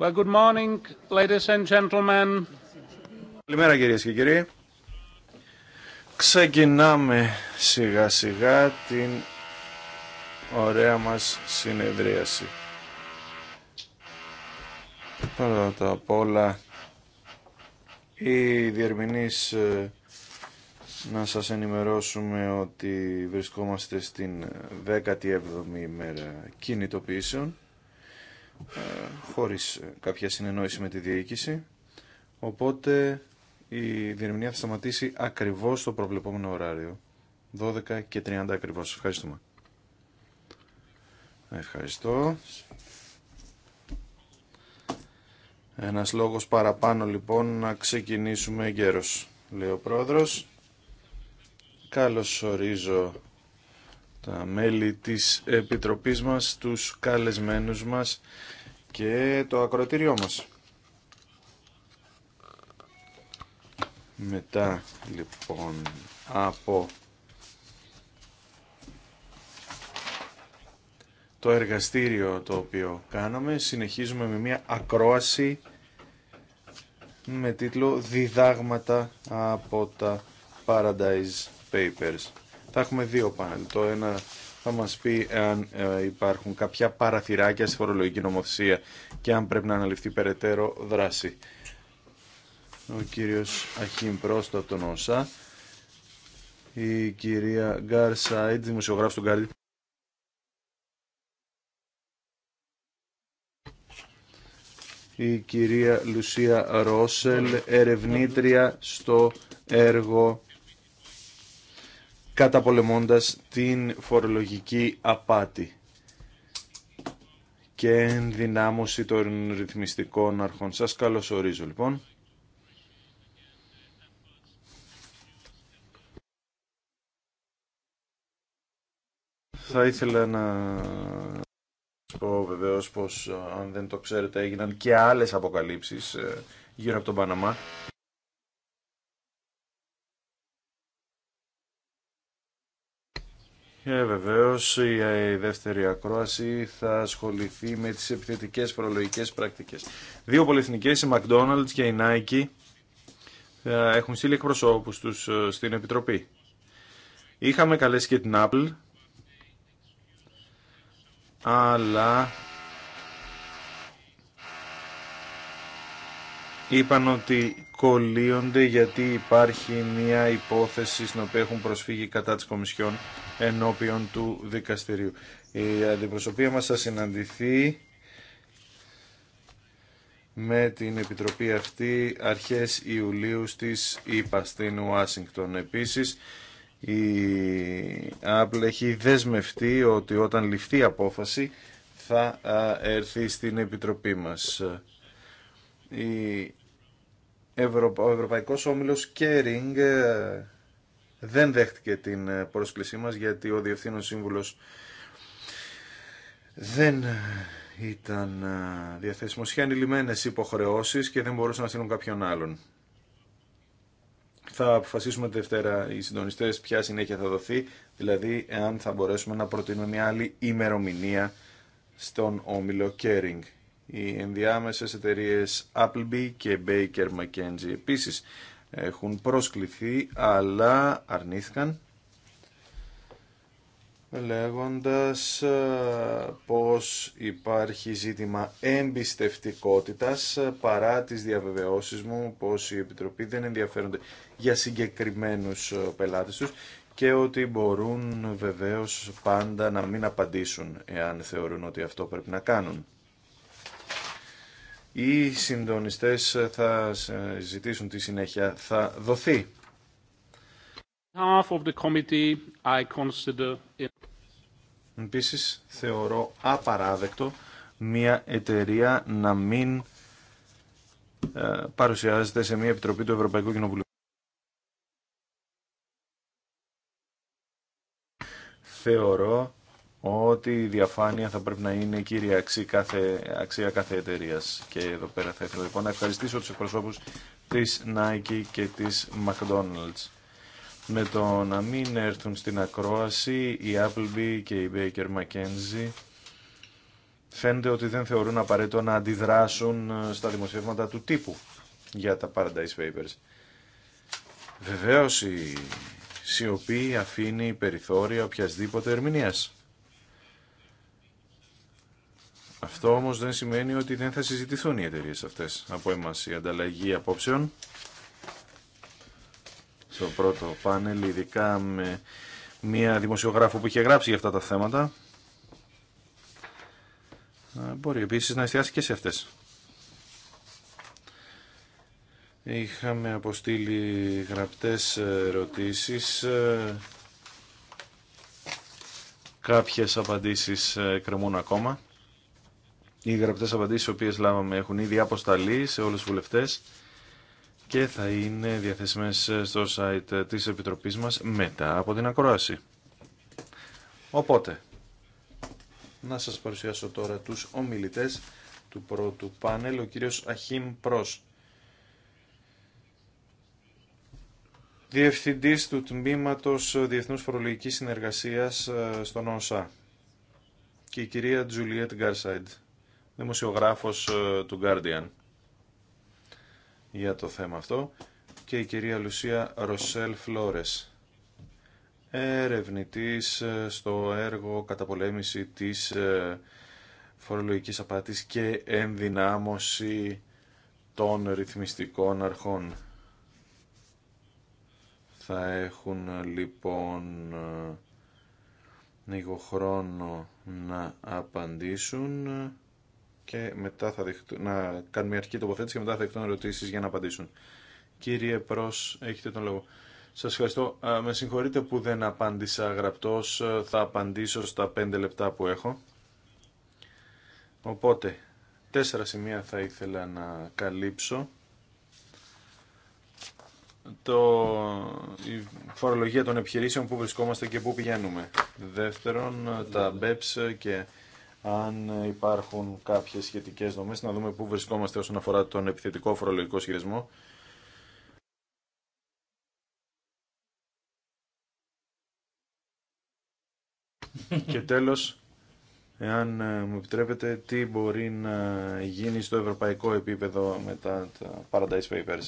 Well, good morning, and gentlemen. Καλημέρα κυρίες και κύριοι. Ξεκινάμε σιγά σιγά την ωραία μας συνεδρίαση. Πρώτα απ' όλα οι διερμηνείς ε, να σας ενημερώσουμε ότι βρισκόμαστε στην 17η ημέρα κινητοποιήσεων. Ε, χωρίς ε, κάποια συνεννόηση με τη διοίκηση. Οπότε η διερμηνία θα σταματήσει ακριβώς το προβλεπόμενο ωράριο. 12 και 30 ακριβώς. Ευχαριστούμε. Ευχαριστώ. Ένας λόγος παραπάνω λοιπόν να ξεκινήσουμε γέρος, λέει ο πρόεδρος. Καλώς ορίζω τα μέλη της Επιτροπής μας, τους καλεσμένους μας και το ακροτήριό μας. Μετά λοιπόν από το εργαστήριο το οποίο κάναμε συνεχίζουμε με μια ακρόαση με τίτλο «Διδάγματα από τα Paradise Papers» θα έχουμε δύο πάνελ. Το ένα θα μας πει αν ε, υπάρχουν κάποια παραθυράκια στη φορολογική νομοθεσία και αν πρέπει να αναλυφθεί περαιτέρω δράση. Ο κύριος Αχίμ πρόστο από η κυρία Γκάρ Σάιτ, δημοσιογράφος του η κυρία Λουσία Ρόσελ, ερευνήτρια στο έργο καταπολεμώντας την φορολογική απάτη και ενδυνάμωση των ρυθμιστικών αρχών. Σας καλωσορίζω λοιπόν. Θα ήθελα να πω βεβαίως πως ε, αν δεν το ξέρετε έγιναν και άλλες αποκαλύψεις ε, γύρω από τον Παναμά. Ε, η δεύτερη ακρόαση θα ασχοληθεί με τις επιθετικές προλογικές πρακτικές. Δύο πολυεθνικές, η McDonald's και η Nike, ε, έχουν στείλει εκπροσώπους τους ε, στην Επιτροπή. Είχαμε καλέσει και την Apple, αλλά είπαν ότι κολλείονται γιατί υπάρχει μια υπόθεση στην οποία έχουν προσφύγει κατά της Κομισιόν ενώπιον του δικαστηρίου. Η αντιπροσωπεία μας θα συναντηθεί με την Επιτροπή αυτή αρχές Ιουλίου στις ΗΠΑ στην Ουάσιγκτον. Επίσης, η Apple έχει δεσμευτεί ότι όταν ληφθεί απόφαση θα έρθει στην Επιτροπή μας. Η ο Ευρωπαϊκός Όμιλος Κέρινγκ ε, δεν δέχτηκε την ε, πρόσκλησή μας γιατί ο Διευθύνων Σύμβουλος δεν ε, ήταν διαθέσιμος. Είχε ανηλυμένες υποχρεώσεις και δεν μπορούσαν να στείλουν κάποιον άλλον. Θα αποφασίσουμε τη Δευτέρα οι συντονιστές ποια συνέχεια θα δοθεί, δηλαδή εάν θα μπορέσουμε να προτείνουμε μια άλλη ημερομηνία στον Όμιλο Κέρινγκ. Οι ενδιάμεσες εταιρείες Appleby και Baker McKenzie επίσης έχουν προσκληθεί αλλά αρνήθηκαν λέγοντας ε, πως υπάρχει ζήτημα εμπιστευτικότητας ε, παρά τις διαβεβαιώσεις μου πως οι Επιτροπή δεν ενδιαφέρονται για συγκεκριμένους ε, πελάτες τους και ότι μπορούν βεβαίως πάντα να μην απαντήσουν εάν θεωρούν ότι αυτό πρέπει να κάνουν οι συντονιστές θα ζητήσουν τη συνέχεια θα δοθεί. Half Επίσης θεωρώ απαράδεκτο μια εταιρεία να μην ε, παρουσιάζεται σε μια επιτροπή του Ευρωπαϊκού Κοινοβουλίου. Θεωρώ ότι η διαφάνεια θα πρέπει να είναι κύρια αξία κάθε, αξία εταιρείας. Και εδώ πέρα θα ήθελα λοιπόν να ευχαριστήσω τους εκπροσώπους της Nike και της McDonald's. Με το να μην έρθουν στην ακρόαση η Applebee και η Baker McKenzie φαίνεται ότι δεν θεωρούν απαραίτητο να αντιδράσουν ε, στα δημοσιεύματα του τύπου για τα Paradise Papers. Βεβαίως η σιωπή αφήνει περιθώρια οποιασδήποτε ερμηνείας. Αυτό όμως δεν σημαίνει ότι δεν θα συζητηθούν οι εταιρείε αυτές από εμάς. Η ανταλλαγή απόψεων στο πρώτο πάνελ, ειδικά με μία δημοσιογράφο που είχε γράψει για αυτά τα θέματα, μπορεί επίσης να εστιάσει και σε αυτές. Είχαμε αποστείλει γραπτές ερωτήσεις, κάποιες απαντήσεις κρεμούν ακόμα. Οι γραπτέ απαντήσεις οι οποίες λάβαμε έχουν ήδη αποσταλεί σε όλους τους βουλευτές και θα είναι διαθέσιμες στο site της Επιτροπής μας μετά από την ακρόαση. Οπότε, να σας παρουσιάσω τώρα τους ομιλητές του πρώτου πάνελ, ο κύριος Αχίμ Προς. Διευθυντής του Τμήματος Διεθνούς Φορολογικής Συνεργασίας ε, στον ΩΣΑ και η κυρία Τζουλιέτ Γκάρσαϊντ, δημοσιογράφος ε, του Guardian για το θέμα αυτό και η κυρία Λουσία Ροσέλ Φλόρες ερευνητής ε, στο έργο καταπολέμηση της ε, φορολογικής απάτης και ενδυνάμωση των ρυθμιστικών αρχών. Θα έχουν λοιπόν λίγο χρόνο να απαντήσουν και μετά θα δεχτούν, να κάνουν μια αρχική τοποθέτηση και μετά θα δεχτούν ερωτήσει για να απαντήσουν. Κύριε Προς, έχετε τον λόγο. Σας ευχαριστώ. Με συγχωρείτε που δεν απάντησα γραπτό, Θα απαντήσω στα πέντε λεπτά που έχω. Οπότε, τέσσερα σημεία θα ήθελα να καλύψω. Το, η φορολογία των επιχειρήσεων που βρισκόμαστε και πού πηγαίνουμε. Δεύτερον, τα BEPS και αν υπάρχουν κάποιες σχετικές δομές, να δούμε πού βρισκόμαστε όσον αφορά τον επιθετικό φορολογικό σχεδιασμό. Και τέλος, εάν ε, μου επιτρέπετε, τι μπορεί να γίνει στο ευρωπαϊκό επίπεδο μετά τα Paradise Papers.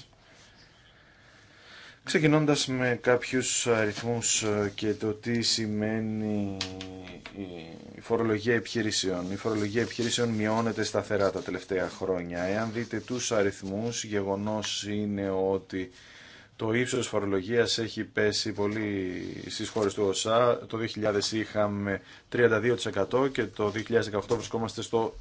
Ξεκινώντας με κάποιους αριθμούς ε, και το τι σημαίνει η φορολογία επιχειρήσεων. Η φορολογία επιχειρήσεων μειώνεται σταθερά τα τελευταία χρόνια. Εάν δείτε τους αριθμούς, γεγονός είναι ότι το ύψος φορολογίας έχει πέσει πολύ στις χώρες του ΩΣΑ. Το 2000 είχαμε 32% και το 2018 βρισκόμαστε στο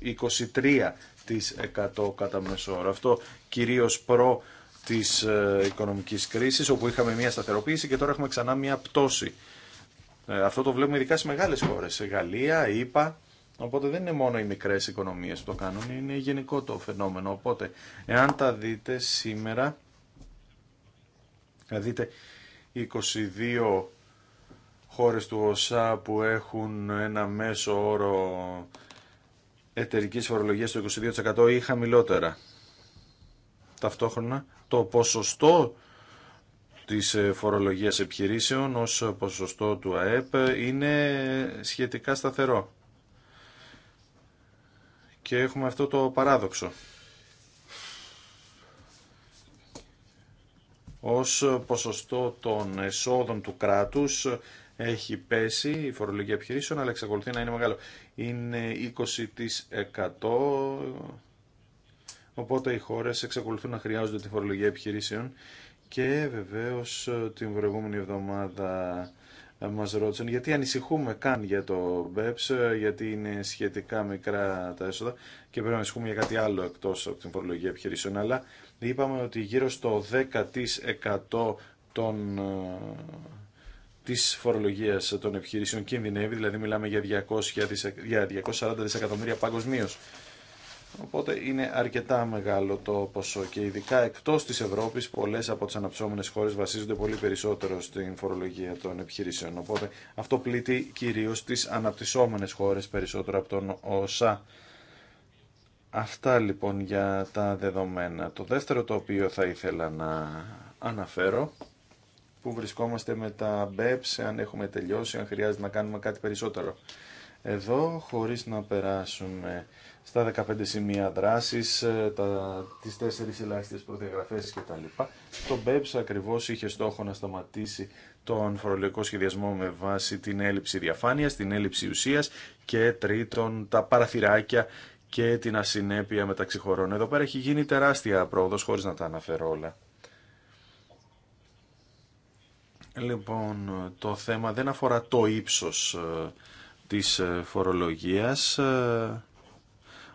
23% κατά μέσο Αυτό κυρίως προ της ε, οικονομική κρίση όπου είχαμε μια σταθεροποίηση και τώρα έχουμε ξανά μια πτώση. Ε, αυτό το βλέπουμε ειδικά σε μεγάλες χώρες, σε Γαλλία, ΗΠΑ, οπότε δεν είναι μόνο οι μικρές οικονομίες που το κάνουν, είναι γενικό το φαινόμενο. Οπότε, εάν τα δείτε σήμερα, θα δείτε 22 χώρες του ΩΣΑ που έχουν ένα μέσο όρο εταιρικής φορολογίας στο 22% ή χαμηλότερα. Ταυτόχρονα το ποσοστό της ε, φορολογίας επιχειρήσεων ως ποσοστό του ΑΕΠ είναι σχετικά σταθερό. Και έχουμε αυτό το παράδοξο. Ως ποσοστό των εσόδων του κράτους έχει πέσει η φορολογία επιχειρήσεων, αλλά εξακολουθεί να είναι μεγάλο. Είναι 20% Οπότε οι χώρε εξακολουθούν να χρειάζονται τη φορολογία επιχειρήσεων και βεβαίω ε, την προηγούμενη εβδομάδα ε, μα ρώτησαν γιατί ανησυχούμε καν για το BEPS, ε, γιατί είναι σχετικά μικρά τα έσοδα και πρέπει να ανησυχούμε για κάτι άλλο εκτό από την φορολογία επιχειρήσεων. Αλλά είπαμε ότι γύρω στο 10% των, της φορολογίας των επιχειρήσεων κινδυνεύει, δηλαδή μιλάμε για, 200, για 240 δισεκατομμύρια παγκοσμίω. Οπότε είναι αρκετά μεγάλο το ποσό και ειδικά εκτό τη Ευρώπη πολλέ από τι αναψόμενε χώρε βασίζονται πολύ περισσότερο στην φορολογία των επιχειρήσεων. Οπότε αυτό πλήττει κυρίω τι αναπτυσσόμενε χώρε περισσότερο από τον ΩΣΑ. Αυτά λοιπόν για τα δεδομένα. Το δεύτερο το οποίο θα ήθελα να αναφέρω που βρισκόμαστε με τα BEPS, αν έχουμε τελειώσει, αν χρειάζεται να κάνουμε κάτι περισσότερο. Εδώ, χωρίς να περάσουμε στα 15 σημεία δράσης, ε, τα, τις τέσσερις ελάχιστες προδιαγραφές κτλ. Το BEPS ακριβώς είχε στόχο να σταματήσει τον φορολογικό σχεδιασμό με βάση την έλλειψη διαφάνειας, την έλλειψη ουσίας και τρίτον τα παραθυράκια και την ασυνέπεια μεταξύ χωρών. Εδώ πέρα έχει γίνει τεράστια πρόοδο χωρίς να τα αναφέρω όλα. Λοιπόν, το θέμα δεν αφορά το ύψος ε, της ε, φορολογίας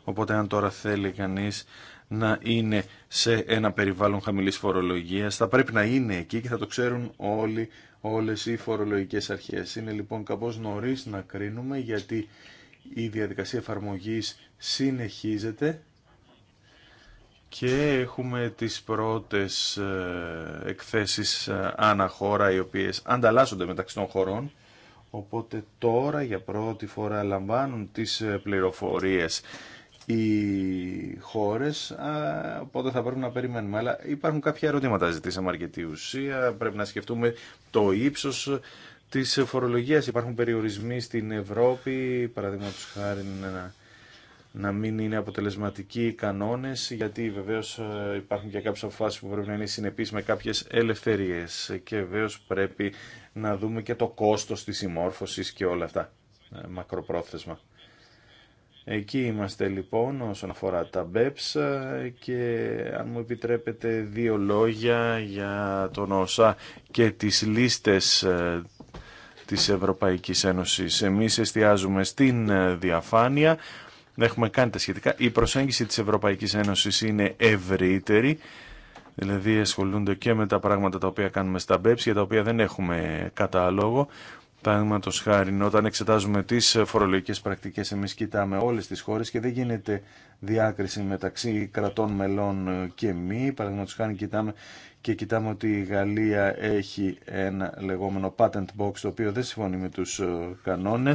Οπότε αν τώρα θέλει κανείς να είναι σε ένα περιβάλλον χαμηλής φορολογίας, θα πρέπει να είναι εκεί και θα το ξέρουν όλοι, όλες οι φορολογικές αρχές. Είναι λοιπόν κάπως νωρίς να κρίνουμε γιατί η διαδικασία εφαρμογής συνεχίζεται και έχουμε τις πρώτες ε, εκθέσεις ε, αναχώρα οι οποίες ανταλλάσσονται μεταξύ των χωρών οπότε τώρα για πρώτη φορά λαμβάνουν τις ε, πληροφορίες οι χώρες, οπότε θα πρέπει να περιμένουμε. Αλλά υπάρχουν κάποια ερωτήματα, ζητήσαμε αρκετή ουσία, πρέπει να σκεφτούμε το ύψος της φορολογίας. Υπάρχουν περιορισμοί στην Ευρώπη, παραδείγματο χάρη να, να μην είναι αποτελεσματικοί οι κανόνες, γιατί βεβαίως ε, υπάρχουν και κάποιες αποφάσεις που πρέπει να είναι συνεπείς με κάποιες ελευθερίες και βεβαίω πρέπει να δούμε και το κόστος της συμμόρφωσης και όλα αυτά ε, μακροπρόθεσμα. Εκεί είμαστε λοιπόν όσον αφορά τα BEPS ε, και αν μου επιτρέπετε δύο λόγια για τον ΩΣΑ και τις λίστες ε, της Ευρωπαϊκής Ένωσης. Εμείς εστιάζουμε στην ε, διαφάνεια, έχουμε κάνει τα σχετικά. Η προσέγγιση της Ευρωπαϊκής Ένωσης είναι ευρύτερη, δηλαδή ασχολούνται και με τα πράγματα τα οποία κάνουμε στα BEPS για τα οποία δεν έχουμε κατάλογο. Παραδείγματο χάρη, όταν εξετάζουμε τι φορολογικέ πρακτικέ, εμεί κοιτάμε όλε τι χώρε και δεν γίνεται διάκριση μεταξύ κρατών μελών και μη. Παραδείγματο χάρη, κοιτάμε και κοιτάμε ότι η Γαλλία έχει ένα λεγόμενο patent box το οποίο δεν συμφωνεί με του κανόνε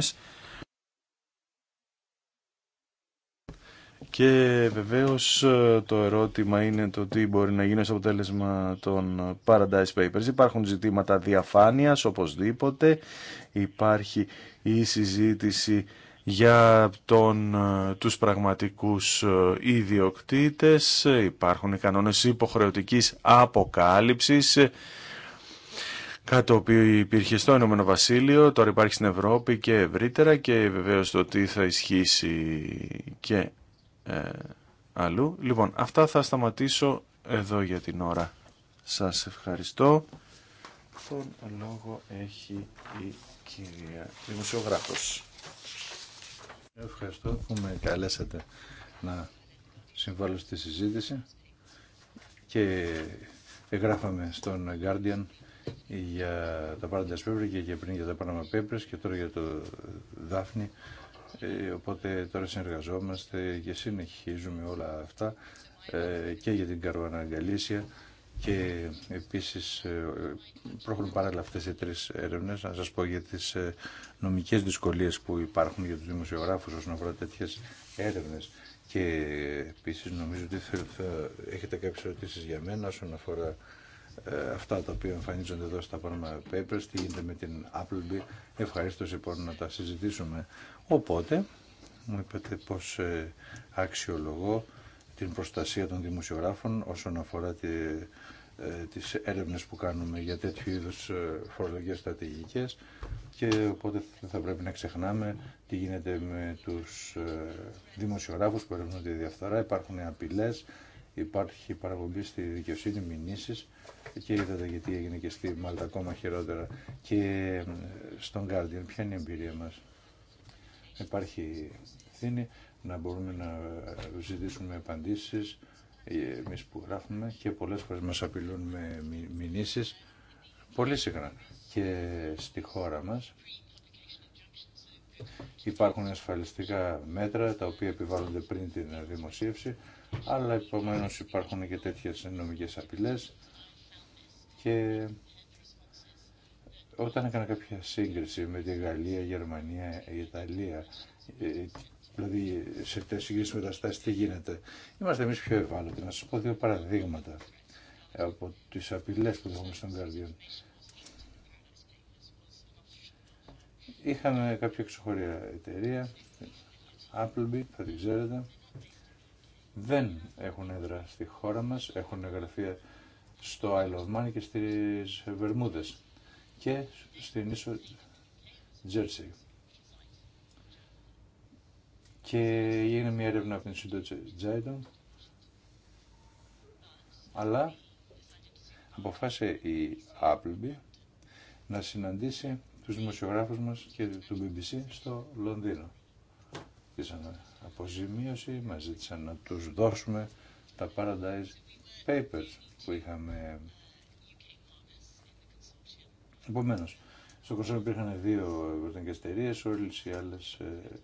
Και βεβαίως ε, το ερώτημα είναι το τι μπορεί να γίνει ως αποτέλεσμα των Paradise Papers. Υπάρχουν ζητήματα διαφάνειας οπωσδήποτε. Υπάρχει η συζήτηση για τον, ε, τους πραγματικούς ε, ιδιοκτήτες. Υπάρχουν οι κανόνες υποχρεωτικής αποκάλυψης κάτι το οποίο υπήρχε στο Ηνωμένο Βασίλειο, τώρα υπάρχει στην Ευρώπη και ευρύτερα και βεβαίως το τι θα ισχύσει και ε, αλλού. Λοιπόν, αυτά θα σταματήσω εδώ για την ώρα. Σας ευχαριστώ. Τον λόγο έχει η κυρία δημοσιογράφος. Ευχαριστώ που με καλέσατε να συμβάλλω στη συζήτηση και εγγράφαμε στον Guardian για τα Paradise και πριν για τα Panama και τώρα για το Δάφνη. Ε, οπότε τώρα συνεργαζόμαστε και συνεχίζουμε όλα αυτά ε, και για την καρουαναγκαλήσια και επίσης ε, προχωρούν παράλληλα αυτές οι τρεις έρευνες να σας πω για τις νομικές δυσκολίες που υπάρχουν για τους δημοσιογράφους όσον αφορά τέτοιε έρευνες και επίσης νομίζω ότι έχετε κάποιες ερωτήσεις για μένα όσον αφορά αυτά τα οποία εμφανίζονται εδώ στα Panama Papers, τι γίνεται με την Applebee Ευχαρίστω λοιπόν να τα συζητήσουμε. Οπότε μου είπατε πως ε, αξιολογώ την προστασία των δημοσιογράφων όσον αφορά τη, ε, τις έρευνες που κάνουμε για τέτοιου είδους ε, φορολογικές στρατηγικές και οπότε θα πρέπει να ξεχνάμε τι γίνεται με τους δημοσιογράφους που έρευνουν τη διαφθορά. Υπάρχουν απειλές, υπάρχει παραπομπή στη δικαιοσύνη, μηνύσεις και είδατε γιατί έγινε και στη Μάλτα ακόμα χειρότερα και στον Guardian. Ποια είναι η εμπειρία μας υπάρχει ευθύνη να μπορούμε να ζητήσουμε απαντήσεις ε, εμεί που γράφουμε και πολλές φορές μας απειλούν με μηνύσεις πολύ συχνά και στη χώρα μας υπάρχουν ασφαλιστικά μέτρα τα οποία επιβάλλονται πριν την δημοσίευση αλλά επομένω υπάρχουν και τέτοιες νομικές απειλές και όταν έκανα κάποια σύγκριση με τη Γαλλία, Γερμανία, Ιταλία, ε, δηλαδή σε τέτοιες συγκρίσεις μεταστάσεις τι γίνεται, είμαστε εμείς πιο ευάλωτοι. Να σας πω δύο παραδείγματα από τις απειλές που έχουμε στον Guardian. Είχαμε κάποια ξεχωρία εταιρεία, Applebee, θα την ξέρετε. Δεν έχουν έδρα στη χώρα μας, έχουν εγγραφεί στο Isle of Man και στις Βερμούδες και στην ίσο Τζέρσι. Και έγινε μια έρευνα από την Σιντότζε Τζάιντον, αλλά αποφάσισε η Appleby να συναντήσει τους δημοσιογράφους μας και του BBC στο Λονδίνο. Ζήτησαν αποζημίωση, μας ζήτησαν να τους δώσουμε τα Paradise Papers που είχαμε Επομένω, στο Κωσόβο υπήρχαν δύο ευρωπαϊκέ, εταιρείε, όλε οι άλλε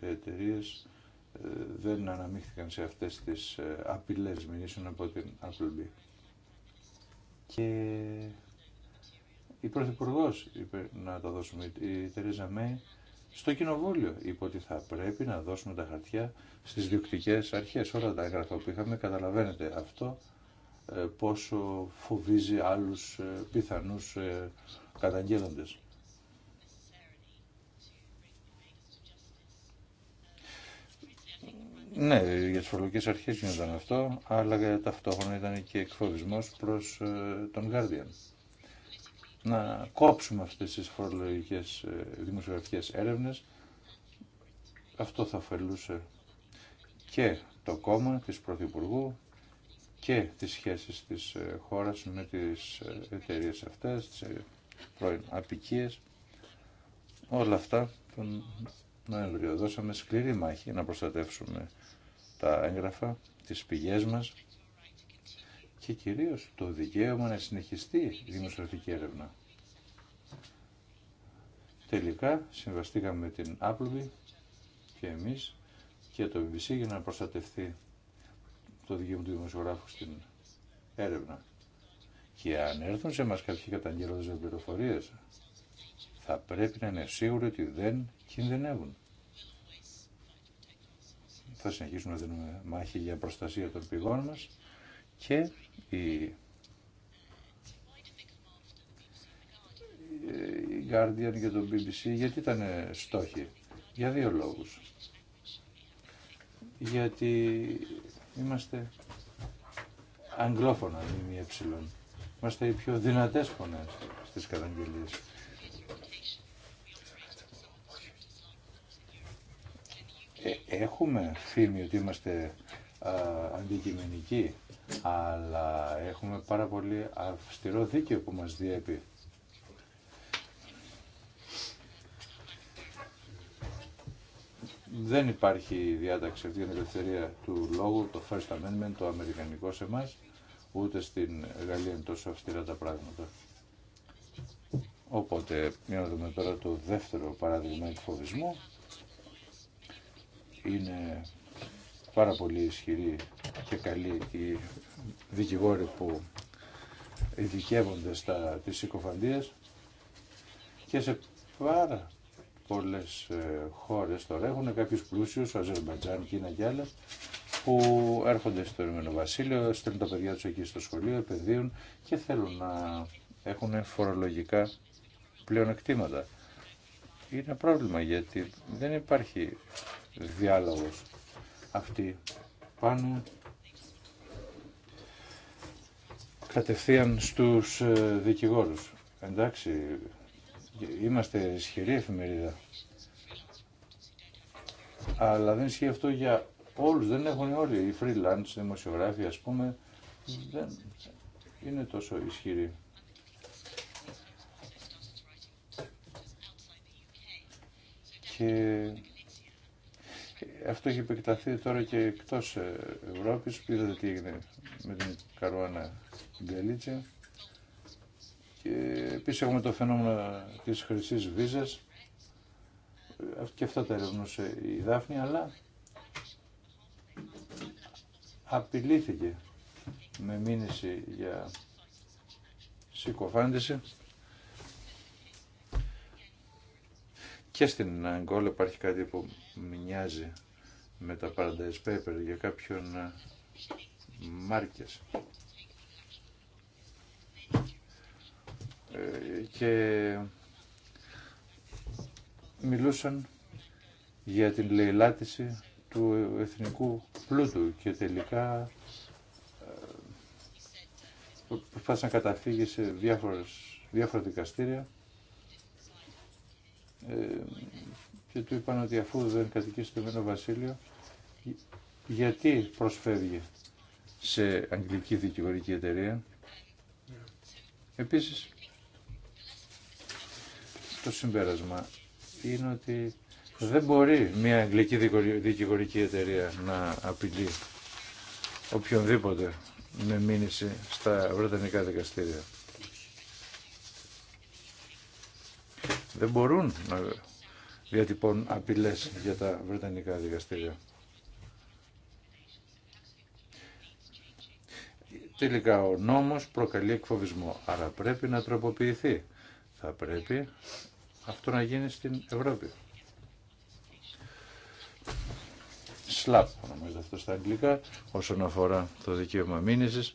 εταιρείε ε, δεν αναμίχθηκαν σε αυτέ τι ε, απειλέ μηνύσεων από την Applebee. Και η Πρωθυπουργό είπε να τα δώσουμε, η Τερέζα Μέη, στο κοινοβούλιο. Είπε ότι θα πρέπει να δώσουμε τα χαρτιά στι διοκτικέ αρχέ. Όλα τα έγγραφα που είχαμε, καταλαβαίνετε αυτό ε, πόσο φοβίζει άλλους ε, πιθανούς ε, καταγγέλλοντες. Ναι, για τις φορολογικές αρχές γινόταν αυτό, αλλά ταυτόχρονα ήταν και εκφοβισμός προς τον Guardian. Να κόψουμε αυτές τις φορολογικές δημοσιογραφικές έρευνες, αυτό θα ωφελούσε και το κόμμα της Πρωθυπουργού και τις σχέσεις της ε, χώρας με τις ε, εταιρείε αυτές, τις ε, πρώην απικίες. Όλα αυτά τον Νοέμβριο δώσαμε σκληρή μάχη να προστατεύσουμε τα έγγραφα, τις πηγές μας και κυρίως το δικαίωμα να συνεχιστεί η δημοσιογραφική έρευνα. Τελικά συμβαστήκαμε με την Appleby και εμείς και το BBC για να προστατευτεί το δικαίωμα του δημοσιογράφου στην έρευνα. Και αν έρθουν σε μας κάποιοι με πληροφορίες, θα πρέπει να είναι σίγουροι ότι δεν κινδυνεύουν. Θα συνεχίσουμε να δίνουμε μάχη για προστασία των πηγών μας και η η Guardian και το BBC γιατί ήταν στόχοι. Για δύο λόγους. Γιατί Είμαστε αγγλόφωνα έψιλον. Είμαστε οι πιο δυνατές φωνές στις καταγγελίες. Ε, έχουμε φήμη ότι είμαστε α, αντικειμενικοί, αλλά έχουμε πάρα πολύ αυστηρό δίκαιο που μας διέπει. δεν υπάρχει διάταξη αυτή για την ελευθερία του λόγου, το First Amendment, το αμερικανικό σε εμά, ούτε στην Γαλλία είναι τόσο αυστηρά τα πράγματα. Οπότε, για να τώρα το δεύτερο παράδειγμα εκφοβισμού. Είναι πάρα πολύ ισχυρή και καλή οι δικηγόροι που ειδικεύονται στα τις συκοφαντίες και σε πάρα πολλές ε, χώρες τώρα έχουν κάποιους πλούσιους, Αζερμπατζάν, Κίνα και άλλα, που έρχονται στο Ηνωμένο Βασίλειο, στέλνουν τα παιδιά τους εκεί στο σχολείο, επενδύουν και θέλουν να έχουν φορολογικά πλεονεκτήματα. Είναι πρόβλημα γιατί δεν υπάρχει διάλογος αυτή πάνω κατευθείαν στους ε, δικηγόρους. Εντάξει, Είμαστε ισχυρή εφημερίδα. Αλλά δεν ισχύει αυτό για όλους. Δεν έχουν όλοι. Οι freelance, οι δημοσιογράφοι ας πούμε, δεν είναι τόσο ισχυροί. Και αυτό έχει επεκταθεί τώρα και εκτός Ευρώπης. Είδατε τι έγινε με την Καρουάνα Γκαλίτσια. Και επίσης έχουμε το φαινόμενο της χρυσή βίζα, και αυτά τα ερευνούσε η Δάφνη, αλλά απειλήθηκε με μήνυση για συκοφάντηση και στην Αγκόλα υπάρχει κάτι που μοιάζει με τα Paradise Paper για κάποιον Μάρκες και μιλούσαν για την λαιλάτιση του εθνικού πλούτου και τελικά ε, προσπάθησαν να καταφύγει σε διάφορες, διάφορα δικαστήρια ε, και του είπαν ότι αφού δεν κατοικεί στο Μένο Βασίλειο, γιατί προσφεύγει σε αγγλική δικηγορική εταιρεία. Επίσης, το συμπέρασμα είναι ότι δεν μπορεί μια αγγλική δικηγορική εταιρεία να απειλεί οποιονδήποτε με μήνυση στα βρετανικά δικαστήρια. Δεν μπορούν να διατυπώνουν απειλές για τα βρετανικά δικαστήρια. Τελικά ο νόμος προκαλεί εκφοβισμό, άρα πρέπει να τροποποιηθεί. Θα πρέπει αυτό να γίνει στην Ευρώπη. Σλαπ ονομάζεται αυτό στα αγγλικά όσον αφορά το δικαίωμα μήνυσης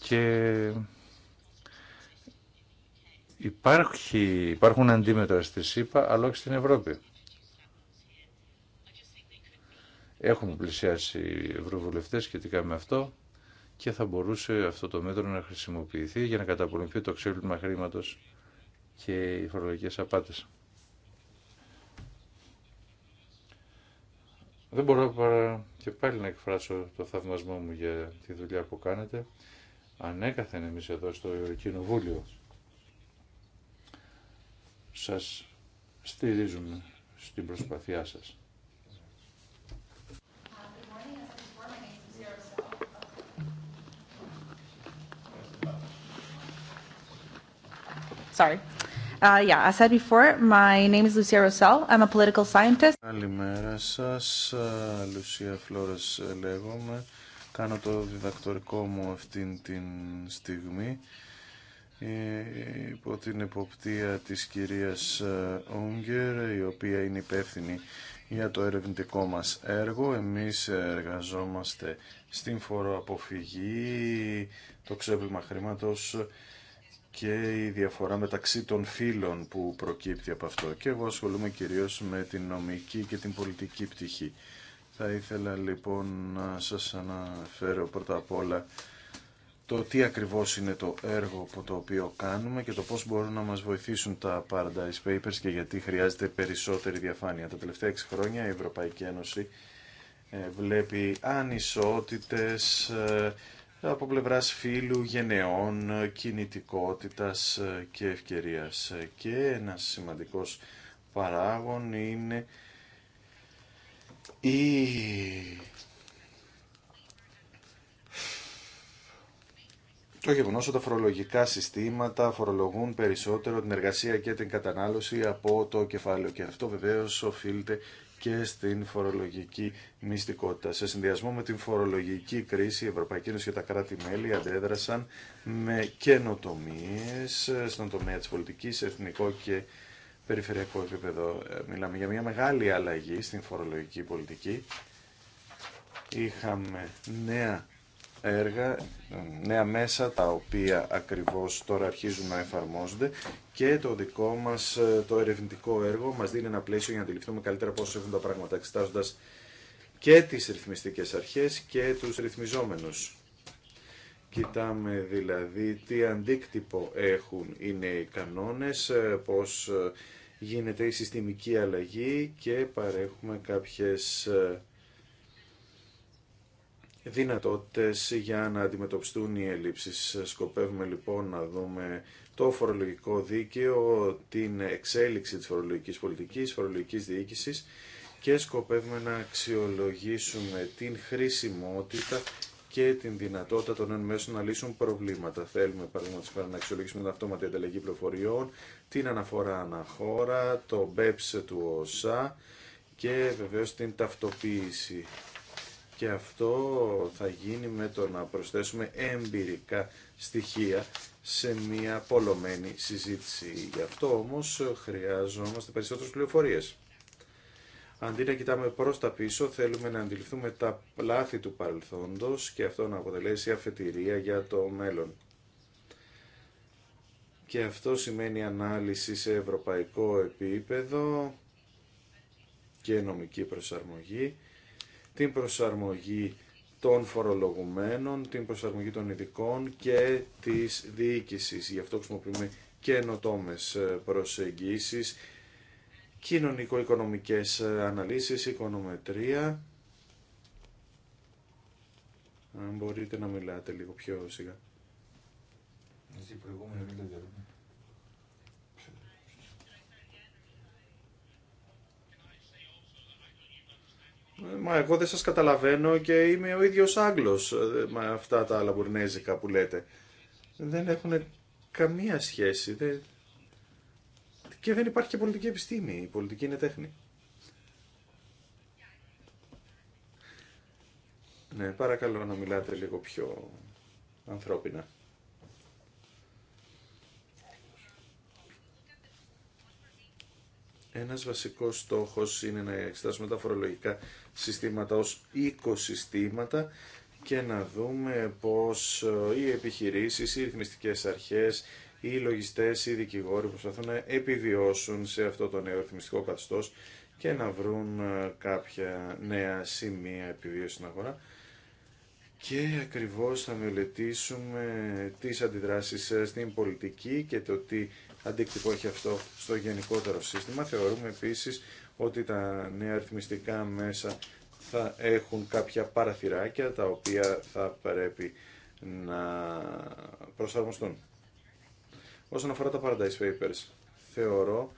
και υπάρχει, υπάρχουν αντίμετρα στη ΣΥΠΑ αλλά όχι στην Ευρώπη. Έχουμε πλησιάσει ευρωβουλευτές σχετικά με αυτό και θα μπορούσε αυτό το μέτρο να χρησιμοποιηθεί για να καταπολεμηθεί το ξέπλυμα χρήματο και οι φορολογικές απάτες. Δεν μπορώ παρά και πάλι να εκφράσω το θαυμασμό μου για τη δουλειά που κάνετε. Ανέκαθεν εμείς εδώ στο Κοινοβούλιο σας στηρίζουμε στην προσπαθειά σας. Sorry. Uh, yeah, as said before, my name is Lucia I'm a political scientist. Καλημέρα σα. Ε, Λουσία Φλόρες ε, λέγομαι. Κάνω το διδακτορικό μου αυτήν την στιγμή ε, υπό την εποπτεία της κυρίας Ούγκερ, η οποία είναι υπεύθυνη για το ερευνητικό μας έργο. Εμείς εργαζόμαστε στην φοροαποφυγή, το ξέπλυμα χρήματος και η διαφορά μεταξύ των φύλων που προκύπτει από αυτό. Και εγώ ασχολούμαι κυρίως με την νομική και την πολιτική πτυχή. Θα ήθελα λοιπόν να σας αναφέρω πρώτα απ' όλα το τι ακριβώς είναι το έργο που το οποίο κάνουμε και το πώς μπορούν να μας βοηθήσουν τα Paradise Papers και γιατί χρειάζεται περισσότερη διαφάνεια. Τα τελευταία 6 χρόνια η Ευρωπαϊκή Ένωση ε, βλέπει ανισότητες, ε, από πλευράς φίλου, γενεών, κινητικότητας ε, και ευκαιρίας. Ε, και ένας σημαντικός παράγων είναι η Το γεγονό ότι τα φορολογικά συστήματα φορολογούν περισσότερο την εργασία και την κατανάλωση από το κεφάλαιο. Και αυτό βεβαίω οφείλεται και στην φορολογική μυστικότητα. Σε συνδυασμό με την φορολογική κρίση, η Ευρωπαϊκή Ένωση και τα κράτη-μέλη αντέδρασαν με καινοτομίε στον τομέα τη πολιτική, εθνικό και περιφερειακό επίπεδο. Ε, μιλάμε για μια μεγάλη αλλαγή στην φορολογική πολιτική. Είχαμε νέα έργα, νέα μέσα τα οποία ακριβώς τώρα αρχίζουν να εφαρμόζονται και το δικό μας ε, το ερευνητικό έργο μας δίνει ένα πλαίσιο για να αντιληφθούμε καλύτερα πώς έχουν τα πράγματα εξετάζοντας και τις ρυθμιστικές αρχές και τους ρυθμιζόμενους. Κοιτάμε δηλαδή τι αντίκτυπο έχουν οι νέοι κανόνες, ε, πώς ε, γίνεται η συστημική αλλαγή και παρέχουμε κάποιες δυνατότητες για να αντιμετωπιστούν οι ελλείψεις. Σκοπεύουμε λοιπόν να δούμε το φορολογικό δίκαιο, την εξέλιξη της φορολογικής πολιτικής, φορολογικής διοίκησης και σκοπεύουμε να αξιολογήσουμε την χρησιμότητα και την δυνατότητα των εν μέσων να λύσουν προβλήματα. Θέλουμε, παραδείγματο χάρη, να αξιολογήσουμε την αυτόματη ανταλλαγή πληροφοριών, την αναφορά αναχώρα, το BEPS του ΟΣΑ και βεβαίω την ταυτοποίηση και αυτό θα γίνει με το να προσθέσουμε εμπειρικά στοιχεία σε μια πολλωμένη συζήτηση. Γι' αυτό όμως χρειάζομαστε περισσότερες πληροφορίες. Αντί να κοιτάμε προς τα πίσω, θέλουμε να αντιληφθούμε τα πλάθη του παρελθόντος και αυτό να αποτελέσει αφετηρία για το μέλλον. Και αυτό σημαίνει ανάλυση σε ευρωπαϊκό επίπεδο και νομική προσαρμογή την προσαρμογή των φορολογουμένων, την προσαρμογή των ειδικών και της διοίκησης. Γι' αυτό χρησιμοποιούμε καινοτόμε ε, προσεγγίσεις, κοινωνικο-οικονομικές ε, αναλύσεις, οικονομετρία. Αν μπορείτε να μιλάτε λίγο πιο σιγά. Μα εγώ δεν σας καταλαβαίνω και είμαι ο ίδιος Άγγλος ε, με αυτά τα λαμπουρνέζικα που λέτε. Δεν έχουν καμία σχέση. Και δεν υπάρχει και πολιτική επιστήμη. Η πολιτική είναι τέχνη. Ναι, παρακαλώ να μιλάτε λίγο πιο ανθρώπινα. Ένας βασικός στόχος είναι να εξετάσουμε τα φορολογικά συστήματα ως οικοσυστήματα και να δούμε πως ε, οι επιχειρήσεις, οι ρυθμιστικές αρχές, οι λογιστές, οι δικηγόροι προσπαθούν να επιβιώσουν σε αυτό το νέο ρυθμιστικό καθεστώς και να βρουν ε, κάποια νέα σημεία επιβίωσης στην αγορά. Και ακριβώς θα μελετήσουμε τις αντιδράσεις ε, στην πολιτική και το τι αντίκτυπο έχει αυτό στο γενικότερο σύστημα. Θεωρούμε επίσης ότι τα νέα αριθμιστικά μέσα θα έχουν κάποια παραθυράκια τα οποία θα πρέπει να προσαρμοστούν. Όσον αφορά τα Paradise Papers, θεωρώ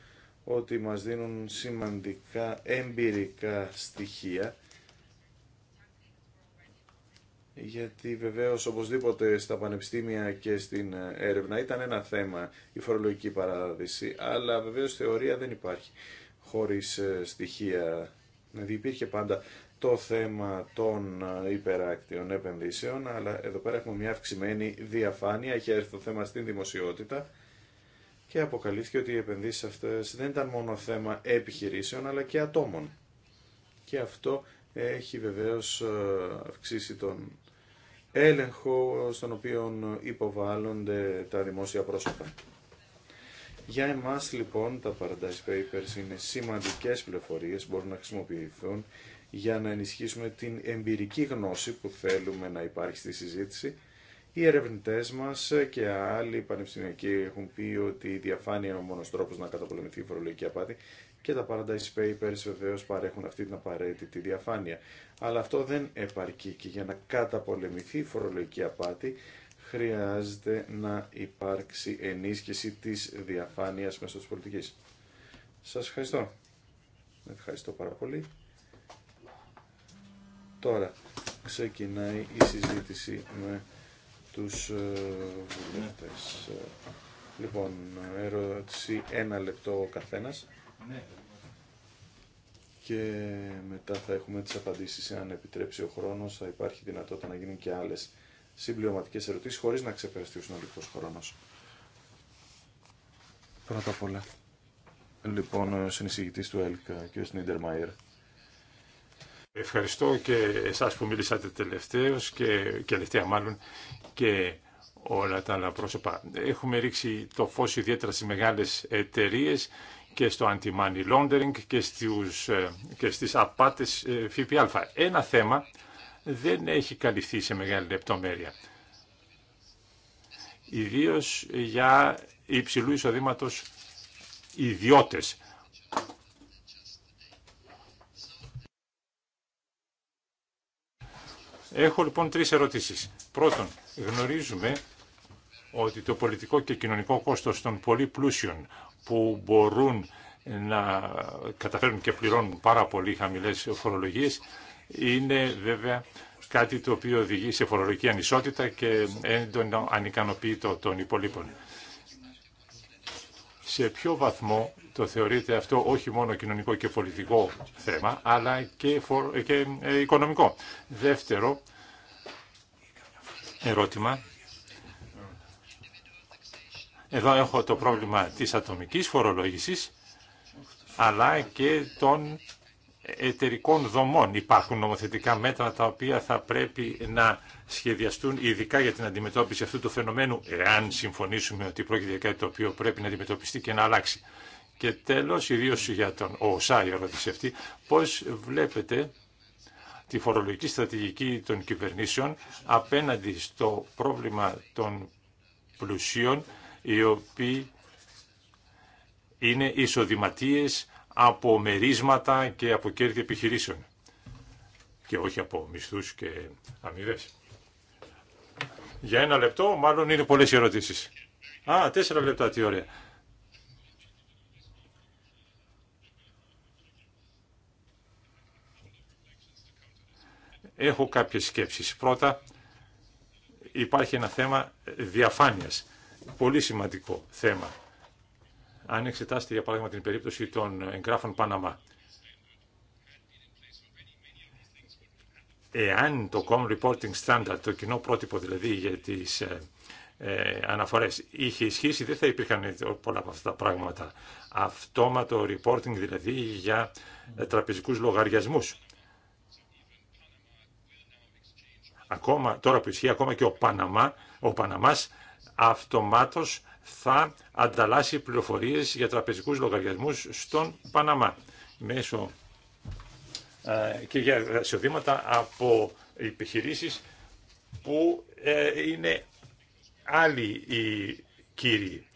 ότι μας δίνουν σημαντικά εμπειρικά στοιχεία γιατί βεβαίως οπωσδήποτε στα πανεπιστήμια και στην ε, έρευνα ήταν ένα θέμα η φορολογική παράδειση, αλλά βεβαίως θεωρία δεν υπάρχει χωρίς ε, στοιχεία. Δηλαδή υπήρχε πάντα το θέμα των ε, υπεράκτιων επενδύσεων, αλλά εδώ πέρα έχουμε μια αυξημένη διαφάνεια, έχει έρθει το θέμα στην δημοσιότητα και αποκαλύφθηκε ότι οι επενδύσεις αυτές δεν ήταν μόνο θέμα επιχειρήσεων, αλλά και ατόμων. Και αυτό έχει βεβαίως αυξήσει τον έλεγχο στον οποίο υποβάλλονται τα δημόσια πρόσωπα. Για εμάς λοιπόν τα Paradise Papers είναι σημαντικές πληροφορίες, μπορούν να χρησιμοποιηθούν για να ενισχύσουμε την εμπειρική γνώση που θέλουμε να υπάρχει στη συζήτηση. Οι ερευνητές μας και άλλοι πανεπιστημιακοί έχουν πει ότι η διαφάνεια είναι ο μόνος τρόπος να καταπολεμηθεί η φορολογική απάτη και τα Paradise Papers βεβαίως παρέχουν αυτή την απαραίτητη διαφάνεια. Αλλά αυτό δεν επαρκεί και για να καταπολεμηθεί η φορολογική απάτη χρειάζεται να υπάρξει ενίσχυση της διαφάνειας μέσω της πολιτικές. Σας ευχαριστώ. Ευχαριστώ πάρα πολύ. Τώρα ξεκινάει η συζήτηση με τους ε, βουλευτές. Λοιπόν, ερώτηση ένα λεπτό ο καθένας. Ναι. Και μετά θα έχουμε τις απαντήσεις, αν επιτρέψει ο χρόνος, θα υπάρχει δυνατότητα να γίνουν και άλλες συμπληρωματικές ερωτήσεις, χωρίς να ξεπεραστεί ο συνολικός χρόνος. Πρώτα απ' όλα, λοιπόν, ο συνεισηγητής του ΕΛΚ, κ. Νίντερμαϊερ. Ευχαριστώ και εσάς που μιλήσατε τελευταίος και τελευταία μάλλον και όλα τα άλλα πρόσωπα. Έχουμε ρίξει το φως ιδιαίτερα στις μεγάλες εταιρείε και στο anti-money laundering και, στους, ε, και στις απάτες ΦΠΑ. Ε, Ένα θέμα δεν έχει καλυφθεί σε μεγάλη λεπτομέρεια. Ιδίως για υψηλού εισοδήματο ιδιώτες. Έχω λοιπόν τρεις ερωτήσεις. Πρώτον, γνωρίζουμε ότι το πολιτικό και κοινωνικό κόστος των πολύ πλούσιων που μπορούν να καταφέρουν και πληρώνουν πάρα πολύ χαμηλές φορολογίες είναι βέβαια κάτι το οποίο οδηγεί σε φορολογική ανισότητα και έντονο ανικανοποιητό των υπολείπων. Σε ποιο βαθμό το θεωρείτε αυτό όχι μόνο κοινωνικό και πολιτικό θέμα, αλλά και, και ε, οικονομικό. Δεύτερο ερώτημα εδώ έχω το πρόβλημα της ατομικής φορολόγησης, αλλά και των εταιρικών δομών. Υπάρχουν νομοθετικά μέτρα τα οποία θα πρέπει να σχεδιαστούν ειδικά για την αντιμετώπιση αυτού του φαινομένου, εάν συμφωνήσουμε ότι πρόκειται για κάτι το οποίο πρέπει να αντιμετωπιστεί και να αλλάξει. Και τέλος, ιδίω για τον ΟΣΑ η ερώτηση αυτή, πώς βλέπετε τη φορολογική στρατηγική των κυβερνήσεων απέναντι στο πρόβλημα των πλουσίων οι οποίοι είναι εισοδηματίες από μερίσματα και από κέρδη επιχειρήσεων και όχι από μισθούς και αμοιβέ. Για ένα λεπτό, μάλλον είναι πολλές οι ερωτήσεις. Α, τέσσερα λεπτά, τι ωραία. Έχω κάποιες σκέψεις. Πρώτα, υπάρχει ένα θέμα διαφάνειας πολύ σημαντικό θέμα. Αν εξετάσετε για παράδειγμα την περίπτωση των εγγράφων Παναμά, εάν το Common Reporting Standard, το κοινό πρότυπο δηλαδή για τις ε, ε, αναφορές είχε ισχύσει δεν θα υπήρχαν πολλά από αυτά τα πράγματα. Αυτόματο reporting δηλαδή για ε, τραπεζικούς λογαριασμούς. Ακόμα, τώρα που ισχύει ακόμα και ο Παναμά, ο Παναμάς αυτομάτως θα ανταλλάσσει πληροφορίες για τραπεζικούς λογαριασμούς στον Παναμά μέσω ε, και για εισοδήματα από επιχειρήσεις που ε, είναι άλλοι οι κύριοι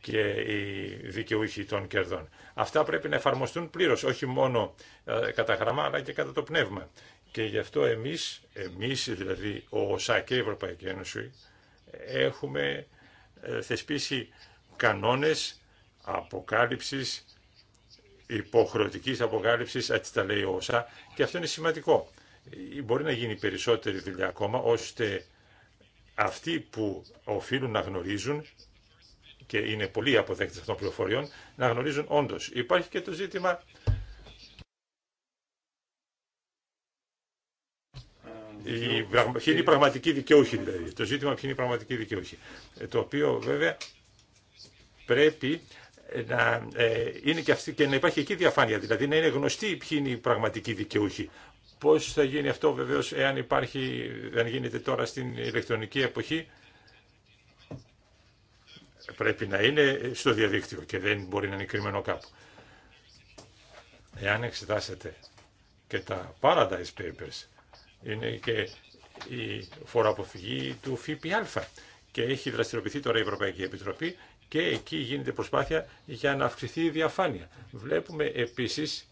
και οι δικαιούχοι των κερδών. Αυτά πρέπει να εφαρμοστούν πλήρως, όχι μόνο ε, κατά γραμμά αλλά και κατά το πνεύμα. Και γι' αυτό εμείς, εμείς δηλαδή ο ΩΣΑ και η Ευρωπαϊκή Ένωση, έχουμε ε, θεσπίσει κανόνες αποκάλυψης, υποχρεωτικής αποκάλυψης, έτσι τα λέει ο ΩΣΑ, και αυτό είναι σημαντικό. Ε, μπορεί να γίνει περισσότερη δουλειά ακόμα, ώστε αυτοί που οφείλουν να γνωρίζουν και είναι πολλοί αποδέκτες αυτών των πληροφοριών, να γνωρίζουν όντως. Υπάρχει και το ζήτημα ποιοι είναι οι πραγματικοί δικαιούχοι Το ζήτημα ποιοι είναι οι πραγματικοί δικαιούχοι. Ε, το οποίο βέβαια πρέπει να ε, είναι και, να υπάρχει εκεί διαφάνεια. Δηλαδή να είναι γνωστή ποιοι είναι οι πραγματικοί δικαιούχοι. Πώ θα γίνει αυτό βεβαίω εάν υπάρχει, αν γίνεται τώρα στην ηλεκτρονική εποχή. Πρέπει να είναι στο διαδίκτυο και δεν μπορεί να είναι κρυμμένο κάπου. Εάν εξετάσετε και τα Paradise Papers, είναι και η φοροαποφυγή του ΦΠΑ. Και έχει δραστηριοποιηθεί τώρα η Ευρωπαϊκή Επιτροπή και εκεί γίνεται προσπάθεια για να αυξηθεί η διαφάνεια. Βλέπουμε επίσης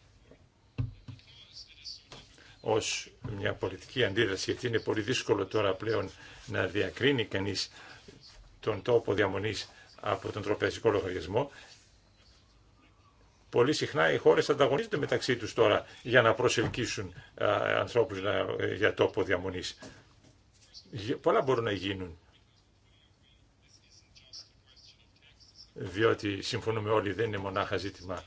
ως μια πολιτική αντίδραση, γιατί είναι πολύ δύσκολο τώρα πλέον να διακρίνει κανείς τον τόπο διαμονής από τον τροπεζικό λογαριασμό, Πολύ συχνά οι χώρες ανταγωνίζονται μεταξύ τους τώρα για να προσελκύσουν ε, ανθρώπους ε, για τόπο διαμονής. Πολλά μπορούν να γίνουν. Διότι συμφωνούμε όλοι δεν είναι μονάχα ζήτημα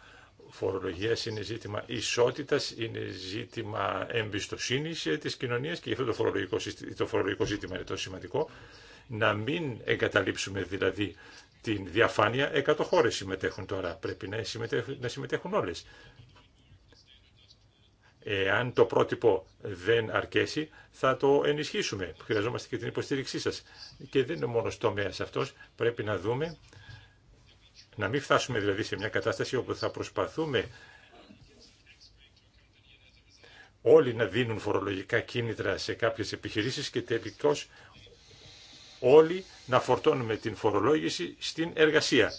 φορολογίας, είναι ζήτημα ισότητας, είναι ζήτημα εμπιστοσύνη ε, της κοινωνίας και γι' αυτό το φορολογικό, το φορολογικό ζήτημα είναι τόσο σημαντικό. Να μην εγκαταλείψουμε δηλαδή την διαφάνεια 100 χώρες συμμετέχουν τώρα. Πρέπει να συμμετέχουν, να συμμετέχουν όλες. Εάν το πρότυπο δεν αρκέσει, θα το ενισχύσουμε. Χρειαζόμαστε και την υποστήριξή σας. Και δεν είναι μόνο τομέας αυτός. Πρέπει να δούμε, να μην φτάσουμε δηλαδή σε μια κατάσταση όπου θα προσπαθούμε όλοι να δίνουν φορολογικά κίνητρα σε κάποιες επιχειρήσεις και τελικώς όλοι να φορτώνουμε την φορολόγηση στην εργασία.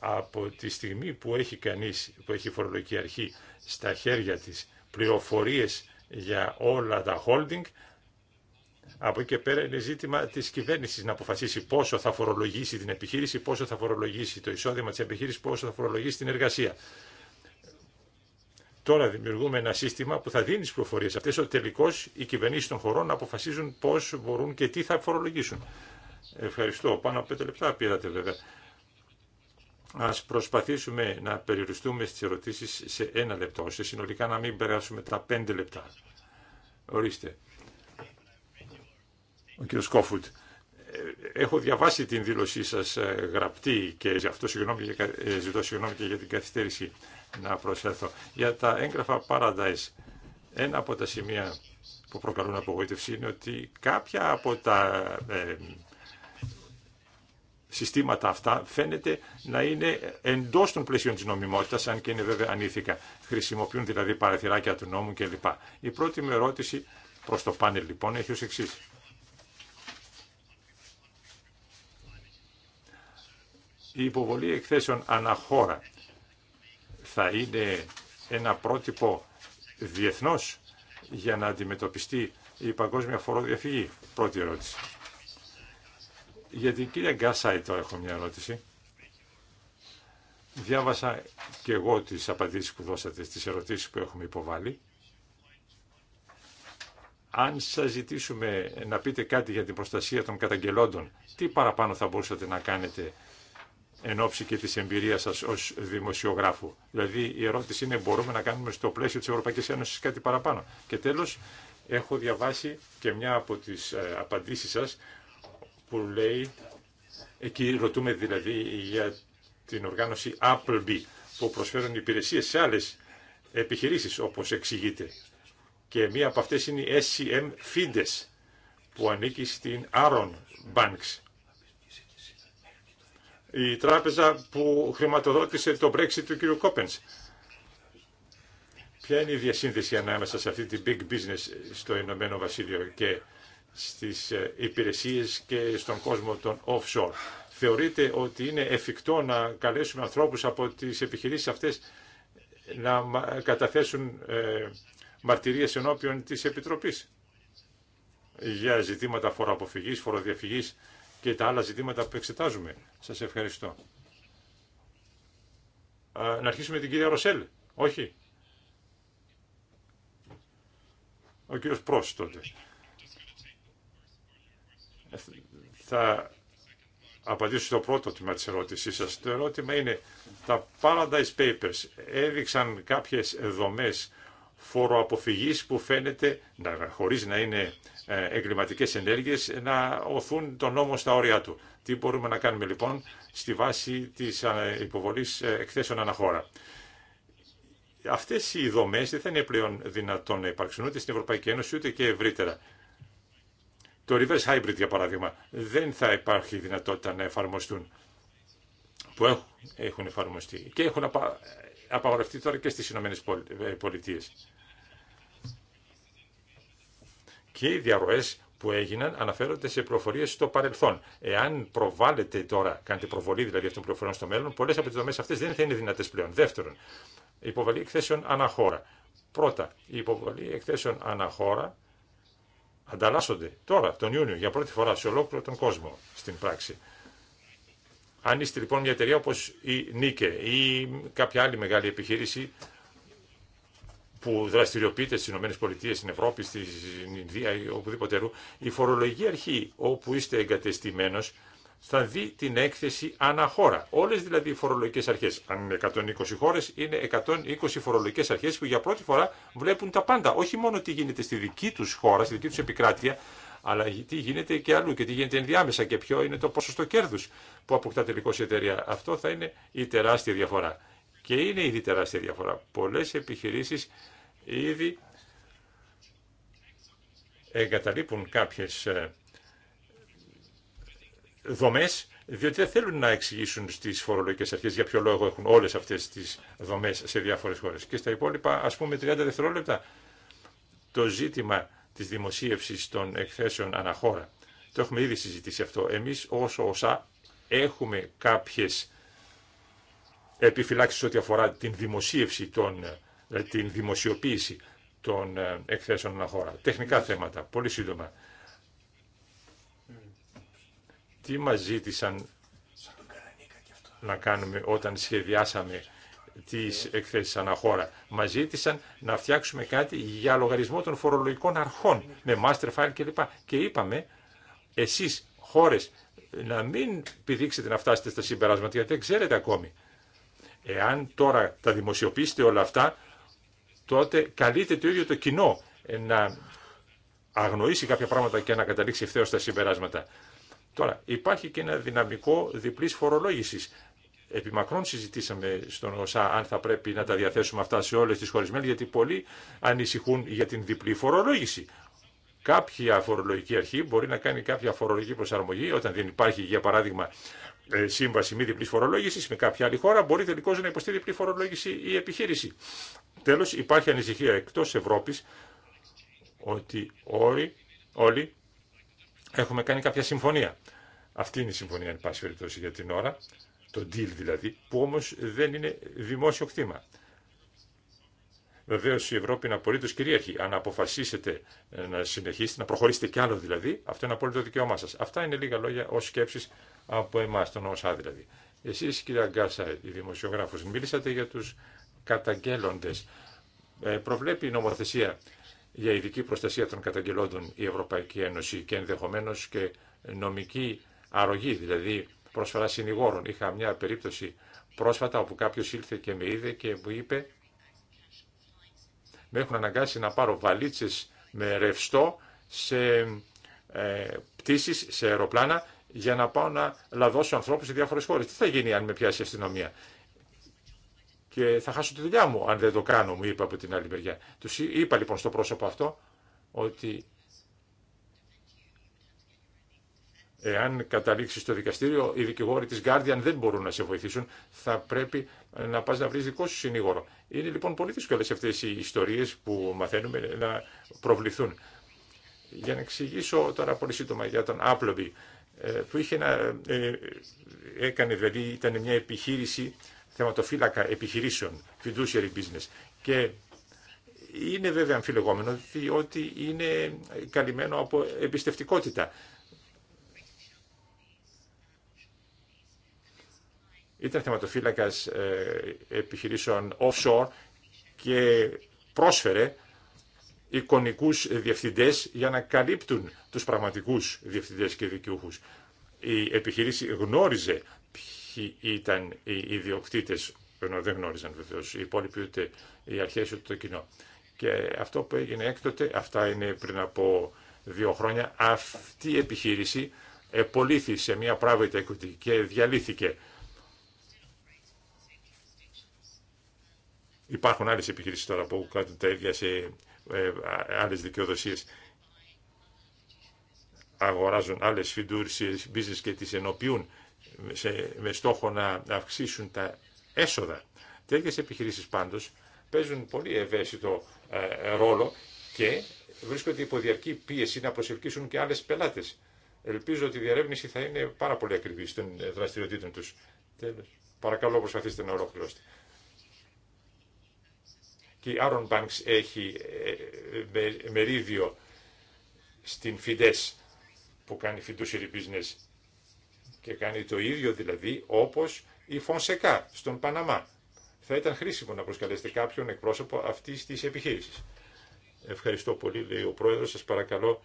Από τη στιγμή που έχει κανείς, που έχει φορολογική αρχή στα χέρια της πληροφορίες για όλα τα holding, από εκεί και πέρα είναι ζήτημα τη κυβέρνηση να αποφασίσει πόσο θα φορολογήσει την επιχείρηση, πόσο θα φορολογήσει το εισόδημα τη επιχείρηση, πόσο θα φορολογήσει την εργασία. Τώρα δημιουργούμε ένα σύστημα που θα δίνει τι πληροφορίε αυτέ, ότι τελικώ οι κυβερνήσει των χωρών να αποφασίζουν πώ μπορούν και τι θα φορολογήσουν. Ευχαριστώ. Πάνω από πέντε λεπτά πήρατε βέβαια. Ας προσπαθήσουμε να περιοριστούμε στις ερωτήσεις σε ένα λεπτό, σε συνολικά να μην περάσουμε τα πέντε λεπτά. Ορίστε. Ο κύριος Κόφουτ, ε, έχω διαβάσει την δήλωσή σας ε, γραπτή και γι' αυτό συγγνώμη, ε, ζητώ συγγνώμη και για την καθυστέρηση να προσέλθω. Για τα έγγραφα Paradise, ένα από τα σημεία που προκαλούν απογοήτευση είναι ότι κάποια από τα συστήματα αυτά φαίνεται να είναι εντός των πλαισίων τη νομιμότητα, αν και είναι βέβαια ανήθικα. Χρησιμοποιούν δηλαδή παραθυράκια του νόμου κλπ. Η πρώτη μου ερώτηση προς το πάνελ λοιπόν έχει ως εξή. Η υποβολή εκθέσεων αναχώρα θα είναι ένα πρότυπο διεθνώς για να αντιμετωπιστεί η παγκόσμια φοροδιαφυγή. Πρώτη ερώτηση. Για την κυρία Γκάσάη τώρα έχω μια ερώτηση. Διάβασα και εγώ τις απαντήσεις που δώσατε στις ερωτήσεις που έχουμε υποβάλει. Αν σας ζητήσουμε να πείτε κάτι για την προστασία των καταγγελόντων, τι παραπάνω θα μπορούσατε να κάνετε εν ώψη και της εμπειρίας σας ως δημοσιογράφου. Δηλαδή η ερώτηση είναι μπορούμε να κάνουμε στο πλαίσιο της Ευρωπαϊκής Ένωσης κάτι παραπάνω. Και τέλος, έχω διαβάσει και μια από τις ε, απαντήσεις σας που λέει, εκεί ρωτούμε δηλαδή για την οργάνωση Applebee που προσφέρουν υπηρεσίες σε άλλες επιχειρήσεις όπως εξηγείται. Και μία από αυτές είναι η SCM Fides που ανήκει στην Aron Banks. Η τράπεζα που χρηματοδότησε το Brexit του κ. Κόπενς. Ποια είναι η διασύνδεση ανάμεσα σε αυτή την big business στο Ηνωμένο Βασίλειο και στις ε, υπηρεσίες και στον κόσμο των offshore. Θεωρείτε ότι είναι εφικτό να καλέσουμε ανθρώπους από τις επιχειρήσεις αυτές να καταθέσουν ε, μαρτυρίες ενώπιον της Επιτροπής για ζητήματα φοροαποφυγής, φοροδιαφυγής και τα άλλα ζητήματα που εξετάζουμε. Σας ευχαριστώ. Να αρχίσουμε την κυρία Ροσέλ. Όχι. Ο κύριος Πρόσ θα απαντήσω στο πρώτο τμήμα της ερώτησής σας. Το ερώτημα είναι, τα Paradise Papers έδειξαν κάποιες δομές φοροαποφυγής που φαίνεται, να, χωρίς να είναι ε, εγκληματικές ενέργειες, να οθούν τον νόμο στα όρια του. Τι μπορούμε να κάνουμε λοιπόν στη βάση της ε, υποβολής ε, εκθέσεων αναχώρα. Αυτές οι δομές δεν θα είναι πλέον δυνατόν να υπάρξουν ούτε στην Ευρωπαϊκή Ένωση ούτε και ευρύτερα. Το reverse hybrid, για παράδειγμα, δεν θα υπάρχει δυνατότητα να εφαρμοστούν που έχουν εφαρμοστεί και έχουν απαγορευτεί τώρα και στις Ηνωμένες ε, Πολιτείες. Και οι διαρροές που έγιναν αναφέρονται σε προφορίες στο παρελθόν. Εάν προβάλλετε τώρα, κάνετε προβολή δηλαδή αυτών των πληροφοριών στο μέλλον, πολλέ από τι δομέ αυτέ δεν θα είναι δυνατέ πλέον. Δεύτερον, υποβολή εκθέσεων αναχώρα. Πρώτα, η υποβολή εκθέσεων αναχώρα ανταλλάσσονται τώρα, τον Ιούνιο, για πρώτη φορά σε ολόκληρο τον κόσμο στην πράξη. Αν είστε λοιπόν μια εταιρεία όπως η Νίκε ή κάποια άλλη μεγάλη επιχείρηση που δραστηριοποιείται στις ΗΠΑ, στην Ευρώπη, στην Ινδία ή οπουδήποτε αλλού, η φορολογική αρχή όπου είστε εγκατεστημένος θα δει την έκθεση αναχώρα. Όλες δηλαδή οι φορολογικές αρχές, αν είναι 120 χώρες, είναι 120 φορολογικές αρχές που για πρώτη φορά βλέπουν τα πάντα. Όχι μόνο τι γίνεται στη δική τους χώρα, στη δική του επικράτεια, αλλά τι γίνεται και αλλού και τι γίνεται ενδιάμεσα και ποιο είναι το ποσοστό κέρδους που αποκτά τελικώ η εταιρεία. Αυτό θα είναι η τεράστια διαφορά. Και είναι ήδη τεράστια διαφορά. Πολλέ επιχειρήσει ήδη εγκαταλείπουν κάποιες ε, δομές, διότι δεν θέλουν να εξηγήσουν στις φορολογικές αρχές για ποιο λόγο έχουν όλες αυτές τις δομές σε διάφορες χώρες. Και στα υπόλοιπα, ας πούμε, 30 δευτερόλεπτα, το ζήτημα της δημοσίευση των εκθέσεων αναχώρα. Το έχουμε ήδη συζητήσει αυτό. Εμείς όσο όσα έχουμε κάποιες επιφυλάξει ό,τι αφορά την δημοσίευση, ε, την δημοσιοποίηση των ε, εκθέσεων αναχώρα. Τεχνικά θέματα, πολύ σύντομα τι μας ζήτησαν να κάνουμε όταν σχεδιάσαμε τις εκθέσεις αναχώρα. Μας ζήτησαν να φτιάξουμε κάτι για λογαριασμό των φορολογικών αρχών με master file κλπ. Και είπαμε εσείς χώρες να μην πηδήξετε να φτάσετε στα συμπεράσματα γιατί δεν ξέρετε ακόμη. Εάν τώρα τα δημοσιοποιήσετε όλα αυτά τότε καλείται το ίδιο το κοινό να αγνοήσει κάποια πράγματα και να καταλήξει ευθέως στα συμπεράσματα. Τώρα, υπάρχει και ένα δυναμικό διπλής φορολόγησης. μακρόν συζητήσαμε στον ΩΣΑ αν θα πρέπει να τα διαθέσουμε αυτά σε όλες τις χωρισμένες, γιατί πολλοί ανησυχούν για την διπλή φορολόγηση. Κάποια φορολογική αρχή μπορεί να κάνει κάποια φορολογική προσαρμογή όταν δεν υπάρχει, για παράδειγμα, ε, σύμβαση μη διπλή φορολόγηση με κάποια άλλη χώρα, μπορεί τελικώ να υποστεί διπλή φορολόγηση η επιχείρηση. Τέλο, υπάρχει ανησυχία εκτό Ευρώπη ότι όλοι, όλοι έχουμε κάνει κάποια συμφωνία. Αυτή είναι η συμφωνία, εν πάση περιπτώσει, για την ώρα, το deal δηλαδή, που όμω δεν είναι δημόσιο κτήμα. Βεβαίω η Ευρώπη είναι απολύτω κυρίαρχη. Αν αποφασίσετε ε, να συνεχίσετε, να προχωρήσετε κι άλλο δηλαδή, αυτό είναι απόλυτο δικαίωμά σα. Αυτά είναι λίγα λόγια ω σκέψει από εμά, τον ΩΣΑ δηλαδή. Εσεί, κυρία Γκάσα, οι δημοσιογράφο, μίλησατε για του καταγγέλλοντε. Ε, προβλέπει η νομοθεσία για ειδική προστασία των καταγγελόντων η Ευρωπαϊκή Ένωση και ενδεχομένω και νομική αρρωγή, δηλαδή πρόσφατα συνηγόρων. Είχα μια περίπτωση πρόσφατα όπου κάποιος ήλθε και με είδε και μου είπε με έχουν αναγκάσει να πάρω βαλίτσες με ρευστό σε ε, πτήσεις, σε αεροπλάνα για να πάω να λαδώσω ανθρώπους σε διάφορες χώρες. Τι θα γίνει αν με πιάσει η αστυνομία και θα χάσω τη δουλειά μου αν δεν το κάνω, μου είπα από την άλλη μεριά. Τους είπα λοιπόν στο πρόσωπο αυτό ότι εάν καταλήξεις στο δικαστήριο, οι δικηγόροι της Guardian δεν μπορούν να σε βοηθήσουν, θα πρέπει να πας να βρεις δικό σου συνήγορο. Είναι λοιπόν πολύ δύσκολε αυτές οι ιστορίες που μαθαίνουμε να προβληθούν. Για να εξηγήσω τώρα πολύ σύντομα για τον Appleby, ε, που ε, ε, έκανε δηλαδή ήταν μια επιχείρηση θεματοφύλακα επιχειρήσεων, fiduciary business. Και είναι βέβαια αμφιλεγόμενο διότι είναι καλυμμένο από εμπιστευτικότητα. Ήταν θεματοφύλακας ε, επιχειρήσεων offshore και πρόσφερε εικονικούς διευθυντές για να καλύπτουν τους πραγματικούς διευθυντές και δικαιούχους. Η επιχειρήση γνώριζε Ποιοι ήταν οι ιδιοκτήτε, ενώ δεν γνώριζαν βεβαίω οι υπόλοιποι ούτε οι αρχέ ούτε το κοινό. Και αυτό που έγινε έκτοτε, αυτά είναι πριν από δύο χρόνια, αυτή η επιχείρηση επολύθη σε μια private equity και διαλύθηκε. Υπάρχουν άλλες επιχειρήσεις τώρα που κάνουν τα ίδια σε ε, άλλες δικαιοδοσίες. Αγοράζουν άλλες φιντούρσεις, business και τις ενοποιούν με στόχο να αυξήσουν τα έσοδα. Τέτοιες επιχειρήσεις πάντως παίζουν πολύ ευαίσθητο ε, ρόλο και βρίσκονται υπό διαρκή πίεση να προσελκύσουν και άλλες πελάτες. Ελπίζω ότι η διαρεύνηση θα είναι πάρα πολύ ακριβή των ε, δραστηριοτήτων τους. Τέλος. Παρακαλώ προσπαθήστε να ολοκληρώσετε. Και η Aaron Banks έχει ε, μερίδιο στην Fidesz που κάνει fiduciary business και κάνει το ίδιο δηλαδή όπως η Φονσεκά στον Παναμά. Θα ήταν χρήσιμο να προσκαλέσετε κάποιον εκπρόσωπο αυτής της επιχείρησης. Ευχαριστώ πολύ, λέει ο Πρόεδρος. Σας παρακαλώ,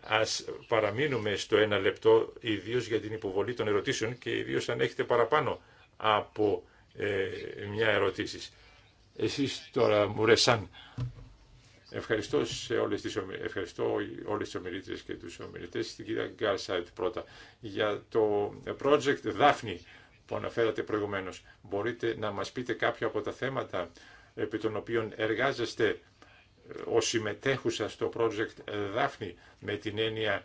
ας παραμείνουμε στο ένα λεπτό, ιδίως για την υποβολή των ερωτήσεων και ιδίως αν έχετε παραπάνω από ε, μια ερωτήσεις. Εσείς τώρα, Μουρεσάν. Ευχαριστώ, σε όλες τις, ευχαριστώ όλες τις και τους ομιλητές, Στην κυρία Γκάρσαϊτ πρώτα, για το project Δάφνη που αναφέρατε προηγουμένως. Μπορείτε να μας πείτε κάποια από τα θέματα επί των οποίων εργάζεστε ε, ως συμμετέχουσα στο project Δάφνη με την έννοια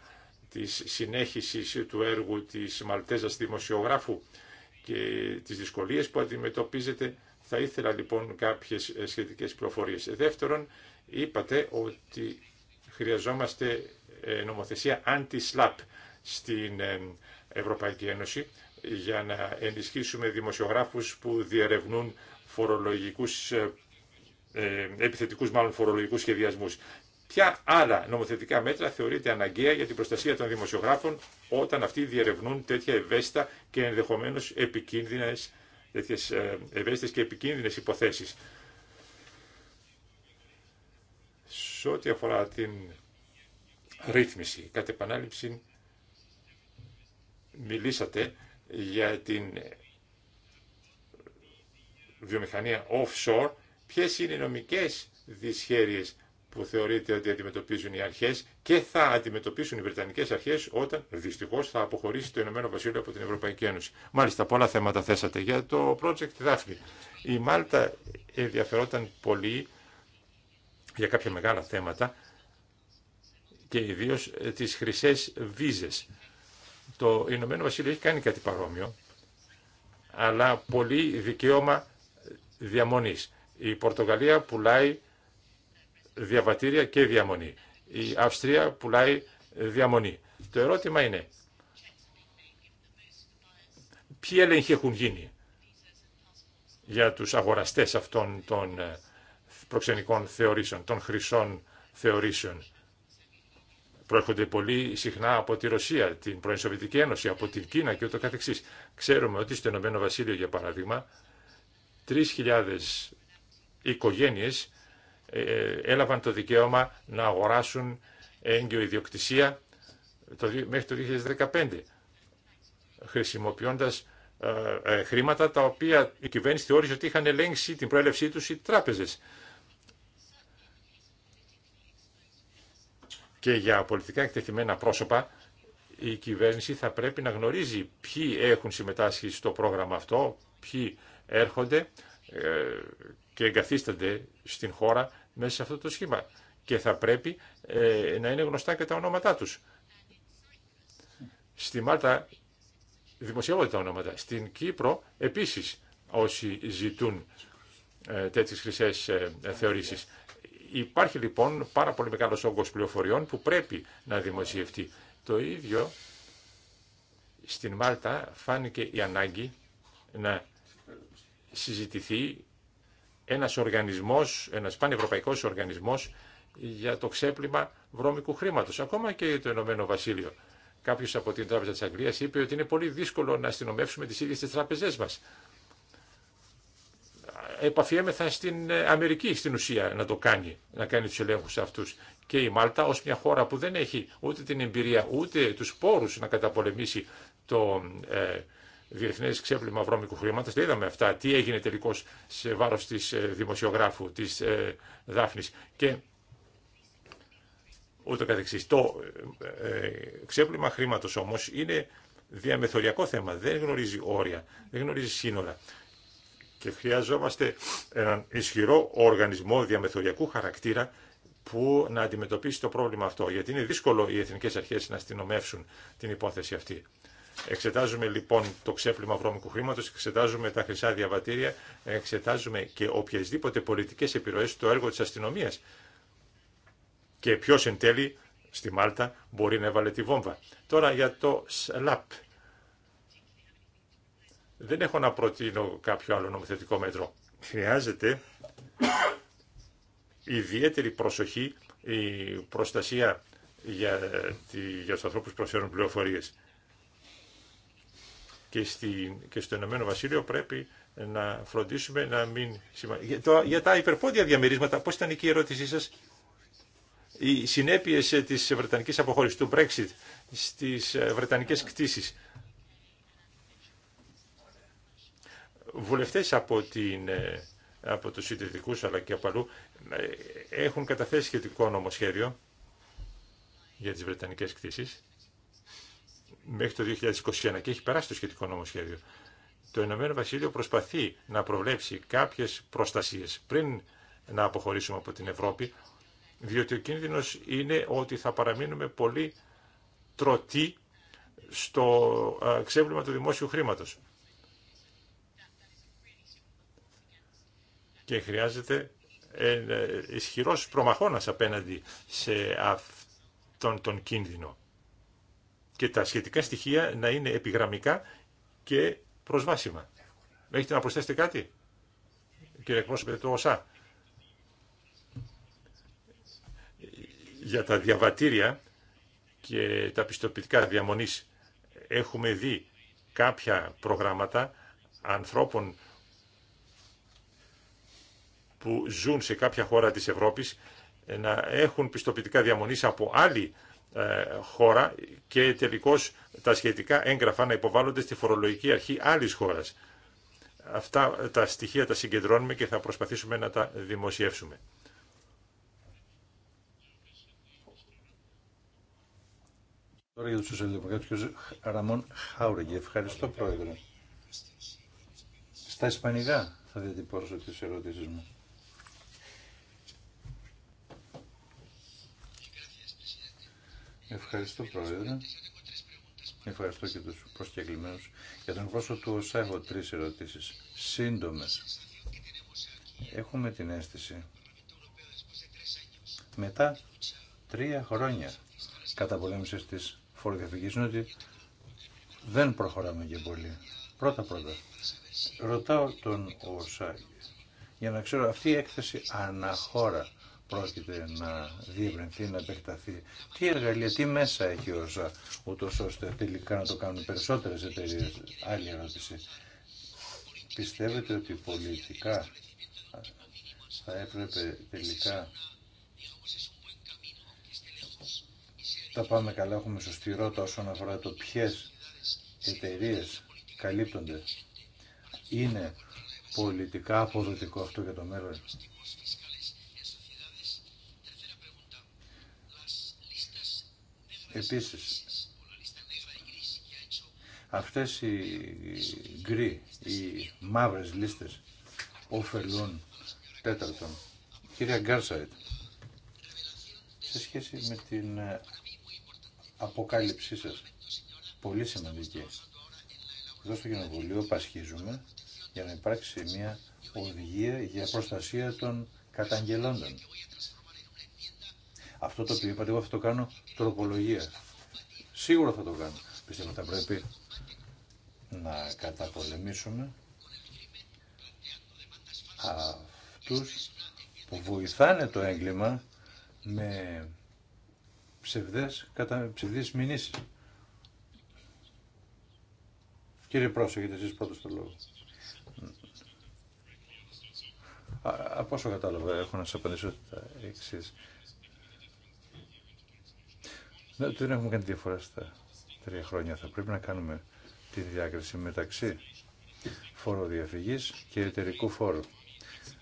της συνέχισης του έργου της Μαλτέζας δημοσιογράφου και τις δυσκολίες που αντιμετωπίζετε. Θα ήθελα λοιπόν κάποιες ε, σχετικές πληροφορίε. Δεύτερον, είπατε ότι χρειαζόμαστε ε, νομοθεσία anti-slap στην ε, Ευρωπαϊκή Ένωση για να ενισχύσουμε δημοσιογράφους που διερευνούν φορολογικούς, ε, επιθετικούς μάλλον φορολογικούς σχεδιασμούς. Ποια άλλα νομοθετικά μέτρα θεωρείται αναγκαία για την προστασία των δημοσιογράφων όταν αυτοί διερευνούν τέτοια ευαίσθητα και ενδεχομένως επικίνδυνες τέτοιες και επικίνδυνες υποθέσεις. σε ό,τι αφορά την ρύθμιση. Κατ' επανάληψη μιλήσατε για την βιομηχανία offshore. Ποιες είναι οι νομικές δυσχέρειες που θεωρείται ότι αντιμετωπίζουν οι αρχές και θα αντιμετωπίσουν οι Βρετανικές αρχές όταν δυστυχώς θα αποχωρήσει το Ηνωμένο Βασίλειο από την Ευρωπαϊκή Ένωση. Μάλιστα πολλά θέματα θέσατε για το project Daphne. Η Μάλτα ενδιαφερόταν πολύ για κάποια μεγάλα θέματα και ιδίω ε, τις χρυσέ βίζες. Το Ηνωμένο Βασίλειο έχει κάνει κάτι παρόμοιο, αλλά πολύ δικαίωμα διαμονής. Η Πορτογαλία πουλάει διαβατήρια και διαμονή. Η Αυστρία πουλάει διαμονή. Το ερώτημα είναι, ποιοι έλεγχοι έχουν γίνει για τους αγοραστές αυτών των ε, προξενικών θεωρήσεων, των χρυσών θεωρήσεων. Προέρχονται πολύ συχνά από τη Ρωσία, την πρώην Ένωση, από την Κίνα και ούτω καθεξής. Ξέρουμε ότι στο Ηνωμένο Βασίλειο, για παράδειγμα, 3.000 οικογένειες ε, ε, έλαβαν το δικαίωμα να αγοράσουν έγκυο ιδιοκτησία μέχρι το 2015, χρησιμοποιώντας ε, χρήματα τα οποία η κυβέρνηση θεώρησε ότι είχαν ελέγξει την προέλευσή τους οι τράπεζες. και για πολιτικά εκτεθειμένα πρόσωπα, η κυβέρνηση θα πρέπει να γνωρίζει ποιοι έχουν συμμετάσχει στο πρόγραμμα αυτό, ποιοι έρχονται ε, και εγκαθίστανται στην χώρα μέσα σε αυτό το σχήμα. Και θα πρέπει ε, να είναι γνωστά και τα ονόματά τους. Στη Μάλτα δημοσιεύονται τα ονόματα. Στην Κύπρο επίσης όσοι ζητούν ε, τέτοιες χρυσές θεωρήσεις. Υπάρχει λοιπόν πάρα πολύ μεγάλο όγκο πληροφοριών που πρέπει να δημοσιευτεί. Το ίδιο στην Μάλτα φάνηκε η ανάγκη να συζητηθεί ένας οργανισμός, ένας πανευρωπαϊκός οργανισμός για το ξέπλυμα βρώμικου χρήματος. Ακόμα και το Ηνωμένο Βασίλειο. Κάποιο από την Τράπεζα τη Αγγλίας είπε ότι είναι πολύ δύσκολο να αστυνομεύσουμε τι ίδιε τι τράπεζέ μα επαφιέμεθα στην ε, Αμερική στην ουσία να το κάνει, να κάνει τους ελέγχους αυτούς. Και η Μάλτα ως μια χώρα που δεν έχει ούτε την εμπειρία ούτε τους πόρους να καταπολεμήσει το ε, διεθνές ξέπλυμα βρώμικου χρήματος. Τα είδαμε αυτά, τι έγινε τελικώς σε βάρος της ε, δημοσιογράφου, της ε, Δάφνης. Και ούτω καθεξής. Το ε, ξέπλυμα χρήματος όμως είναι διαμεθοριακό θέμα, δεν γνωρίζει όρια, δεν γνωρίζει σύνορα και χρειαζόμαστε έναν ισχυρό οργανισμό διαμεθοριακού χαρακτήρα που να αντιμετωπίσει το πρόβλημα αυτό. Γιατί είναι δύσκολο οι εθνικέ αρχέ να αστυνομεύσουν την υπόθεση αυτή. Εξετάζουμε λοιπόν το ξέπλυμα βρώμικου χρήματο, εξετάζουμε τα χρυσά διαβατήρια, εξετάζουμε και οποιασδήποτε πολιτικέ επιρροέ στο έργο τη αστυνομία. Και ποιο εν τέλει στη Μάλτα μπορεί να έβαλε τη βόμβα. Τώρα για το ΣΛΑΠ δεν έχω να προτείνω κάποιο άλλο νομοθετικό μέτρο. Χρειάζεται ιδιαίτερη προσοχή η προστασία για, τη, για τους ανθρώπους που προσφέρουν πληροφορίες. Και, στη, και στο Ηνωμένο Βασίλειο πρέπει να φροντίσουμε να μην... Για, το, για τα υπερπόδια διαμερίσματα, πώς ήταν εκεί η ερώτησή σας. Οι συνέπειες ε, της Βρετανικής αποχώρησης του Brexit στις ε, Βρετανικές κτίσεις. βουλευτές από, την, ε, από τους συντηρητικούς αλλά και από αλλού ε, έχουν καταθέσει σχετικό νομοσχέδιο για τις Βρετανικές κτήσεις μέχρι το 2021 και έχει περάσει το σχετικό νομοσχέδιο. Το Ηνωμένο Βασίλειο προσπαθεί να προβλέψει κάποιες προστασίες πριν να αποχωρήσουμε από την Ευρώπη, διότι ο κίνδυνος είναι ότι θα παραμείνουμε πολύ τρωτοί στο ε, ξέβλημα του δημόσιου χρήματος. και χρειάζεται ένα ε, ε, ισχυρός προμαχώνας απέναντι σε αυτόν τον κίνδυνο. Και τα σχετικά στοιχεία να είναι επιγραμμικά και προσβάσιμα. Έχετε να προσθέσετε κάτι, κύριε εκπρόσωπε του ΩΣΑ. Για τα διαβατήρια και τα πιστοποιητικά διαμονής έχουμε δει κάποια προγράμματα ανθρώπων που ζουν σε κάποια χώρα της Ευρώπης ε, να έχουν πιστοποιητικά διαμονής από άλλη ε, χώρα και τελικώς τα σχετικά έγγραφα να υποβάλλονται στη φορολογική αρχή άλλης χώρας. Αυτά τα στοιχεία τα συγκεντρώνουμε και θα προσπαθήσουμε να τα δημοσιεύσουμε. Τώρα για τους σοσιαλδημοκράτες, Ραμόν Ευχαριστώ, Πρόεδρε. Στα Ισπανικά θα διατυπώσω τις ερωτήσεις μου. Ευχαριστώ Πρόεδρε. Ευχαριστώ και τους προσκεκλημένους. Για τον πρόσωπο του ΩΣΑ έχω τρεις ερωτήσεις. Σύντομες. Έχουμε την αίσθηση. Μετά τρία χρόνια καταπολέμησης της φοροδιαφυγής ότι δεν προχωράμε και πολύ. Πρώτα πρώτα. Ρωτάω τον ΩΣΑ για να ξέρω αυτή η έκθεση αναχώρα πρόκειται να διευρυνθεί, να επεκταθεί. Τι εργαλεία, τι μέσα έχει ο ΖΑ, ούτω ώστε τελικά να το κάνουν περισσότερες εταιρείε. Άλλη ερώτηση. Πιστεύετε ότι πολιτικά θα έπρεπε τελικά τα πάμε καλά, έχουμε σωστή ρότα όσον αφορά το ποιε εταιρείε καλύπτονται. Είναι πολιτικά αποδοτικό αυτό για το μέλλον. Επίσης, αυτές οι γκρι, οι μαύρες λίστες, ωφελούν τέταρτον. Κυρία Γκάρσαϊτ, σε σχέση με την ε, αποκάλυψή σας, πολύ σημαντική. Εδώ στο Κοινοβουλίο πασχίζουμε για να υπάρξει μια οδηγία για προστασία των καταγγελόντων. Αυτό το οποίο είπατε, εγώ αυτό το κάνω τροπολογία. Σίγουρα θα το κάνω. Πιστεύω ότι θα πρέπει να καταπολεμήσουμε αυτούς που βοηθάνε το έγκλημα με ψευδές, κατά ψευδείς μηνύσεις. Κύριε Πρόσεχετε, εσείς πρώτος το λόγο. Α, από όσο κατάλαβα, έχω να σας απαντήσω τα εξής. Ναι, δεν έχουμε κάνει διαφορά στα τρία χρόνια. Θα πρέπει να κάνουμε τη διάκριση μεταξύ φόρο και εταιρικού φόρου.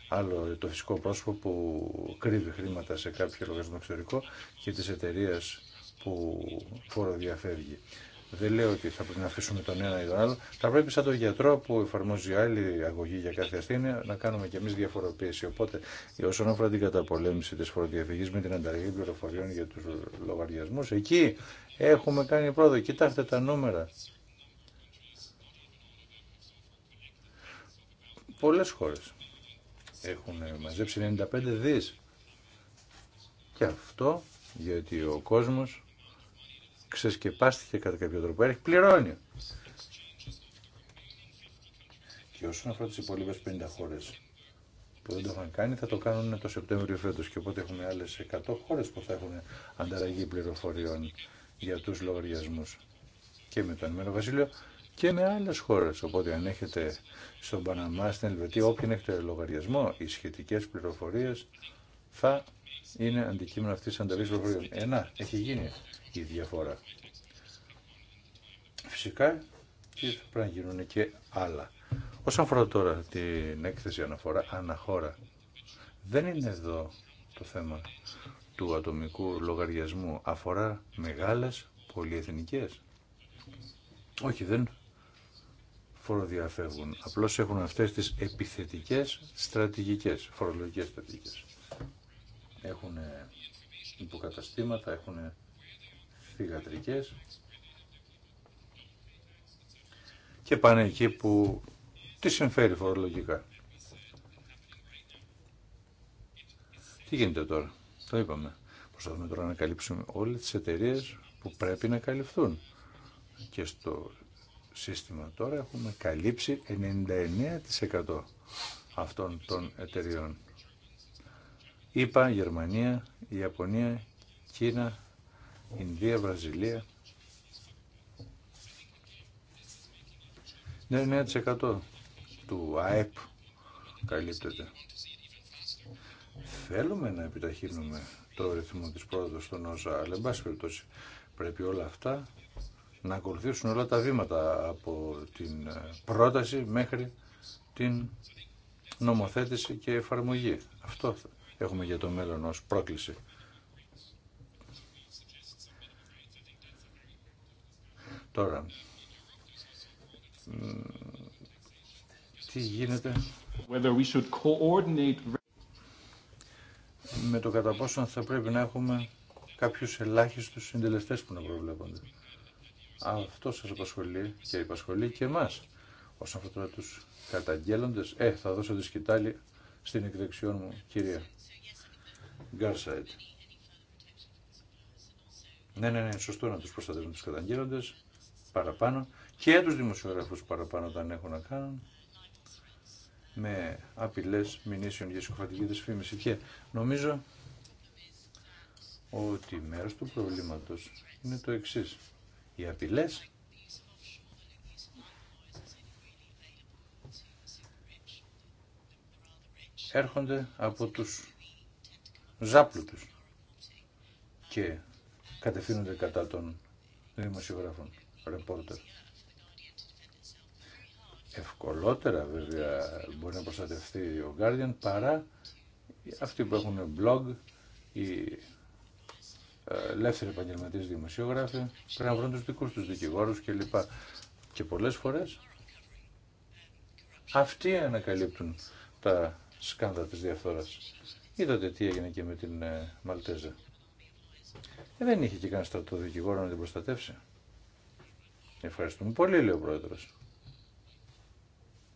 Άλλο το φυσικό πρόσωπο που κρύβει χρήματα σε κάποιο λογαριασμό εξωτερικό και τη εταιρεία που φόρο δεν λέω ότι θα πρέπει να αφήσουμε τον ένα ή τον άλλο. Θα πρέπει σαν τον γιατρό που εφαρμόζει άλλη αγωγή για κάθε ασθένεια να κάνουμε κι εμεί διαφοροποίηση. Οπότε, ε, όσον αφορά την καταπολέμηση τη φοροδιαφυγή με την ανταλλαγή πληροφοριών για του λογαριασμού, εκεί έχουμε κάνει πρόοδο. Κοιτάξτε τα νούμερα. Πολλέ χώρε έχουν μαζέψει 95 δι. Και αυτό γιατί ο κόσμος ξεσκεπάστηκε κατά κάποιο τρόπο. Έχει πληρώνει. Και όσον αφορά τι υπόλοιπε 50 χώρε που δεν το είχαν κάνει, θα το κάνουν το Σεπτέμβριο φέτο. Και οπότε έχουμε άλλε 100 χώρε που θα έχουν ανταλλαγή πληροφοριών για του λογαριασμού. Και με το Ενωμένο Βασίλειο και με άλλε χώρε. Οπότε, αν έχετε στον Παναμά, στην Ελβετία, όποιον έχετε λογαριασμό, οι σχετικέ πληροφορίε θα είναι αντικείμενο αυτή της ανταλλαγής προφορίας. Ένα, έχει γίνει η διαφορά. Φυσικά και πρέπει να γίνουν και άλλα. Όσον αφορά τώρα την έκθεση αναφορά, αναχώρα, δεν είναι εδώ το θέμα του ατομικού λογαριασμού. Αφορά μεγάλες πολυεθνικές. Όχι, δεν φοροδιαφεύγουν. Απλώς έχουν αυτές τις επιθετικές στρατηγικές, φορολογικές στρατηγικές. Έχουν ε, υποκαταστήματα, έχουν ε, θηγατρικές και πάνε εκεί που τι συμφέρει φορολογικά. Τι γίνεται τώρα, το είπαμε. Προσπαθούμε τώρα να καλύψουμε όλες τις εταιρείε που πρέπει να καλυφθούν. Και στο σύστημα τώρα έχουμε καλύψει 99% αυτών των εταιριών. ΗΠΑ, Γερμανία, Ιαπωνία, Κίνα, Ινδία, Βραζιλία. 9% ναι, του ΑΕΠ καλύπτεται. Θέλουμε να επιταχύνουμε το ρυθμό της πρόοδος των ΩΣΑ, αλλά εν πρέπει όλα αυτά να ακολουθήσουν όλα τα βήματα από την ε, πρόταση μέχρι την νομοθέτηση και εφαρμογή. Αυτό έχουμε για το μέλλον ως πρόκληση. Τώρα, τι γίνεται με το κατά πόσο θα πρέπει να έχουμε κάποιους ελάχιστους συντελεστές που να προβλέπονται. Αυτό σας απασχολεί και απασχολεί και εμάς. Όσον αφορά τους καταγγέλλοντες, ε, θα δώσω τη σκητάλη στην εκδεξιόν μου κυρία Γκάρσαϊτ. Ναι, ναι, ναι, σωστό να τους προστατεύουν τους καταγγέλλοντες παραπάνω και τους δημοσιογράφους παραπάνω όταν έχουν να κάνουν με απειλές μηνύσεων για σκοφατική δυσφήμιση. Και νομίζω ότι μέρος του προβλήματος είναι το εξής. Οι απειλές έρχονται από τους ζάπλουτους και κατευθύνονται κατά των δημοσιογράφων, ρεπόρτερ. Ευκολότερα βέβαια μπορεί να προστατευτεί ο Guardian παρά αυτοί που έχουν blog ή ε, ελεύθεροι επαγγελματίες δημοσιογράφοι πρέπει να βρουν τους δικούς τους δικηγόρους κλπ. Και πολλές φορές αυτοί ανακαλύπτουν τα Σκάνδα της διαφθοράς. Είδατε τι έγινε και με την ε, Μαλτέζα. Ε, δεν είχε και κανένα στρατό δικηγόρο να την προστατεύσει. Ευχαριστούμε πολύ, λέει ο πρόεδρος.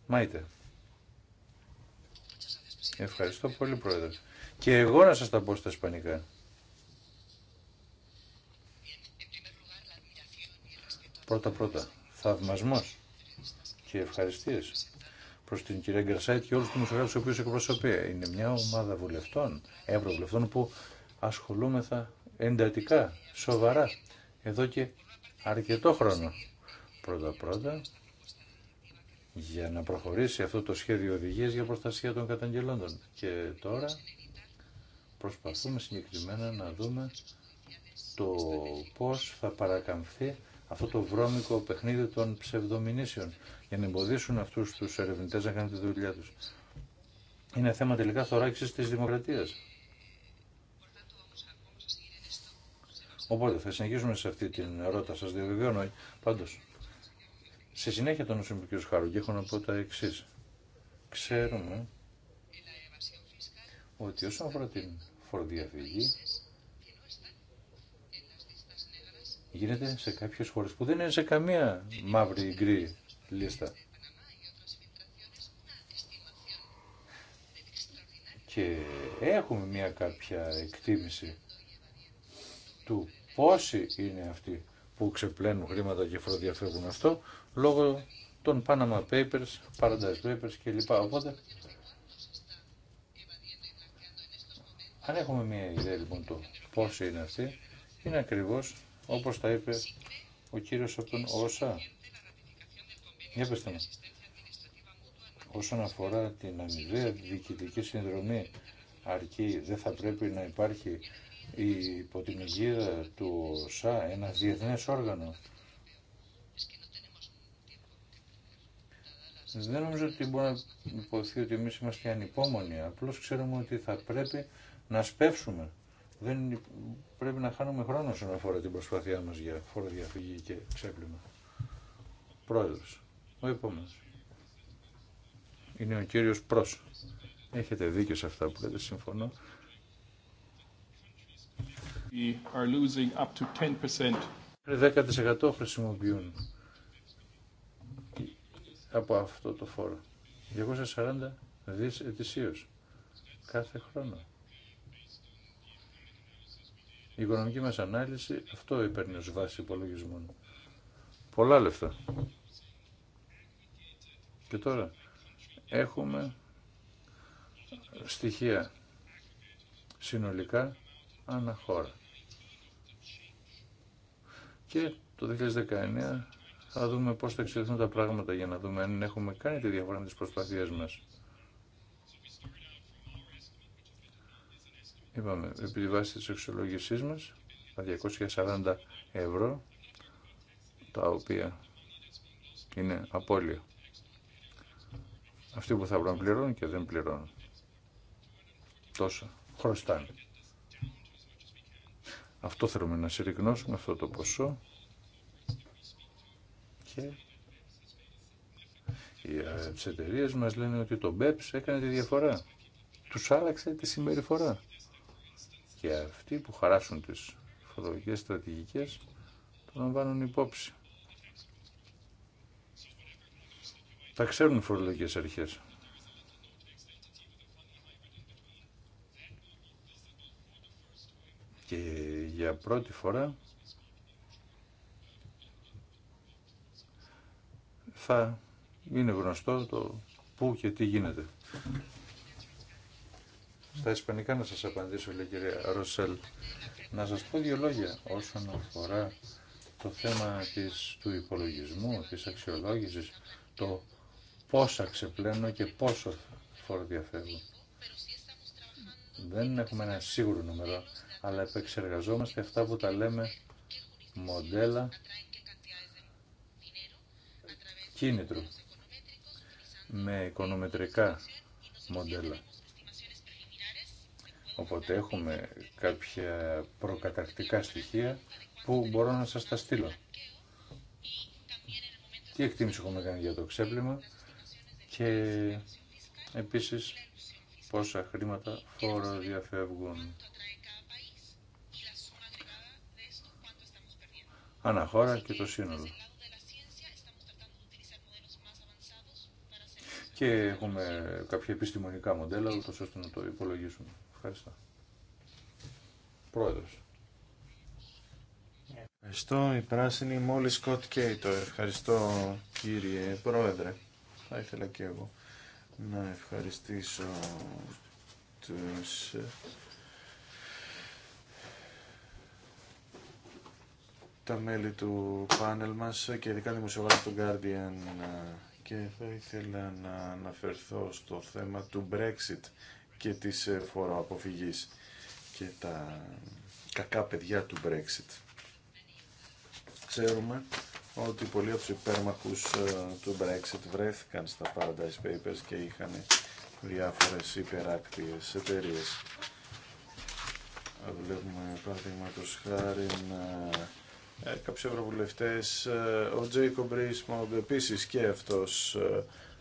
Μάιτε. Ευχαριστώ πολύ, πρόεδρε. Και εγώ να σας τα πω στα ισπανικά. Πρώτα-πρώτα, θαυμασμός και ευχαριστίες Προ την κυρία Γκρασάιτ και όλους τους του οποίου εκπροσωπεί. Είναι μια ομάδα βουλευτών, ευρωβουλευτών που ασχολούμεθα εντατικά, σοβαρά, εδώ και αρκετό χρόνο. Πρώτα-πρώτα, για να προχωρήσει αυτό το σχέδιο οδηγίας για προστασία των καταγγελόντων. Και τώρα προσπαθούμε συγκεκριμένα να δούμε το πώς θα παρακαμφθεί αυτό το βρώμικο παιχνίδι των ψευδομηνήσεων για να εμποδίσουν αυτούς τους ερευνητές να κάνουν τη δουλειά τους. Είναι θέμα τελικά θωράξης της δημοκρατίας. Οπότε θα συνεχίσουμε σε αυτή την ερώτηση, σας διαβεβαιώνω. Πάντως, σε συνέχεια των όσων Χάρου, και έχω να πω τα εξή. Ξέρουμε ότι όσον αφορά την φοροδιαφυγή, γίνεται σε κάποιες χώρες που δεν είναι σε καμία μαύρη ή γκρι λίστα. Και έχουμε μια κάποια εκτίμηση του πόσοι είναι αυτοί που ξεπλένουν χρήματα και φοροδιαφεύγουν αυτό λόγω των Panama Papers, Paradise Papers κλπ. Οπότε, αν έχουμε μια ιδέα λοιπόν του πόσοι είναι αυτοί, είναι ακριβώς όπως τα είπε ο κύριος από τον ΩΣΑ. Για πετε μου. Όσον αφορά την αμοιβαία διοικητική συνδρομή, αρκεί δεν θα πρέπει να υπάρχει την υγεία του ΩΣΑ, ένα διεθνές όργανο. Δεν νομίζω ότι μπορεί να υποθεί ότι εμείς είμαστε ανυπόμονοι, απλώς ξέρουμε ότι θα πρέπει να σπεύσουμε δεν πρέπει να χάνουμε χρόνο να αφορά την προσπάθειά μας για φόρο διαφυγή και ξέπλυμα. Πρόεδρος, ο επόμενος. Είναι ο κύριος Πρόσ. Έχετε δίκιο σε αυτά που λέτε, συμφωνώ. 10%. 10% ε, χρησιμοποιούν από αυτό το φόρο. 240 δις ετησίως κάθε χρόνο. Η οικονομική μας ανάλυση αυτό υπέρνει ως βάση υπολογισμών. Πολλά λεφτά. Και τώρα έχουμε στοιχεία συνολικά αναχώρα. Και το 2019 θα δούμε πώς θα εξελιχθούν τα πράγματα για να δούμε αν έχουμε κάνει τη διαφορά με τις προσπάθειές μας. Είπαμε, επί τη βάση της εξολογησής μας, τα 240 ευρώ, τα οποία είναι απώλεια. Αυτοί που θα βρουν πληρώνουν και δεν πληρώνουν. Τόσο. Χρωστάνε. Αυτό θέλουμε να συρρυκνώσουμε, αυτό το ποσό. Και οι ε, εταιρείε μας λένε ότι το BEPS έκανε τη διαφορά. Τους άλλαξε τη συμπεριφορά και αυτοί που χαράσουν τις φορολογικές στρατηγικές το λαμβάνουν υπόψη. Τα ξέρουν οι φορολογικές αρχές. Και για πρώτη φορά θα είναι γνωστό το πού και τι γίνεται. Στα ισπανικά να σας απαντήσω, λέει κυρία Ροσέλ. Να σας πω δύο λόγια όσον αφορά το θέμα της, του υπολογισμού, της αξιολόγησης, το πόσα ξεπλένω και πόσο φοροδιαφεύγω. Δεν έχουμε ένα σίγουρο νούμερο, αλλά επεξεργαζόμαστε αυτά που τα λέμε μοντέλα κίνητρου με οικονομετρικά μοντέλα. Οπότε έχουμε κάποια προκαταρκτικά στοιχεία που μπορώ να σας τα στείλω. Τι εκτίμηση έχουμε κάνει για το ξέπλυμα και επίσης πόσα χρήματα φόρο διαφεύγουν. Αναχώρα και το σύνολο. Και έχουμε κάποια επιστημονικά μοντέλα, ούτως ώστε να το υπολογίσουμε. Ευχαριστώ. Πρόεδρος. Ευχαριστώ. Η πράσινη μόλι Σκοτ Κέιτο. Ευχαριστώ κύριε Πρόεδρε. Θα ήθελα και εγώ να ευχαριστήσω τους τα μέλη του πάνελ μας και ειδικά δημοσιογράφου του Guardian και θα ήθελα να αναφερθώ στο θέμα του Brexit και της ε, φοροαποφυγής και τα κακά παιδιά του Brexit. Ξέρουμε ότι πολλοί από τους υπέρμαχους ε, του Brexit βρέθηκαν στα Paradise Papers και είχαν διάφορες υπεράκτιες εταιρείε. Βλέπουμε παραδείγματο χάρη ε, κάποιους ευρωβουλευτές, ο Τζέικο Μπρίσμοντ επίσης και αυτός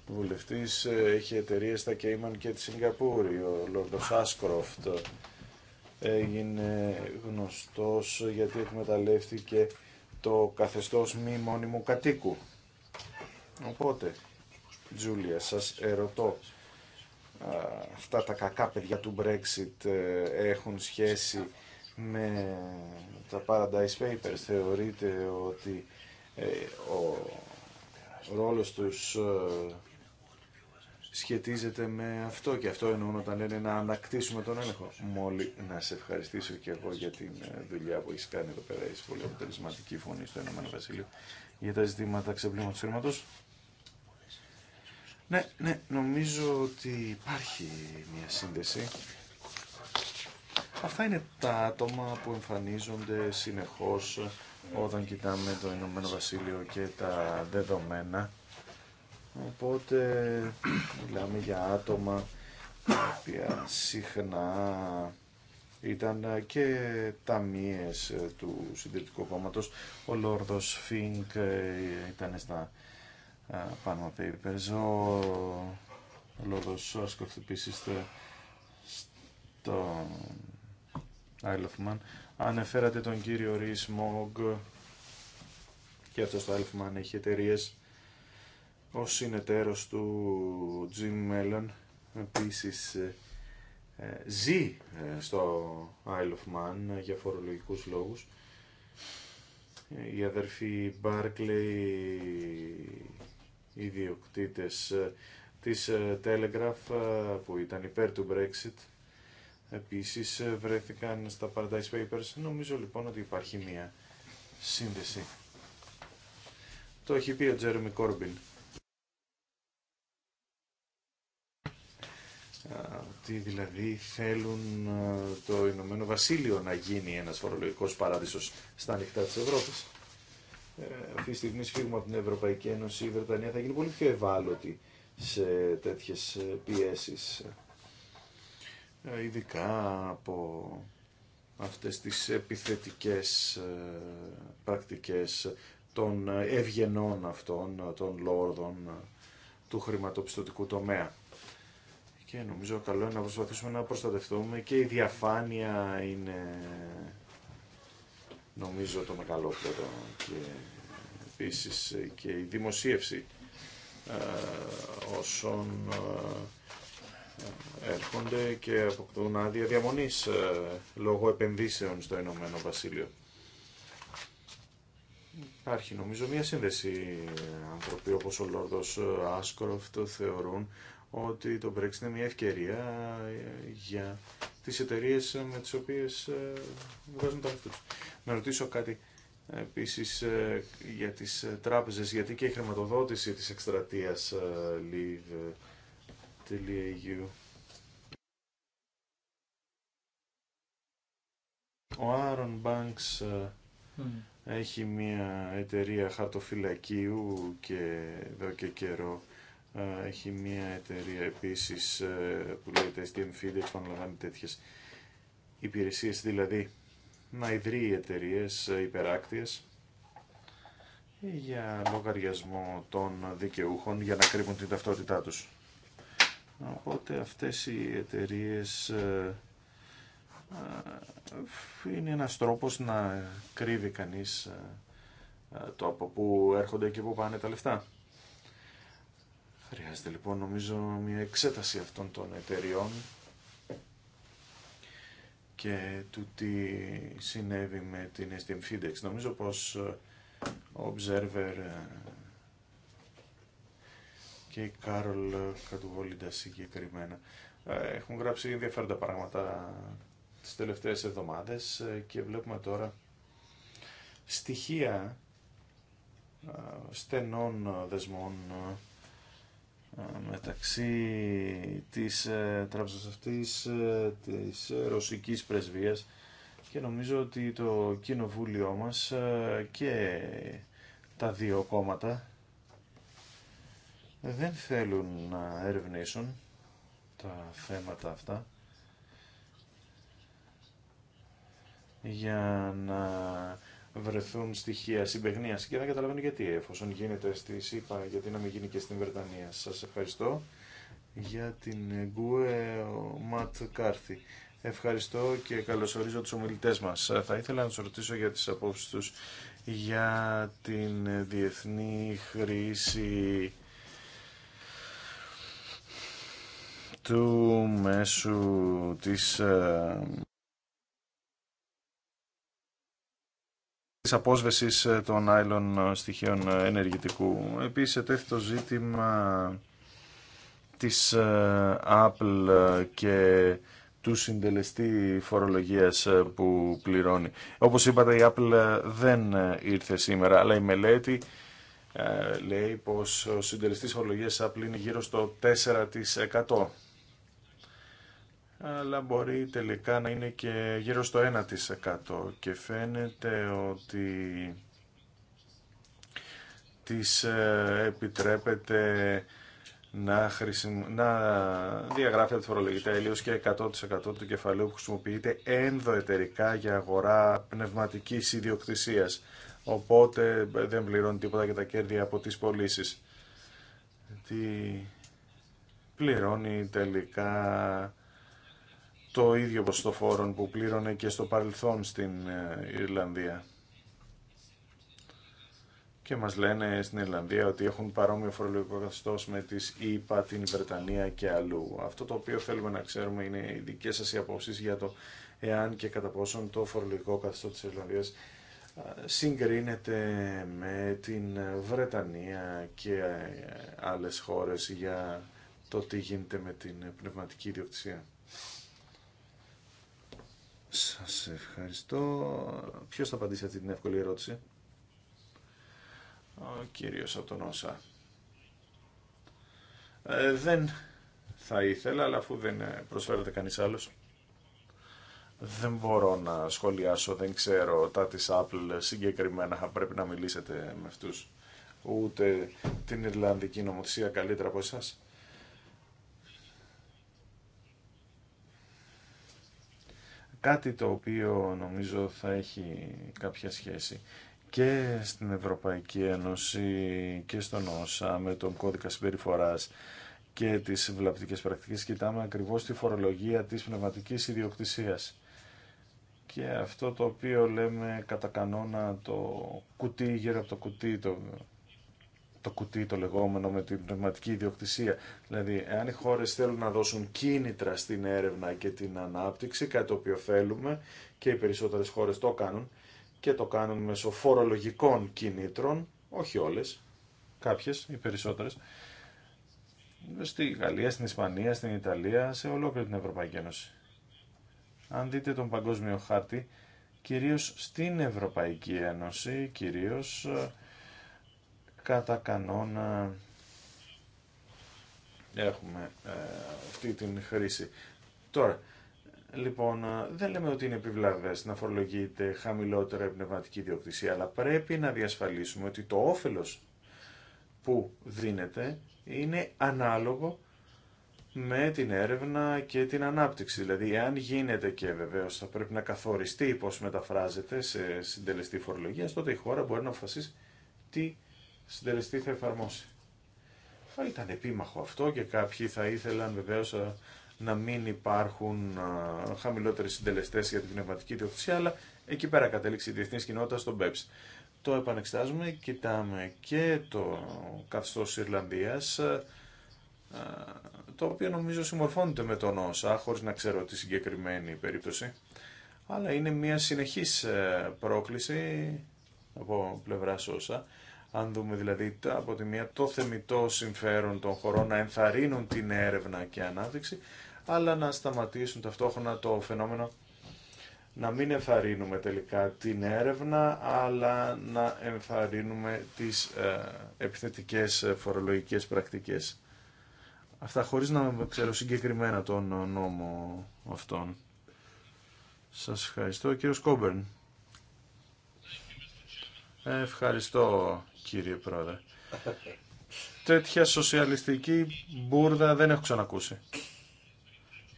βουλευτής ε, έχει εταιρείε στα Κέιμαν και τη Σιγκαπούρη. Ο Λόρδος Άσκροφτ έγινε γνωστός γιατί εκμεταλλεύτηκε το καθεστώς μη μόνιμου κατοίκου. Οπότε, Τζούλια, σας ερωτώ, αυτά τα κακά παιδιά του Brexit ε, έχουν σχέση με τα Paradise Papers. Θεωρείτε ότι ε, ο ρόλος τους σχετίζεται με αυτό και αυτό εννοούν όταν λένε να ανακτήσουμε τον έλεγχο. Μόλι να σε ευχαριστήσω και εγώ για την ε, δουλειά που έχει κάνει εδώ πέρα. Είσαι πολύ αποτελεσματική φωνή στο Ηνωμένο Βασίλειο για τα ζητήματα ξεπλήματο χρήματο. Ναι, ναι, νομίζω ότι υπάρχει μια σύνδεση. Αυτά είναι τα άτομα που εμφανίζονται συνεχώς όταν κοιτάμε το Ηνωμένο Βασίλειο και τα δεδομένα Οπότε μιλάμε για άτομα που συχνά ήταν και ταμείες του συντηρητικού κόμματος. Ο Λόρδος Φίνκ ε, ήταν στα πάνω ε, Papers. Ο Λόρδος Σόσκοφ επίσης στο Isle Ανεφέρατε τον κύριο Ρίσμογκ και αυτός το Isle έχει εταιρείε. Ο συνεταίρος του Jim Mellon επίσης ε, ε, ζει ε, στο Isle of Man για φορολογικούς λόγους. Οι αδερφοί Barclay, οι διοκτήτες της Telegraph που ήταν υπέρ του Brexit, επίσης βρέθηκαν στα Paradise Papers. Νομίζω λοιπόν ότι υπάρχει μία σύνδεση. Το έχει πει ο Τζέρεμι Κόρμπιν ότι δηλαδή θέλουν το Ηνωμένο Βασίλειο να γίνει ένας φορολογικός παράδεισος στα ανοιχτά της Ευρώπης. Ε, αυτή τη στιγμή σφίγγουμε από την Ευρωπαϊκή Ένωση η Βρετανία θα γίνει πολύ πιο ευάλωτη σε τέτοιες ε, πιέσεις ε, ειδικά από αυτές τις επιθετικές ε, πρακτικές των ευγενών αυτών, των λόρδων του χρηματοπιστωτικού τομέα. Και νομίζω καλό είναι να προσπαθήσουμε να προστατευτούμε και η διαφάνεια είναι νομίζω το μεγαλύτερο και επίσης και η δημοσίευση ε, όσων ε, έρχονται και αποκτούν άδεια διαμονής ε, λόγω επενδύσεων στο Ηνωμένο Βασίλειο. Υπάρχει νομίζω μία σύνδεση άνθρωποι όπως ο Λόρδος Άσκροφ θεωρούν ότι το Brexit είναι μια ευκαιρία ε, για τις εταιρείε ε, με τις οποίες ε, βγάζουν τα λεφτά Να ρωτήσω κάτι επίσης για τις τράπεζες, γιατί και η χρηματοδότηση της εκστρατείας live.eu. Ο Άρον Banks mm. έχει μια εταιρεία χαρτοφυλακίου και εδώ και καιρό έχει μια εταιρεία επίσης ε, που λέγεται STM Feed, που αναλαμβάνει τέτοιες υπηρεσίες, δηλαδή να ιδρύει εταιρείε ε, υπεράκτιες για λογαριασμό των δικαιούχων για να κρύβουν την ταυτότητά τους. Οπότε αυτές οι εταιρείε ε, είναι ένας τρόπος να κρύβει κανείς το από πού έρχονται και πού πάνε τα λεφτά. Χρειάζεται λοιπόν νομίζω μια εξέταση αυτών των εταιριών και του τι συνέβη με την STM Fidex. Νομίζω πως ε, ο Observer ε, και η Κάρολ Κατουβόλιντα συγκεκριμένα ε, έχουν γράψει ενδιαφέροντα πράγματα τις τελευταίες εβδομάδες και βλέπουμε τώρα στοιχεία στενών δεσμών μεταξύ της ε, τράπεζας αυτής ε, της ε, ρωσικής πρεσβείας και νομίζω ότι το κοινοβούλιο μας και τα δύο κόμματα δεν θέλουν να ερευνήσουν τα θέματα αυτά για να βρεθούν στοιχεία συμπεγνία και δεν καταλαβαίνω γιατί εφόσον γίνεται στη ΣΥΠΑ, γιατί να μην γίνει και στην Βρετανία. Σας ευχαριστώ για την Γκουε Ματ Κάρθη. Ευχαριστώ και καλωσορίζω τους ομιλητές μας. Θα ήθελα να τους ρωτήσω για τις απόψεις τους για την διεθνή χρήση του μέσου της ε, Τη απόσβεσης ε, των άλλων ε, στοιχείων ε, ενεργητικού. Επίσης, ετέθη το ζήτημα της Apple και του συντελεστή φορολογίας που πληρώνει. Όπως είπατε, η Apple δεν ήρθε σήμερα, αλλά η μελέτη λέει πως ο συντελεστής φορολογίας Apple είναι γύρω στο 4% αλλά μπορεί τελικά να είναι και γύρω στο 1% και φαίνεται ότι τις ε, επιτρέπεται να, χρησιμο... να διαγράφει από τη φορολογική και 100% του κεφαλαίου που χρησιμοποιείται ενδοετερικά για αγορά πνευματικής ιδιοκτησίας. Οπότε δεν πληρώνει τίποτα για τα κέρδη από τις πωλήσει. Τι πληρώνει τελικά το ίδιο ποσοστό φόρων που πλήρωνε και στο παρελθόν στην ε, Ιρλανδία. Και μας λένε στην Ιρλανδία ότι έχουν παρόμοιο φορολογικό καθεστώς με τις ΗΠΑ, την Βρετανία και αλλού. Αυτό το οποίο θέλουμε να ξέρουμε είναι οι δικές σας οι απόψεις για το εάν και κατά πόσον το φορολογικό καθεστώ της Ιρλανδίας ε, συγκρίνεται με την Βρετανία και ε, άλλες χώρες για το τι γίνεται με την πνευματική ιδιοκτησία. Σας ευχαριστώ. Ποιος θα απαντήσει αυτή την εύκολη ερώτηση. Ο κύριος από τον Όσα. Ε, δεν θα ήθελα, αλλά αφού δεν προσφέρεται κανείς άλλος. Δεν μπορώ να σχολιάσω, δεν ξέρω τα της Apple συγκεκριμένα, θα πρέπει να μιλήσετε με αυτούς. Ούτε την Ιρλανδική νομοθεσία καλύτερα από εσάς. κάτι το οποίο νομίζω θα έχει κάποια σχέση και στην Ευρωπαϊκή Ένωση και στον ΩΣΑ με τον κώδικα συμπεριφοράς και τις βλαπτικές πρακτικές κοιτάμε ακριβώς τη φορολογία της πνευματικής ιδιοκτησίας και αυτό το οποίο λέμε κατά κανόνα το κουτί γύρω από το κουτί το το κουτί το λεγόμενο με την πνευματική ιδιοκτησία. Δηλαδή, εάν οι χώρες θέλουν να δώσουν κίνητρα στην έρευνα και την ανάπτυξη, κάτι το οποίο θέλουμε και οι περισσότερες χώρες το κάνουν και το κάνουν μέσω φορολογικών κινήτρων, όχι όλες, κάποιες, οι περισσότερες, στη Γαλλία, στην Ισπανία, στην Ιταλία, σε ολόκληρη την Ευρωπαϊκή Ένωση. Αν δείτε τον παγκόσμιο χάρτη, κυρίως στην Ευρωπαϊκή Ένωση, κυρίως ε, κατά κανόνα έχουμε ε, αυτή την χρήση. Τώρα, λοιπόν, ε, δεν λέμε ότι είναι επιβλαβές να φορολογείται χαμηλότερα η πνευματική ιδιοκτησία, αλλά πρέπει να διασφαλίσουμε ότι το όφελος που δίνεται είναι ανάλογο με την έρευνα και την ανάπτυξη. Δηλαδή, αν γίνεται και βεβαίω θα πρέπει να καθοριστεί πώ μεταφράζεται σε συντελεστή φορολογία, τότε η χώρα μπορεί να αποφασίσει τι συντελεστή θα εφαρμόσει. Θα ήταν επίμαχο αυτό και κάποιοι θα ήθελαν βεβαίως ε, να μην υπάρχουν ε, χαμηλότερε συντελεστέ για την πνευματική διοκτησία, αλλά εκεί πέρα κατέληξε η διεθνή κοινότητα στον ε ΠΕΠΣ. Το επανεξετάζουμε, κοιτάμε και το καθεστώ τη Ιρλανδία, το οποίο νομίζω συμμορφώνεται με τον ΩΣΑ, χωρί να ξέρω τη συγκεκριμένη περίπτωση. Αλλά είναι μια συνεχής πρόκληση από πλευρά ΩΣΑ αν δούμε δηλαδή από τη μία το θεμητό συμφέρον των χωρών να ενθαρρύνουν την έρευνα και ανάδειξη, αλλά να σταματήσουν ταυτόχρονα το φαινόμενο να μην ενθαρρύνουμε τελικά την έρευνα, αλλά να ενθαρρύνουμε τις ε, επιθετικές ε, φορολογικές πρακτικές. Αυτά χωρίς να ξέρω συγκεκριμένα τον ε, νόμο αυτόν. Σας ευχαριστώ. Κύριο Κόμπερν. Ευχαριστώ κύριε Πρόεδρε. Τέτοια σοσιαλιστική μπουρδα δεν έχω ξανακούσει.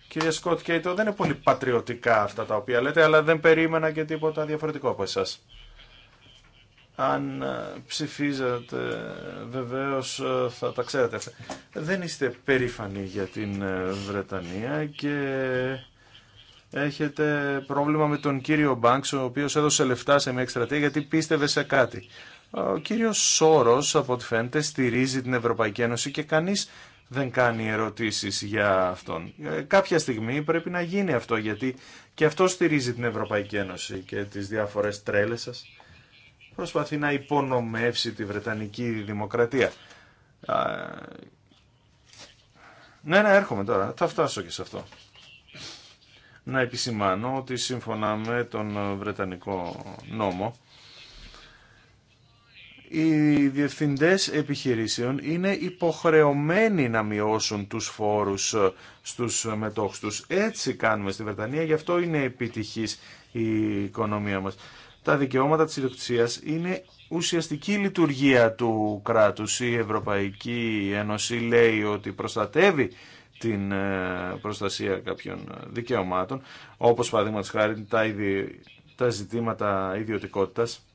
Κύριε Σκότ Κέιτο, δεν είναι πολύ πατριωτικά αυτά τα οποία λέτε, αλλά δεν περίμενα και τίποτα διαφορετικό από εσάς. Αν ε, ψηφίζατε, βεβαίως ε, θα τα ξέρετε αυτά. Δεν είστε περήφανοι για την ε, Βρετανία και έχετε πρόβλημα με τον κύριο Μπάνξ, ο οποίος έδωσε λεφτά σε μια εκστρατεία γιατί πίστευε σε κάτι. Ο κύριος Σόρος, από ό,τι φαίνεται, στηρίζει την Ευρωπαϊκή Ένωση και κανείς δεν κάνει ερωτήσεις για αυτόν. Ε, κάποια στιγμή πρέπει να γίνει αυτό, γιατί και αυτό στηρίζει την Ευρωπαϊκή Ένωση και τις διαφορέ τρέλες σας. Προσπαθεί να υπονομεύσει τη Βρετανική Δημοκρατία. Ναι, ναι, έρχομαι τώρα. Θα φτάσω και σε αυτό. Να επισημάνω ότι σύμφωνα με τον Βρετανικό νόμο, οι διευθυντές επιχειρήσεων είναι υποχρεωμένοι να μειώσουν τους φόρους ε, στους μετόχους τους. Έτσι κάνουμε στη Βρετανία, γι' αυτό είναι επιτυχής η οικονομία μας. Τα δικαιώματα της ιδιοκτησίας είναι ουσιαστική λειτουργία του κράτους. Η Ευρωπαϊκή Ένωση λέει ότι προστατεύει την ε, προστασία κάποιων δικαιωμάτων, όπως παραδείγματος χάρη τα, τα ζητήματα ιδιωτικότητας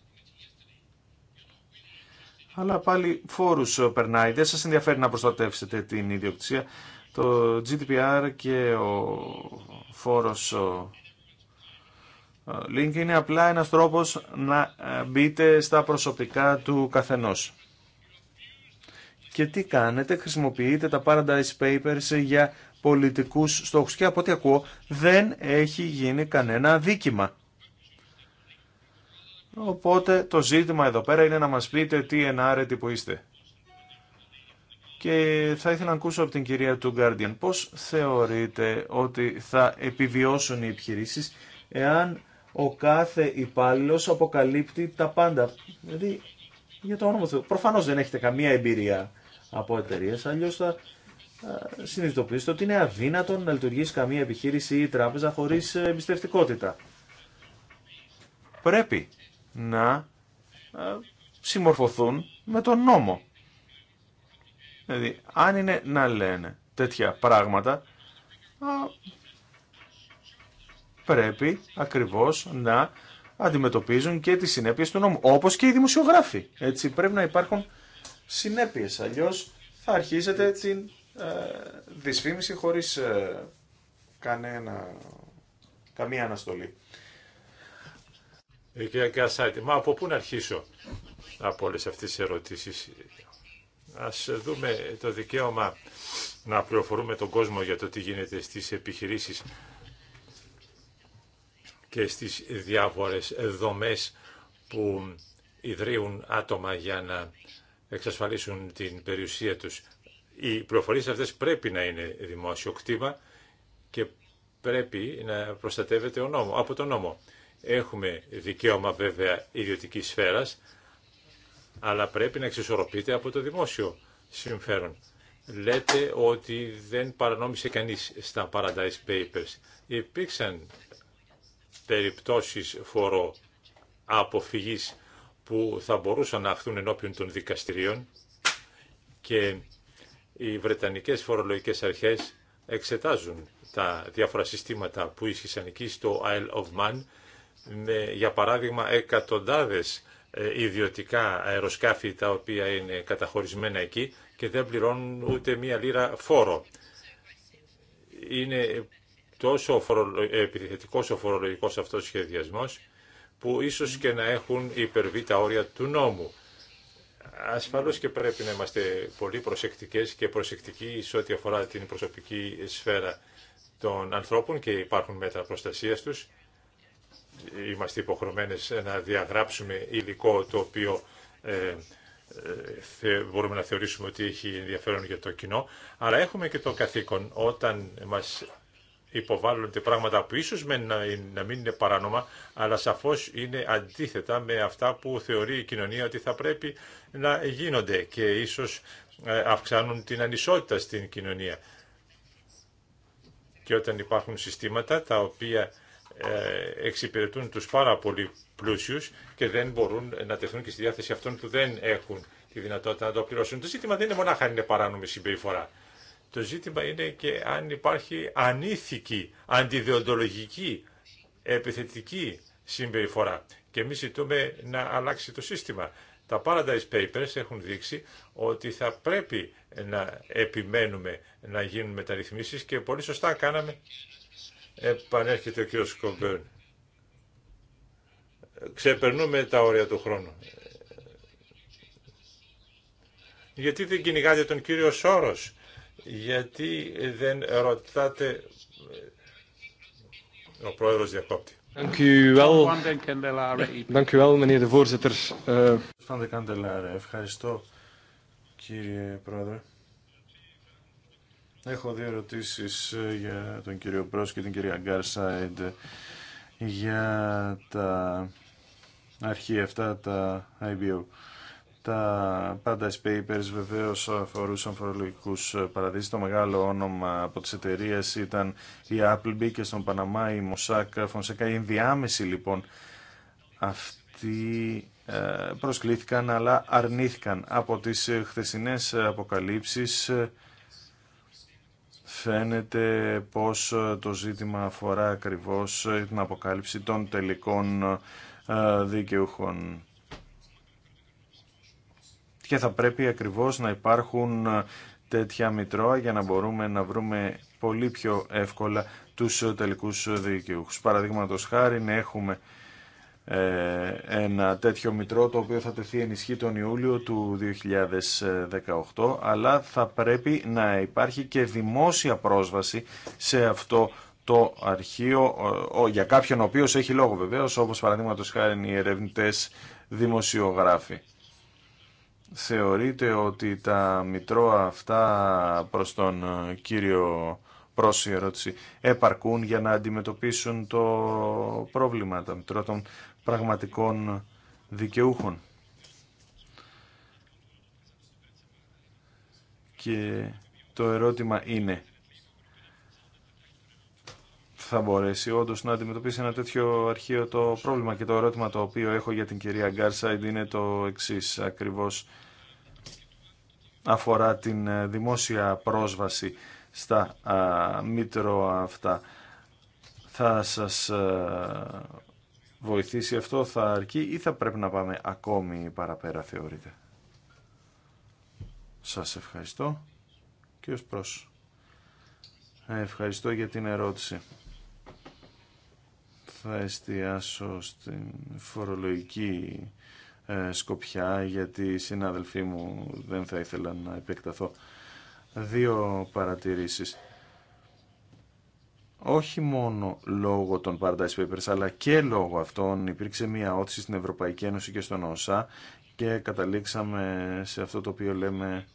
αλλά πάλι φόρου περνάει. Δεν σα ενδιαφέρει να προστατεύσετε την ιδιοκτησία. Το GDPR και ο φόρος ε, link είναι απλά ένας τρόπος να ε, μπείτε στα προσωπικά του καθενός. Και τι κάνετε, χρησιμοποιείτε τα Paradise Papers για πολιτικούς στόχους και από ό,τι ακούω δεν έχει γίνει κανένα δίκημα. Οπότε το ζήτημα εδώ πέρα είναι να μας πείτε τι ενάρετοι που είστε. Και θα ήθελα να ακούσω από την κυρία του Guardian πώς θεωρείτε ότι θα επιβιώσουν οι επιχειρήσεις εάν ο κάθε υπάλληλο αποκαλύπτει τα πάντα. Δηλαδή, για το όνομα του προφανώς δεν έχετε καμία εμπειρία από εταιρείε, αλλιώ θα συνειδητοποιήσετε ότι είναι αδύνατο να λειτουργήσει καμία επιχείρηση ή τράπεζα χωρίς εμπιστευτικότητα. Πρέπει να ε, συμμορφωθούν με τον νόμο. Δηλαδή, αν είναι να λένε τέτοια πράγματα, ε, πρέπει ακριβώς να αντιμετωπίζουν και τις συνέπειες του νόμου, όπως και οι δημοσιογράφοι. Έτσι, πρέπει να υπάρχουν συνέπειες, αλλιώς θα αρχίσετε την ε, δυσφήμιση χωρίς ε, καμία αναστολή. Ε, μα από πού να αρχίσω από όλες αυτές τις ερωτήσεις. Ας δούμε το δικαίωμα να πληροφορούμε τον κόσμο για το τι γίνεται στις επιχειρήσεις και στις διάφορες δομές που ιδρύουν άτομα για να εξασφαλίσουν την περιουσία τους. Οι πληροφορίες αυτές πρέπει να είναι δημόσιο κτήμα και πρέπει να προστατεύεται ο νόμο, από τον νόμο. Έχουμε δικαίωμα βέβαια ιδιωτικής σφαίρας, αλλά πρέπει να εξισορροπείται από το δημόσιο συμφέρον. Λέτε ότι δεν παρανόμησε κανείς στα Paradise Papers. Υπήρξαν περιπτώσεις φορό αποφυγής που θα μπορούσαν να αυθούν ενώπιον των δικαστηρίων και οι Βρετανικές φορολογικές αρχές εξετάζουν τα διάφορα συστήματα που ίσχυσαν εκεί στο Isle of Man με, ναι, για παράδειγμα, εκατοντάδες ε, ιδιωτικά αεροσκάφη τα οποία είναι καταχωρισμένα εκεί και δεν πληρώνουν ούτε μία λίρα φόρο. Είναι τόσο επιθετικός ο φορολογικός αυτός σχεδιασμός που ίσως και να έχουν υπερβεί τα όρια του νόμου. Ασφαλώς και πρέπει να είμαστε πολύ προσεκτικές και προσεκτικοί σε ό,τι αφορά την προσωπική σφαίρα των ανθρώπων και υπάρχουν μέτρα προστασίας τους είμαστε υποχρεωμένες να διαγράψουμε υλικό το οποίο ε, ε μπορούμε να θεωρήσουμε ότι έχει ενδιαφέρον για το κοινό, αλλά έχουμε και το καθήκον όταν μας υποβάλλονται πράγματα που ίσως με να, μην είναι παράνομα, αλλά σαφώς είναι αντίθετα με αυτά που θεωρεί η κοινωνία ότι θα πρέπει να γίνονται και ίσως ε, αυξάνουν την ανισότητα στην κοινωνία. Και όταν υπάρχουν συστήματα τα οποία ε, εξυπηρετούν τους πάρα πολύ πλούσιους και δεν μπορούν να τεθούν και στη διάθεση αυτών που δεν έχουν τη δυνατότητα να το πληρώσουν. Το ζήτημα δεν είναι μονάχα αν είναι παράνομη συμπεριφορά. Το ζήτημα είναι και αν υπάρχει ανήθικη, αντιδιοντολογική, επιθετική συμπεριφορά. Και εμείς ζητούμε να αλλάξει το σύστημα. Τα Paradise Papers έχουν δείξει ότι θα πρέπει να επιμένουμε να γίνουν μεταρρυθμίσεις και πολύ σωστά κάναμε Επανέρχεται ο κ. Κομπέρν. Ξεπερνούμε τα όρια του χρόνου. Γιατί δεν κυνηγάτε τον κύριο Σόρος. Γιατί δεν ρωτάτε... Ε, ο πρόεδρος Διακόπτη. Ευχαριστώ κύριε πρόεδρε. Έχω δύο ερωτήσεις ε, για τον κύριο Πρόσκη, και την κυρία Γκάρσαϊντ για τα αρχή αυτά, τα IBO. Τα πάντα papers βεβαίως αφορούσαν φορολογικούς ε, παραδείσου. Το μεγάλο όνομα από τις εταιρείε ήταν η Appleby και στον Παναμά η Mossack Fonseca. Η διάμεση, λοιπόν αυτοί ε, προσκλήθηκαν αλλά αρνήθηκαν από τις χθεσινές αποκαλύψεις φαίνεται πως ε, το ζήτημα αφορά ακριβώς ε, την αποκάλυψη των τελικών ε, δικαιούχων. Και θα πρέπει ακριβώς να υπάρχουν τέτοια μητρώα για να μπορούμε να βρούμε πολύ πιο εύκολα τους τελικούς δικαιούχους. Παραδείγματος χάρη έχουμε ε, ένα τέτοιο μητρό το οποίο θα τεθεί ενισχύ τον Ιούλιο του 2018 αλλά θα πρέπει να υπάρχει και δημόσια πρόσβαση σε αυτό το αρχείο για κάποιον ο οποίος έχει λόγο βεβαίως όπως παραδείγματος χάρη οι ερευνητές δημοσιογράφοι. Θεωρείτε ότι τα μητρώα αυτά προς τον ε, κύριο Πρόση ερώτηση επαρκούν για να αντιμετωπίσουν το πρόβλημα τα πραγματικών δικαιούχων. Και το ερώτημα είναι, θα μπορέσει όντω να αντιμετωπίσει ένα τέτοιο αρχείο το πρόβλημα. Και το ερώτημα το οποίο έχω για την κυρία Γκάρσαϊντ είναι το εξή ακριβώς Αφορά την ε, δημόσια πρόσβαση στα μήτρο αυτά. Θα σας ε, βοηθήσει αυτό, θα αρκεί ή θα πρέπει να πάμε ακόμη παραπέρα θεωρείτε. Σας ευχαριστώ και ως προς. Ε, ευχαριστώ για την ερώτηση. Θα εστιάσω στην φορολογική ε, σκοπιά γιατί οι συνάδελφοί μου δεν θα ήθελαν να επεκταθώ. Δύο παρατηρήσεις όχι μόνο λόγω των Paradise Papers αλλά και λόγω αυτών υπήρξε μια όθηση στην Ευρωπαϊκή Ένωση και στον ΩΣΑ και καταλήξαμε σε αυτό το οποίο λέμε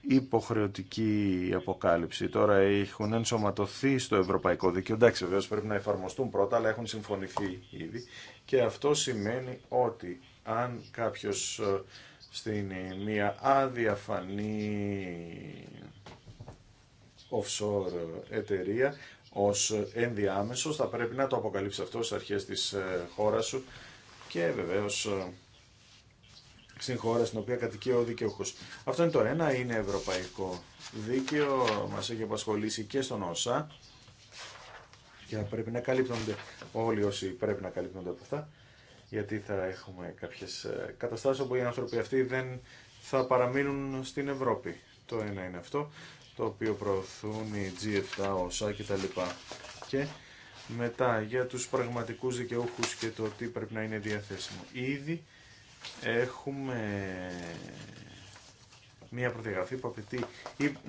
υποχρεωτική αποκάλυψη. Τώρα έχουν ενσωματωθεί στο ευρωπαϊκό δίκαιο. Εντάξει, βεβαίω πρέπει να εφαρμοστούν πρώτα, αλλά έχουν συμφωνηθεί ήδη. Και αυτό σημαίνει ότι αν κάποιο ε, στην μία αδιαφανή offshore εταιρεία ως ενδιάμεσος, θα πρέπει να το αποκαλύψει αυτό στις αρχές της ε, χώρας σου και βεβαίως ε, στην χώρα στην οποία κατοικεί ο δικαιούχος. Αυτό είναι το ένα, είναι ευρωπαϊκό δίκαιο, μας έχει απασχολήσει και στον ΩΣΑ και πρέπει να καλύπτονται όλοι όσοι πρέπει να καλύπτονται από αυτά γιατί θα έχουμε κάποιες ε, καταστάσεις όπου οι άνθρωποι αυτοί δεν θα παραμείνουν στην Ευρώπη. Το ένα είναι αυτό το οποίο προωθούν οι G7, τα λοιπά. Και μετά για τους πραγματικούς δικαιούχους και το τι πρέπει να είναι διαθέσιμο. Ήδη έχουμε μια πρωτογραφή που απαιτεί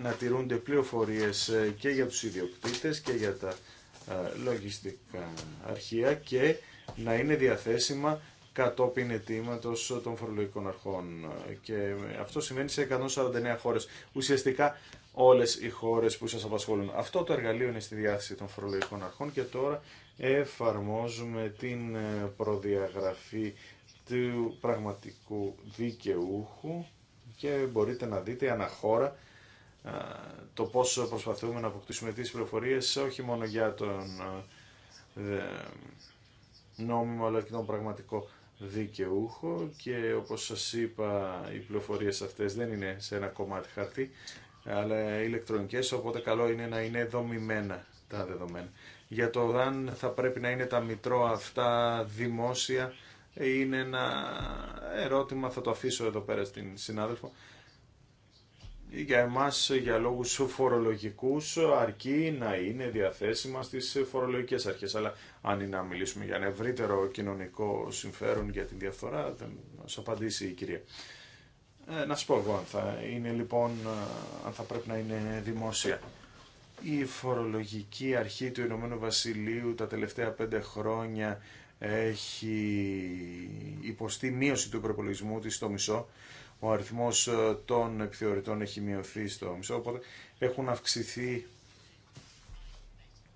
να τηρούνται πληροφορίες ε, και για τους ιδιοκτήτες και για τα ε, λογιστικά αρχεία και να είναι διαθέσιμα κατόπιν αιτήματο των φορολογικών αρχών. Ε, και αυτό σημαίνει σε 149 χώρε. Ουσιαστικά όλες οι χώρες που σας απασχολούν. Αυτό το εργαλείο είναι στη διάθεση των φορολογικών αρχών και τώρα εφαρμόζουμε την ε, προδιαγραφή του πραγματικού δικαιούχου και μπορείτε να δείτε αναχώρα ε, το πόσο προσπαθούμε να αποκτήσουμε τις πληροφορίες όχι μόνο για τον ε, νόμιμο αλλά και τον πραγματικό δικαιούχο και όπως σας είπα οι πληροφορίες αυτές δεν είναι σε ένα κομμάτι χαρτί αλλά ηλεκτρονικές, οπότε καλό είναι να είναι δομημένα τα δεδομένα. Για το αν θα πρέπει να είναι τα μητρώα αυτά δημόσια, είναι ένα ερώτημα, θα το αφήσω εδώ πέρα στην συνάδελφο. Για εμάς, για λόγους φορολογικούς, αρκεί να είναι διαθέσιμα στις φορολογικές αρχές. Αλλά αν είναι να μιλήσουμε για ένα ευρύτερο κοινωνικό συμφέρον για την διαφθορά, θα μας απαντήσει η κυρία. Ε, να σου πω εγώ αν θα είναι λοιπόν, ε, αν θα πρέπει να είναι δημόσια. Η φορολογική αρχή του Ηνωμένου Βασιλείου τα τελευταία πέντε χρόνια έχει υποστεί μείωση του προπολογισμού της στο μισό. Ο αριθμός ε, των επιθεωρητών έχει μειωθεί στο μισό, οπότε έχουν αυξηθεί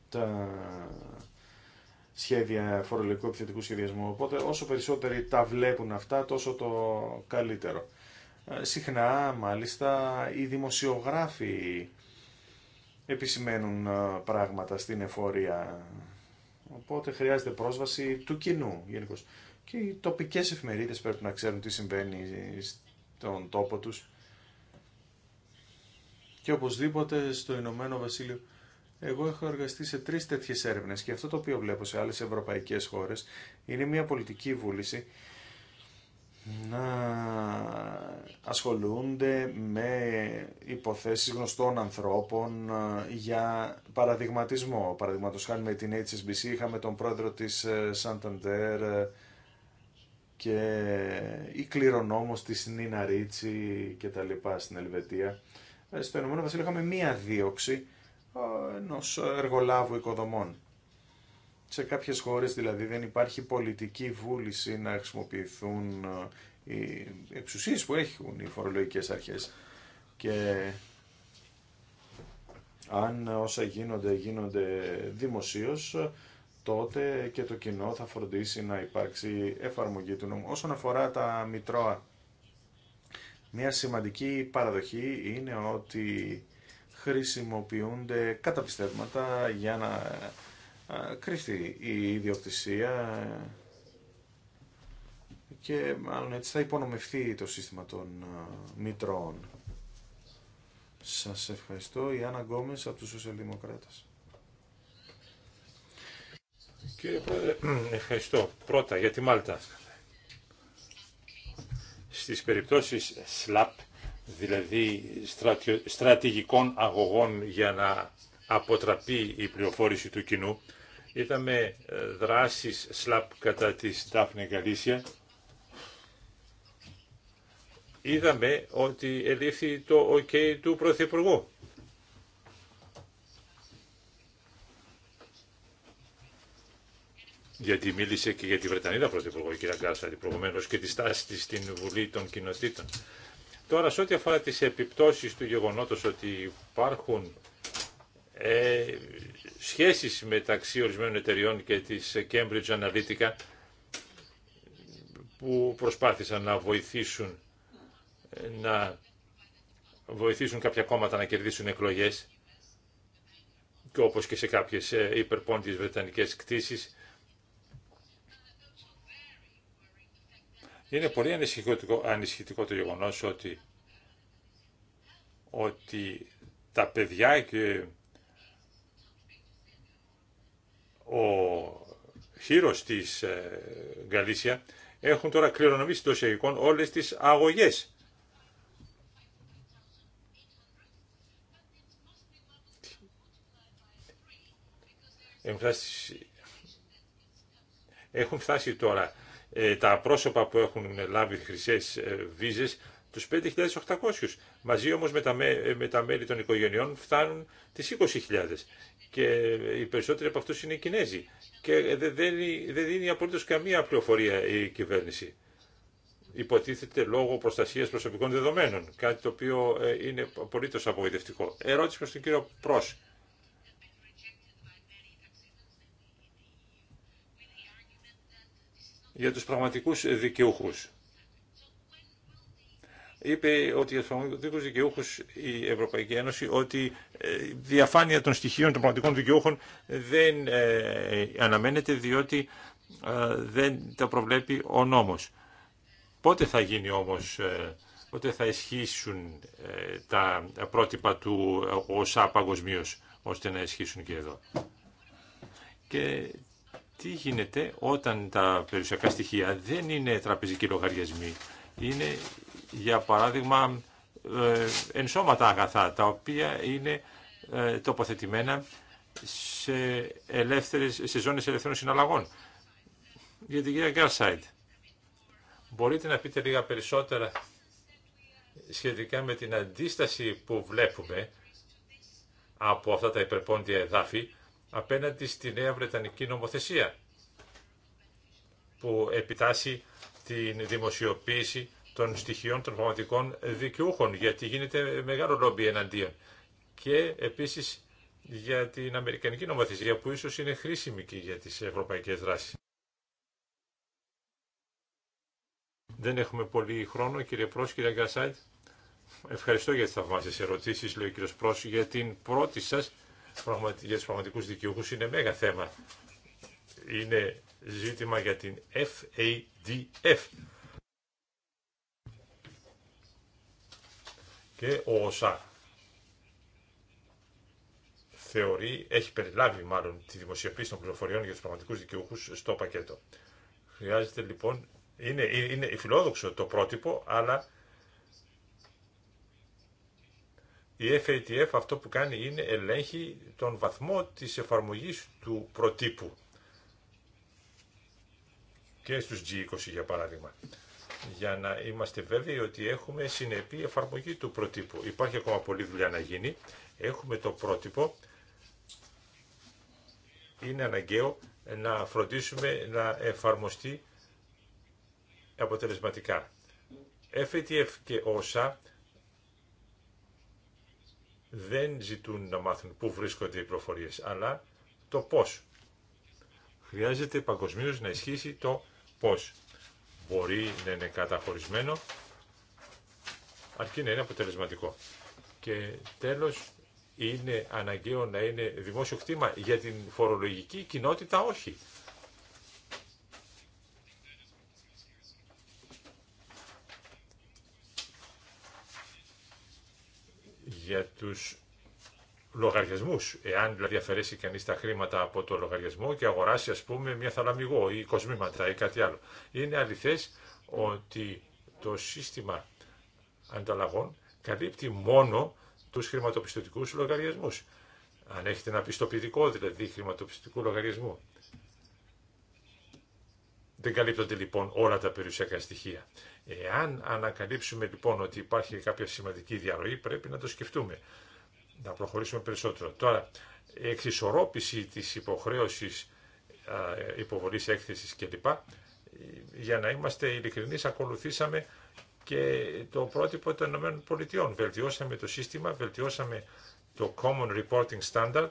τα σχέδια φορολογικού επιθετικού σχεδιασμού. Οπότε όσο περισσότεροι τα βλέπουν αυτά, τόσο το καλύτερο. Ε, συχνά μάλιστα οι δημοσιογράφοι επισημαίνουν ε, πράγματα στην εφορία. Οπότε χρειάζεται πρόσβαση του κοινού γενικώ. Και οι τοπικές εφημερίδες πρέπει να ξέρουν τι συμβαίνει στον τόπο τους. Και οπωσδήποτε στο Ηνωμένο Βασίλειο εγώ έχω εργαστεί σε τρεις τέτοιες έρευνες και αυτό το οποίο βλέπω σε άλλες ευρωπαϊκές χώρες είναι μια πολιτική βούληση να ασχολούνται με υποθέσεις γνωστών ανθρώπων ε, για παραδειγματισμό. Παραδείγματος χάρη με την HSBC είχαμε τον πρόεδρο της ε, Santander ε, και η κληρονόμος της Νίνα Ρίτσι και τα λοιπά στην Ελβετία. Στο Ηνωμένο Βασίλειο είχαμε μία δίωξη ενό εργολάβου οικοδομών. Σε κάποιες χώρες δηλαδή δεν υπάρχει πολιτική βούληση να χρησιμοποιηθούν ε, οι εξουσίες που έχουν οι φορολογικές αρχές. Και αν όσα γίνονται γίνονται δημοσίως, τότε και το κοινό θα φροντίσει να υπάρξει εφαρμογή του νόμου. Όσον αφορά τα μητρώα, μια σημαντική παραδοχή είναι ότι χρησιμοποιούνται καταπιστεύματα για να κρυφτεί η ιδιοκτησία ε, και μάλλον έτσι θα υπονομευθεί το σύστημα των ε, μητρώων. Σας ευχαριστώ. Η Άννα Γκόμες από τους Σοσιαλδημοκράτες. Κύριε Πρόεδρε, ευχαριστώ. Πρώτα για τη Μάλτα. Στις περιπτώσεις SLAP, δηλαδή στρατηγικών αγωγών για να αποτραπεί η πληροφόρηση του κοινού. Είδαμε ε, δράσεις σλαπ κατά της Τάφνε Γαλήσια. Είδαμε ότι ελήφθη το OK του Πρωθυπουργού. Γιατί μίλησε και για τη Βρετανίδα Πρωθυπουργό, η κυρία Γκάσταρη, προηγουμένω και τη στάση τη στην Βουλή των Κοινοτήτων. Τώρα, σε ό,τι αφορά τι επιπτώσει του γεγονότο ότι υπάρχουν ε, σχέσεις μεταξύ ορισμένων εταιριών και της Cambridge Analytica που προσπάθησαν να βοηθήσουν να βοηθήσουν κάποια κόμματα να κερδίσουν εκλογές και όπως και σε κάποιες ε, υπερπόντιες βρετανικές κτήσεις. Είναι πολύ ανησυχητικό, το γεγονός ότι, ότι τα παιδιά και ο χείρος της ε, Γκαλίσια έχουν τώρα κληρονομήσει το εισαγωγικών όλες τις αγωγές. Έχουν φτάσει τώρα ε, τα πρόσωπα που έχουν λάβει χρυσές ε, βίζες τους 5.800. Μαζί όμως με τα, ε, με τα μέλη των οικογενειών φτάνουν τις 20.000 και οι περισσότεροι από αυτούς είναι οι Κινέζοι και δεν δίνει, δεν απολύτως καμία πληροφορία η κυβέρνηση. Υποτίθεται λόγω προστασίας προσωπικών δεδομένων, κάτι το οποίο ε, είναι απολύτως απογοητευτικό. Ερώτηση προς τον κύριο Πρόσ. Για τους πραγματικούς δικαιούχους είπε ότι για του η Ευρωπαϊκή Ένωση ότι η ε, διαφάνεια των στοιχείων των πραγματικών δικαιούχων δεν ε, αναμένεται διότι ε, δεν τα προβλέπει ο νόμος. Πότε θα γίνει όμως, πότε θα ισχύσουν τα πρότυπα του ΟΣΑ παγκοσμίω ώστε να ισχύσουν και εδώ. Και τι γίνεται όταν τα περιουσιακά στοιχεία δεν είναι τραπεζικοί λογαριασμοί, είναι για παράδειγμα ε, ενσώματα αγαθά, τα οποία είναι ε, τοποθετημένα σε, ελεύθερες, σε ζώνες ελευθερών συναλλαγών. Για την κυρία Γκάρσαϊντ, μπορείτε να πείτε λίγα περισσότερα σχετικά με την αντίσταση που βλέπουμε από αυτά τα υπερπόντια εδάφη απέναντι στη Νέα Βρετανική νομοθεσία που επιτάσσει την δημοσιοποίηση των στοιχείων των πραγματικών δικαιούχων, γιατί γίνεται μεγάλο λόμπι εναντίον. Και επίση για την Αμερικανική νομοθεσία που ίσω είναι χρήσιμη και για τι ευρωπαϊκέ δράσει. Δεν έχουμε πολύ χρόνο, κύριε Πρόσ, κύριε Γκασάιτ. Ευχαριστώ για τι θαυμάσιε ερωτήσει λέει ο κύριο Πρόσ, για την πρώτη σα για του πραγματικού δικαιούχου είναι μέγα θέμα. Είναι ζήτημα για την FADF, και ο ΩΣΑ θεωρεί, έχει περιλάβει μάλλον τη δημοσιοποίηση των πληροφοριών για τους πραγματικούς δικαιούχους στο πακέτο. Χρειάζεται λοιπόν, είναι, είναι φιλόδοξο το πρότυπο, αλλά η FATF αυτό που κάνει είναι ελέγχει τον βαθμό της εφαρμογής του προτύπου και στους G20 για παράδειγμα για να είμαστε βέβαιοι ότι έχουμε συνεπή εφαρμογή του προτύπου. Υπάρχει ακόμα πολλή δουλειά να γίνει. Έχουμε το πρότυπο. Είναι αναγκαίο να φροντίσουμε να εφαρμοστεί αποτελεσματικά. FATF και όσα δεν ζητούν να μάθουν πού βρίσκονται οι προφορίες, αλλά το πώς. Χρειάζεται παγκοσμίω να ισχύσει το πώς μπορεί να είναι καταχωρισμένο, αρκεί να είναι αποτελεσματικό. Και τέλος, είναι αναγκαίο να είναι δημόσιο κτήμα για την φορολογική κοινότητα, όχι. Για τους λογαριασμούς. Εάν δηλαδή αφαιρέσει κανεί τα χρήματα από το λογαριασμό και αγοράσει ας πούμε μια θαλαμιγό ή κοσμήματα ή κάτι άλλο. Είναι αληθέ ότι το σύστημα ανταλλαγών καλύπτει μόνο του χρηματοπιστωτικού λογαριασμού. Αν έχετε ένα πιστοποιητικό δηλαδή χρηματοπιστωτικού λογαριασμού. Δεν καλύπτονται λοιπόν όλα τα περιουσιακά στοιχεία. Εάν ανακαλύψουμε λοιπόν ότι υπάρχει κάποια σημαντική διαρροή, πρέπει να το σκεφτούμε να προχωρήσουμε περισσότερο. Τώρα, η εξισορρόπηση της υποχρέωσης υποβολής έκθεσης κλπ. Για να είμαστε ειλικρινεί, ακολουθήσαμε και το πρότυπο των ΗΠΑ. Βελτιώσαμε το σύστημα, βελτιώσαμε το Common Reporting Standard,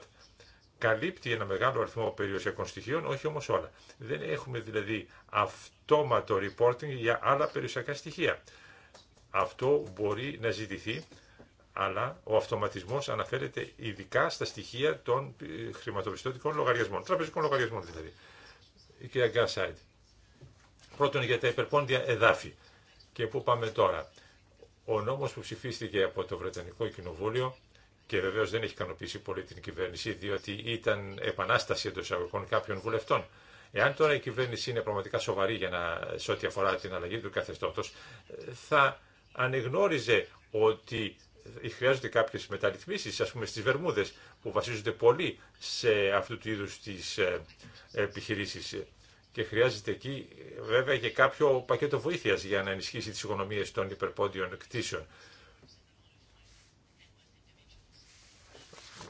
καλύπτει ένα μεγάλο αριθμό περιουσιακών στοιχείων, όχι όμως όλα. Δεν έχουμε δηλαδή αυτόματο reporting για άλλα περιουσιακά στοιχεία. Αυτό μπορεί να ζητηθεί αλλά ο αυτοματισμό αναφέρεται ειδικά στα στοιχεία των ε, χρηματοπιστωτικών λογαριασμών, τραπεζικών λογαριασμών δηλαδή. Η κυρία Γκάσάιντ. Πρώτον για τα υπερπόντια εδάφη. Και πού πάμε τώρα. Ο νόμος που ψηφίστηκε από το Βρετανικό Κοινοβούλιο και βεβαίως δεν έχει ικανοποιήσει πολύ την κυβέρνηση, διότι ήταν επανάσταση εντό αγωγικών κάποιων βουλευτών. Εάν τώρα η κυβέρνηση είναι πραγματικά σοβαρή για να, σε ό,τι αφορά την αλλαγή του καθεστώτος, ε, θα ανεγνώριζε ότι ε, χρειάζονται κάποιε μεταρρυθμίσει, α πούμε στις Βερμούδες, που βασίζονται πολύ σε αυτού του είδου τι ε, επιχειρήσει. Και χρειάζεται εκεί βέβαια και κάποιο πακέτο βοήθειας για να ενισχύσει τι οικονομίε των υπερπόντιων κτήσεων.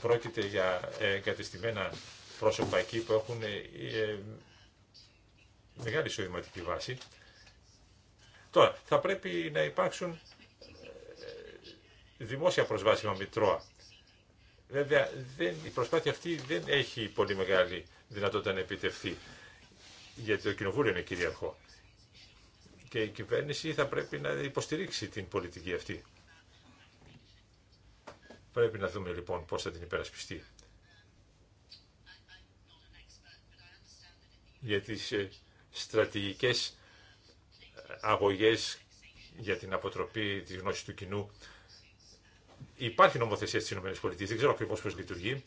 Πρόκειται για εγκατεστημένα πρόσωπα εκεί που έχουν ε, μεγάλη εισοδηματική βάση. Τώρα, θα πρέπει να υπάρξουν δημόσια προσβάσιμα μητρώα. Βέβαια, δεν, η προσπάθεια αυτή δεν έχει πολύ μεγάλη δυνατότητα να επιτευχθεί, γιατί το κοινοβούλιο είναι κυρίαρχο. Και η κυβέρνηση θα πρέπει να υποστηρίξει την πολιτική αυτή. Πρέπει να δούμε λοιπόν πώς θα την υπερασπιστεί. Για τις στρατηγικές αγωγές για την αποτροπή της γνώσης του κοινού Υπάρχει νομοθεσία στι ΗΠΑ, δεν ξέρω ακριβώ πώ λειτουργεί.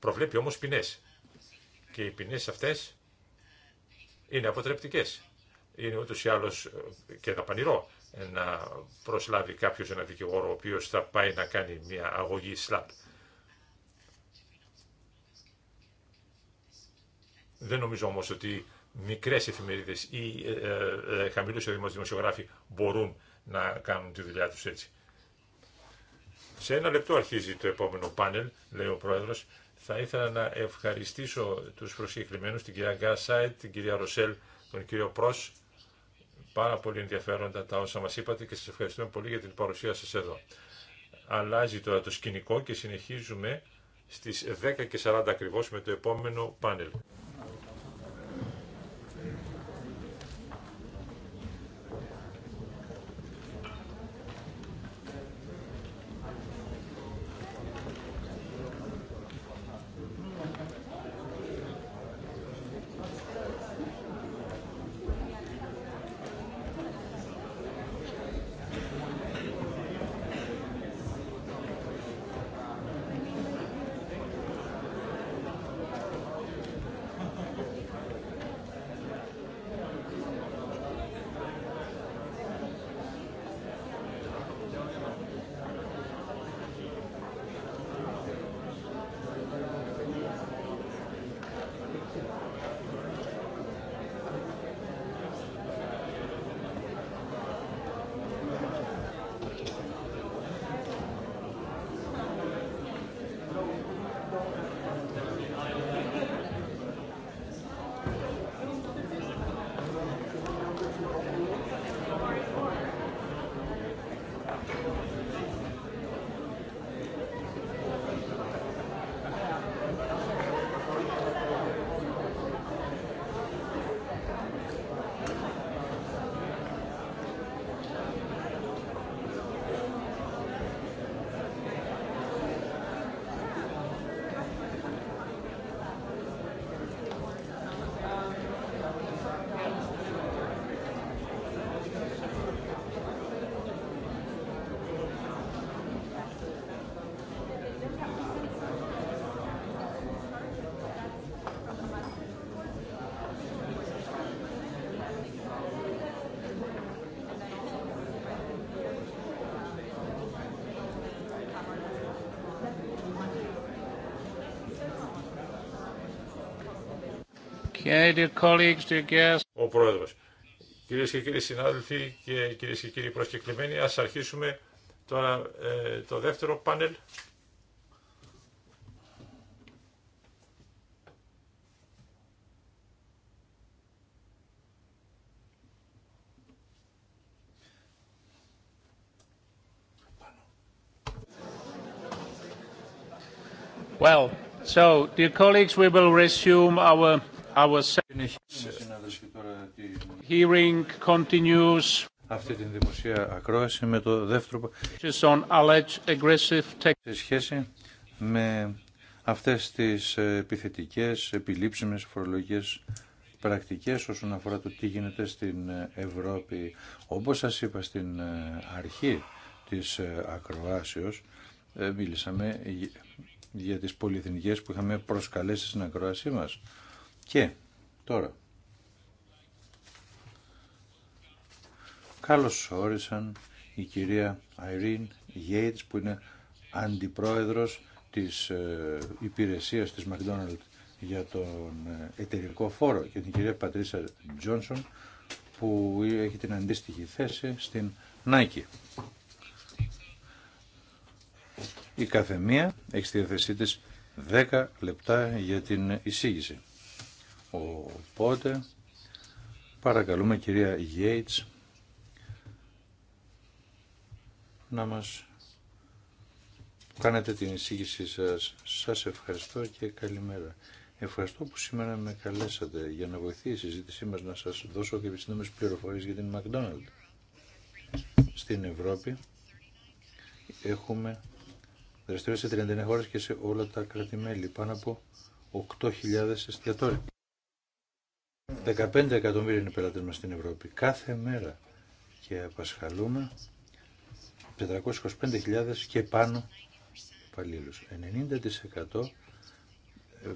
Προβλέπει όμω ποινέ. Και οι ποινέ αυτέ είναι αποτρεπτικέ. Είναι ούτω ή άλλω ε, και δαπανηρό να προσλάβει κάποιο ένα δικηγόρο ο οποίο θα πάει να κάνει μια αγωγή σλαπ. Δεν νομίζω όμως ότι μικρές εφημερίδες ή ε, ε, ε χαμηλούς δημοσιογράφοι μπορούν να κάνουν τη δουλειά τους έτσι. Σε ένα λεπτό αρχίζει το επόμενο πάνελ, λέει ο Πρόεδρος. Θα ήθελα να ευχαριστήσω τους προσκεκλημένους, την κυρία Γκάσάιτ, την κυρία Ροσέλ, τον κύριο Προς. Πάρα πολύ ενδιαφέροντα τα όσα μας είπατε και σας ευχαριστούμε πολύ για την παρουσία σας εδώ. Αλλάζει τώρα το σκηνικό και συνεχίζουμε στις 10.40 ακριβώς με το επόμενο πάνελ. Ο Πρόεδρος. Κυρίες και κύριοι συνάδελφοι και κυρίες και κύριοι προσκεκλημένοι, ας αρχίσουμε τώρα ε, το δεύτερο πάνελ. Well, so, dear colleagues, we will resume our, our... Αυτή την δημοσία ακρόαση με το δεύτερο σε σχέση με αυτές τις ε, επιθετικές, επιλήψιμες φορολογικές πρακτικές όσον αφορά το τι γίνεται στην ε, Ευρώπη. Όπως σας είπα στην ε, αρχή της ακροάσεως, μίλησαμε για τις πολυεθνικές που είχαμε προσκαλέσει στην ακροασή μας. Και τώρα Καλώς όρισαν η κυρία Irene Yates που είναι αντιπρόεδρος της ε, υπηρεσίας της McDonald's για τον ε, εταιρικό φόρο και την κυρία Πατρίσα Τζόνσον που έχει την αντίστοιχη θέση στην Nike. Η καθεμία έχει στη διαθεσή της 10 λεπτά για την εισήγηση. Οπότε παρακαλούμε κυρία Γέιτς. να μας κάνετε την εισήγησή σας. Σας ευχαριστώ και καλημέρα. Ευχαριστώ που σήμερα με καλέσατε για να βοηθήσει η συζήτησή μας να σας δώσω και επιστήμες πληροφορίες για την McDonald's. Στην Ευρώπη έχουμε δραστηριότητα σε 39 χώρες και σε όλα τα κρατημέλη, πάνω από 8.000 εστιατόρια. 15 εκατομμύρια είναι πελάτες μας στην Ευρώπη κάθε μέρα και απασχαλούμε 425.000 και πάνω υπαλλήλους. 90% ε, ε,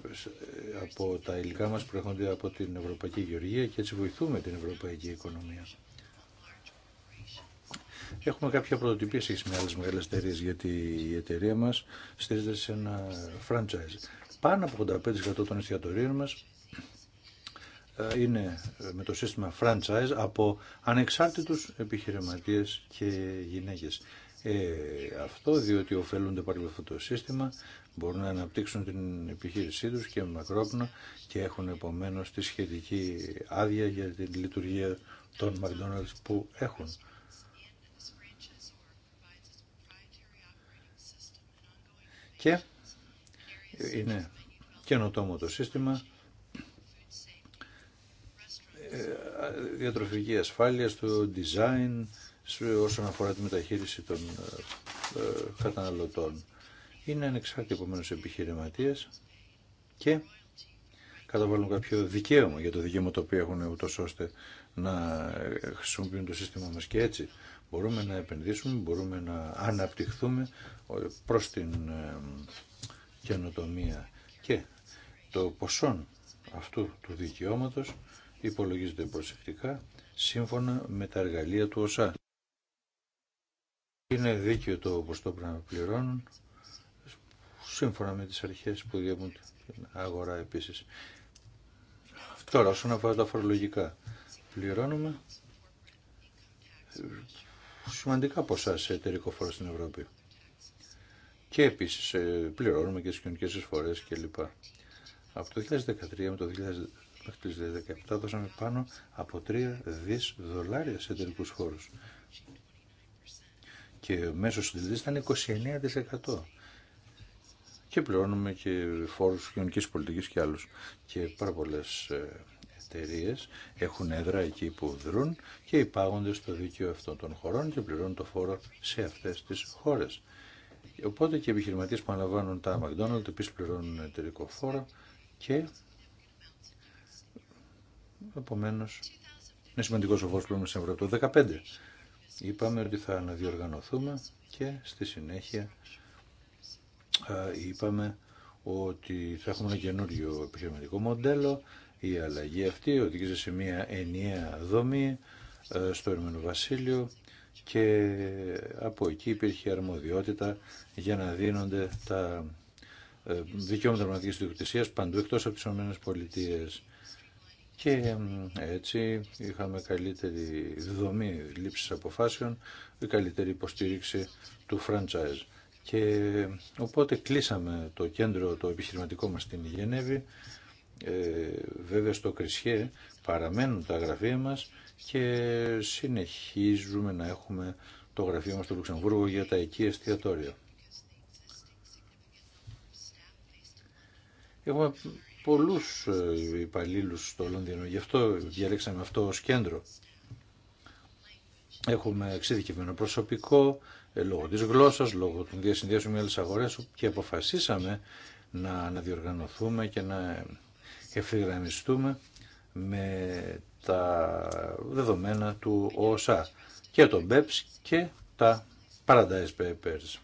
από τα υλικά μας προέρχονται από την Ευρωπαϊκή Γεωργία και έτσι βοηθούμε την Ευρωπαϊκή Οικονομία. Έχουμε κάποια πρωτοτυπία σχέση με άλλες μεγάλες εταιρείες γιατί η εταιρεία μας στηρίζεται σε ένα franchise. Πάνω από 85% των εστιατορίων μας είναι με το σύστημα franchise από ανεξάρτητους επιχειρηματίες και γυναίκες. Ε, αυτό διότι ωφελούνται πάλι από αυτό το σύστημα, μπορούν να αναπτύξουν την επιχείρησή τους και μακρόπνο και έχουν επομένως τη σχετική άδεια για την λειτουργία των McDonald's που έχουν. Και είναι καινοτόμο το σύστημα, διατροφική ασφάλεια, στο design, όσον αφορά τη μεταχείριση των ε, ε, καταναλωτών. Είναι ανεξάρτητοι επομένω επιχειρηματίε και καταβάλουν κάποιο δικαίωμα για το δικαίωμα το οποίο έχουν ούτως ώστε να χρησιμοποιούν το σύστημα μας και έτσι μπορούμε να επενδύσουμε, μπορούμε να αναπτυχθούμε ε, προς την καινοτομία και το ποσόν αυτού του δικαιώματος υπολογίζονται προσεκτικά σύμφωνα με τα εργαλεία του ΟΣΑ. Είναι δίκαιο το το πρέπει να πληρώνουν σύμφωνα με τις αρχές που διέμουν την αγορά επίσης. Τώρα, όσον αφορά τα φορολογικά, πληρώνουμε σημαντικά ποσά σε εταιρικό φορά στην Ευρώπη. Και επίσης ε, πληρώνουμε και τις κοινωνικές εισφορές κλπ. Από το 2013 με το μέχρι τις 2017 δώσαμε πάνω από 3 δις δολάρια σε εταιρικού φόρους. Και ο μέσος ήταν 29%. Και πληρώνουμε και φόρου κοινωνική πολιτικής και άλλους. Και πάρα πολλέ ε, εταιρείε έχουν έδρα εκεί που δρούν και υπάγονται στο δίκαιο αυτών των χωρών και πληρώνουν το φόρο σε αυτές τις χώρες. Οπότε και οι επιχειρηματίε που αναλαμβάνουν τα McDonald's επίση πληρώνουν εταιρικό φόρο και Επομένω, είναι σημαντικό ο φως που στην Ευρώπη. Το 2015 είπαμε ότι θα αναδιοργανωθούμε και στη συνέχεια είπαμε ότι θα έχουμε ένα καινούριο επιχειρηματικό μοντέλο. Η αλλαγή αυτή οδηγήσε σε μια ενιαία δομή στο Ερμηνο Βασίλειο και από εκεί υπήρχε αρμοδιότητα για να δίνονται τα ε, δικαιώματα πραγματικής διοκτησίας παντού εκτός από τις ΗΠΑ και έτσι είχαμε καλύτερη δομή λήψης αποφάσεων, καλύτερη υποστήριξη του franchise. Και οπότε κλείσαμε το κέντρο το επιχειρηματικό μας στην Γενέβη. Ε, βέβαια στο Κρισιέ παραμένουν τα γραφεία μας και συνεχίζουμε να έχουμε το γραφείο μας στο Λουξεμβούργο για τα εκεί εστιατόρια. Έχουμε πολλούς ε, υπαλλήλους στο Λονδίνο. Γι' αυτό διαλέξαμε αυτό ως κέντρο. Έχουμε εξειδικευμένο προσωπικό, ε, λόγω της γλώσσας, λόγω των διασυνδέσεων με άλλες αγορές και αποφασίσαμε να αναδιοργανωθούμε και να ευθυγραμμιστούμε με τα δεδομένα του ΟΣΑ και το BEPS ε και τα Paradise Papers.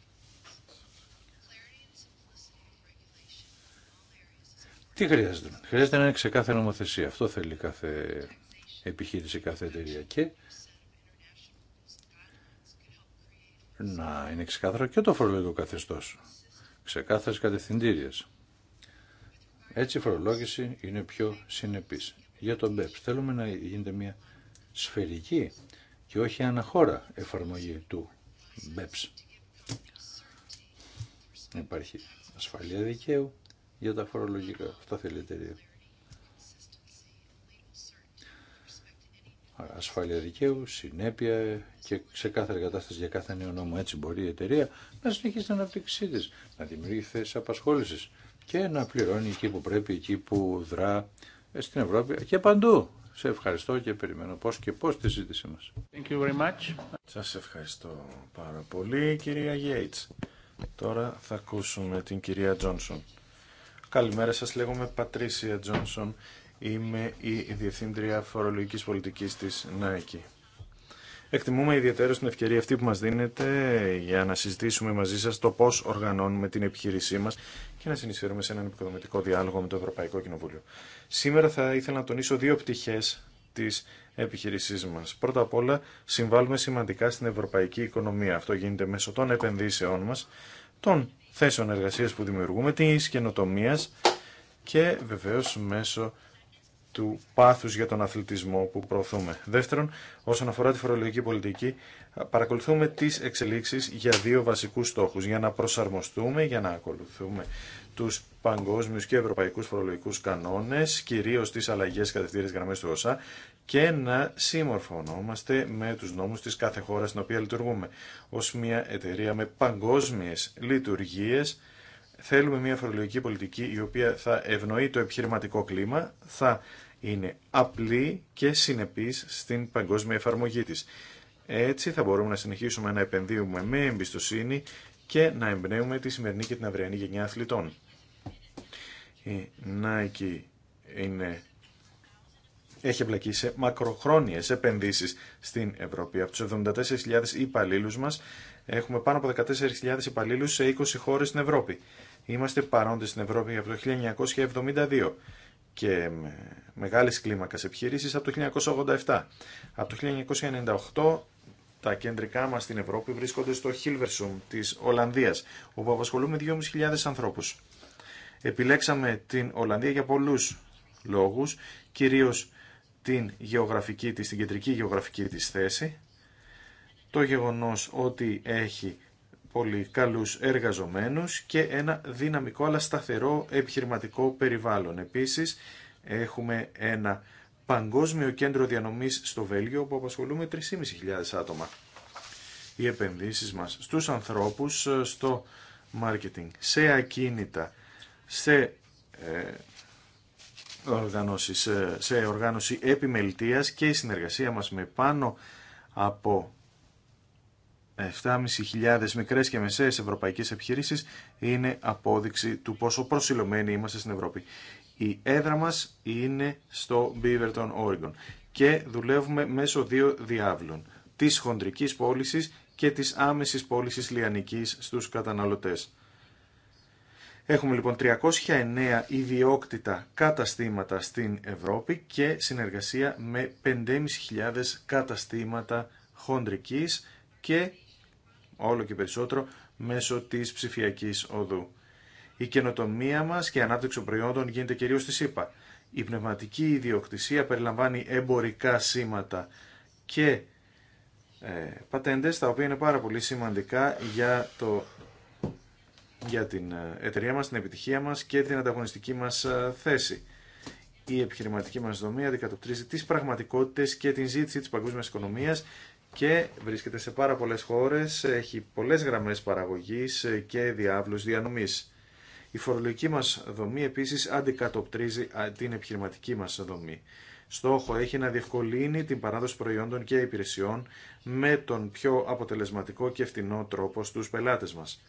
Τι χρειάζεται. Χρειάζεται να είναι ξεκάθαρη νομοθεσία. Αυτό θέλει κάθε επιχείρηση, κάθε εταιρεία. Και να είναι ξεκάθαρο και το φορολογικό καθεστώς. Ξεκάθαρε κατευθυντήριε. Έτσι η φορολόγηση είναι πιο συνεπής. Για τον BEPS θέλουμε να γίνεται μια σφαιρική και όχι αναχώρα εφαρμογή του BEPS. Υπάρχει ασφαλεία δικαίου, για τα φορολογικά. Αυτό θέλει η εταιρεία. Ασφάλεια δικαίου, συνέπεια και κάθε κατάσταση για κάθε νέο νόμο. Έτσι μπορεί η εταιρεία να συνεχίσει την αναπτύξή τη, να δημιουργεί θέσει απασχόληση και να πληρώνει εκεί που πρέπει, εκεί που δρά ε, στην Ευρώπη και παντού. Σε ευχαριστώ και περιμένω πώς και πώς τη ζήτησή μας. Thank Σας ευχαριστώ πάρα πολύ κυρία Γέιτς. Τώρα θα ακούσουμε την κυρία Τζόνσον. Καλημέρα σας, λέγομαι Πατρίσια Τζόνσον. Είμαι η Διευθύντρια Φορολογικής Πολιτικής της ΝΑΕΚΙ. Εκτιμούμε ιδιαίτερα την ευκαιρία αυτή που μας δίνετε για να συζητήσουμε μαζί σας το πώς οργανώνουμε την επιχείρησή μας και να συνεισφέρουμε σε έναν επικοδομητικό διάλογο με το Ευρωπαϊκό Κοινοβούλιο. Σήμερα θα ήθελα να τονίσω δύο πτυχές της επιχειρήσή μας. Πρώτα απ' όλα συμβάλλουμε σημαντικά στην ευρωπαϊκή οικονομία. Αυτό γίνεται μέσω των επενδύσεών μας, των θέσεων εργασίας που δημιουργούμε, της καινοτομία και βεβαίως μέσω του πάθους για τον αθλητισμό που προωθούμε. Δεύτερον, όσον αφορά τη φορολογική πολιτική, παρακολουθούμε τις εξελίξεις για δύο βασικούς στόχους, για να προσαρμοστούμε, για να ακολουθούμε τους παγκόσμιους και ευρωπαϊκούς φορολογικούς κανόνες, κυρίως τις αλλαγές κατευθύνες γραμμές του ΩΣΑ και να συμμορφωνόμαστε με τους νόμους της κάθε χώρας στην οποία λειτουργούμε. Ως μια εταιρεία με παγκόσμιες λειτουργίες θέλουμε μια φορολογική πολιτική η οποία θα ευνοεί το επιχειρηματικό κλίμα, θα είναι απλή και συνεπής στην παγκόσμια εφαρμογή της. Έτσι θα μπορούμε να συνεχίσουμε να επενδύουμε με εμπιστοσύνη και να εμπνέουμε τη σημερινή και την αυριανή γενιά αθλητών. Η Nike είναι έχει εμπλακεί σε μακροχρόνιες επενδύσεις στην Ευρώπη. Από του 74.000 υπαλλήλου μας έχουμε πάνω από 14.000 υπαλλήλου σε 20 χώρες στην Ευρώπη. Είμαστε παρόντες στην Ευρώπη από το 1972 και με κλίμακας επιχειρήσεις από το 1987. Από το 1998 τα κεντρικά μας στην Ευρώπη βρίσκονται στο Χίλβερσουμ τη Ολλανδία, όπου απασχολούμε 2.500 ανθρώπου. Επιλέξαμε την Ολλανδία για πολλού λόγου. κυρίω την γεωγραφική της, την κεντρική γεωγραφική της θέση, το γεγονός ότι έχει πολύ καλούς εργαζομένους και ένα δυναμικό αλλά σταθερό επιχειρηματικό περιβάλλον. Επίσης έχουμε ένα παγκόσμιο κέντρο διανομής στο Βέλγιο που απασχολούμε 3.500 άτομα. Οι επενδύσεις μας στους ανθρώπους, στο marketing, σε ακίνητα, σε ε, σε οργάνωση επιμελητίας και η συνεργασία μας με πάνω από 7.500 μικρές και μεσαίες ευρωπαϊκές επιχειρήσεις είναι απόδειξη του πόσο προσιλωμένοι είμαστε στην Ευρώπη. Η έδρα μας είναι στο Beaverton, Oregon και δουλεύουμε μέσω δύο διάβλων, της χοντρικής πώληση και της άμεσης πώληση λιανικής στους καταναλωτές. Έχουμε λοιπόν 309 ιδιόκτητα καταστήματα στην Ευρώπη και συνεργασία με 5.500 καταστήματα χοντρικής και όλο και περισσότερο μέσω της ψηφιακής οδού. Η καινοτομία μας και η ανάπτυξη προϊόντων γίνεται κυρίως στη ΣΥΠΑ. Η πνευματική ιδιοκτησία περιλαμβάνει εμπορικά σήματα και ε, πατέντες, τα οποία είναι πάρα πολύ σημαντικά για το για την ε, εταιρεία μας, την επιτυχία μας και την ανταγωνιστική μας ε, θέση. Η επιχειρηματική μας δομή αντικατοπτρίζει τις πραγματικότητες και την ζήτηση της παγκόσμιας οικονομίας και βρίσκεται σε πάρα πολλές χώρες, έχει πολλές γραμμές παραγωγής ε, και διάβλους διανομής. Η φορολογική μας δομή επίσης αντικατοπτρίζει την επιχειρηματική μας δομή. Στόχο έχει να διευκολύνει την παράδοση προϊόντων και υπηρεσιών με τον πιο αποτελεσματικό και φτηνό τρόπο στους πελάτες μας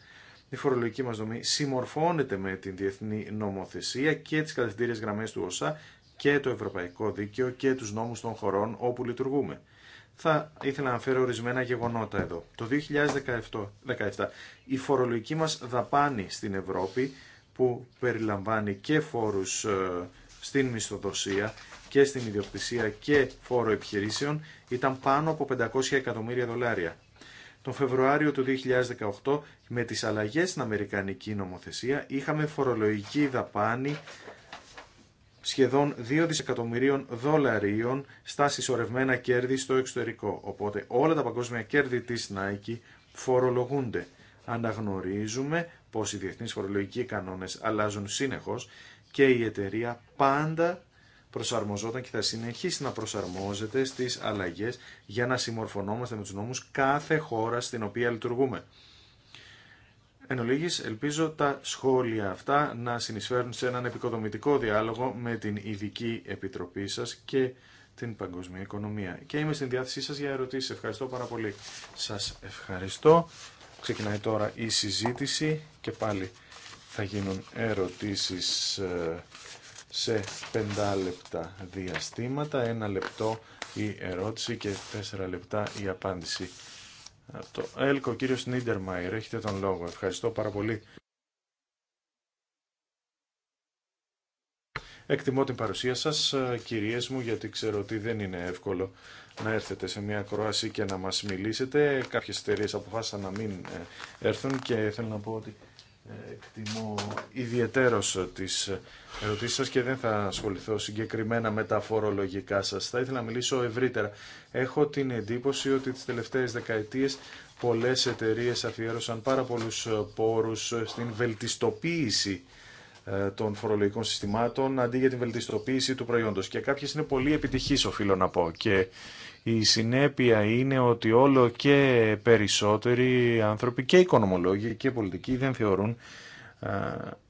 η φορολογική μας δομή συμμορφώνεται με την διεθνή νομοθεσία και τις κατευθυντήριες γραμμές του ΩΣΑ και το ευρωπαϊκό δίκαιο και τους νόμους των χωρών όπου λειτουργούμε. Θα ήθελα να αναφέρω ορισμένα γεγονότα εδώ. Το 2017 η φορολογική μας δαπάνη στην Ευρώπη που περιλαμβάνει και φόρους ε, στην μισθοδοσία και στην ιδιοκτησία και φόρο επιχειρήσεων ήταν πάνω από 500 εκατομμύρια δολάρια τον Φεβρουάριο του 2018 με τις αλλαγές στην Αμερικανική νομοθεσία είχαμε φορολογική δαπάνη σχεδόν 2 δισεκατομμυρίων δολαρίων στα συσσωρευμένα κέρδη στο εξωτερικό. Οπότε όλα τα παγκόσμια κέρδη της Nike φορολογούνται. Αναγνωρίζουμε πως οι διεθνείς φορολογικοί κανόνες αλλάζουν σύνεχώς και η εταιρεία πάντα προσαρμοζόταν και θα συνεχίσει να προσαρμόζεται στις αλλαγές για να συμμορφωνόμαστε με τους νόμους κάθε χώρα στην οποία λειτουργούμε. Εν ολίγης, ελπίζω τα σχόλια αυτά να συνεισφέρουν σε έναν επικοδομητικό διάλογο με την Ειδική Επιτροπή σας και την παγκόσμια οικονομία. Και είμαι στην διάθεσή σας για ερωτήσεις. Ευχαριστώ πάρα πολύ. Σας ευχαριστώ. Ξεκινάει τώρα η συζήτηση και πάλι θα γίνουν ερωτήσεις ε, σε 5 λεπτά διαστήματα, ένα λεπτό η ερώτηση και 4 λεπτά η απάντηση. το ΕΛΚΟ, κύριος Νίντερμαϊρ, έχετε τον λόγο. Ευχαριστώ πάρα πολύ. Εκτιμώ την παρουσία σας, κυρίες μου, γιατί ξέρω ότι δεν είναι εύκολο να έρθετε σε μια κρόάση και να μας μιλήσετε. Κάποιες εταιρείε αποφάσισαν να μην ε, έρθουν και θέλω να πω ότι εκτιμώ ιδιαιτέρως τις ερωτήσεις σας και δεν θα ασχοληθώ συγκεκριμένα με τα φορολογικά σας. Θα ήθελα να μιλήσω ευρύτερα. Έχω την εντύπωση ότι τις τελευταίες δεκαετίες πολλές εταιρείες αφιέρωσαν πάρα πολλούς πόρους στην βελτιστοποίηση ε, των φορολογικών συστημάτων αντί για την βελτιστοποίηση του προϊόντος. Και κάποιες είναι πολύ επιτυχείς, οφείλω να πω. Και η συνέπεια είναι ότι όλο και περισσότεροι άνθρωποι και οικονομολόγοι και πολιτικοί δεν θεωρούν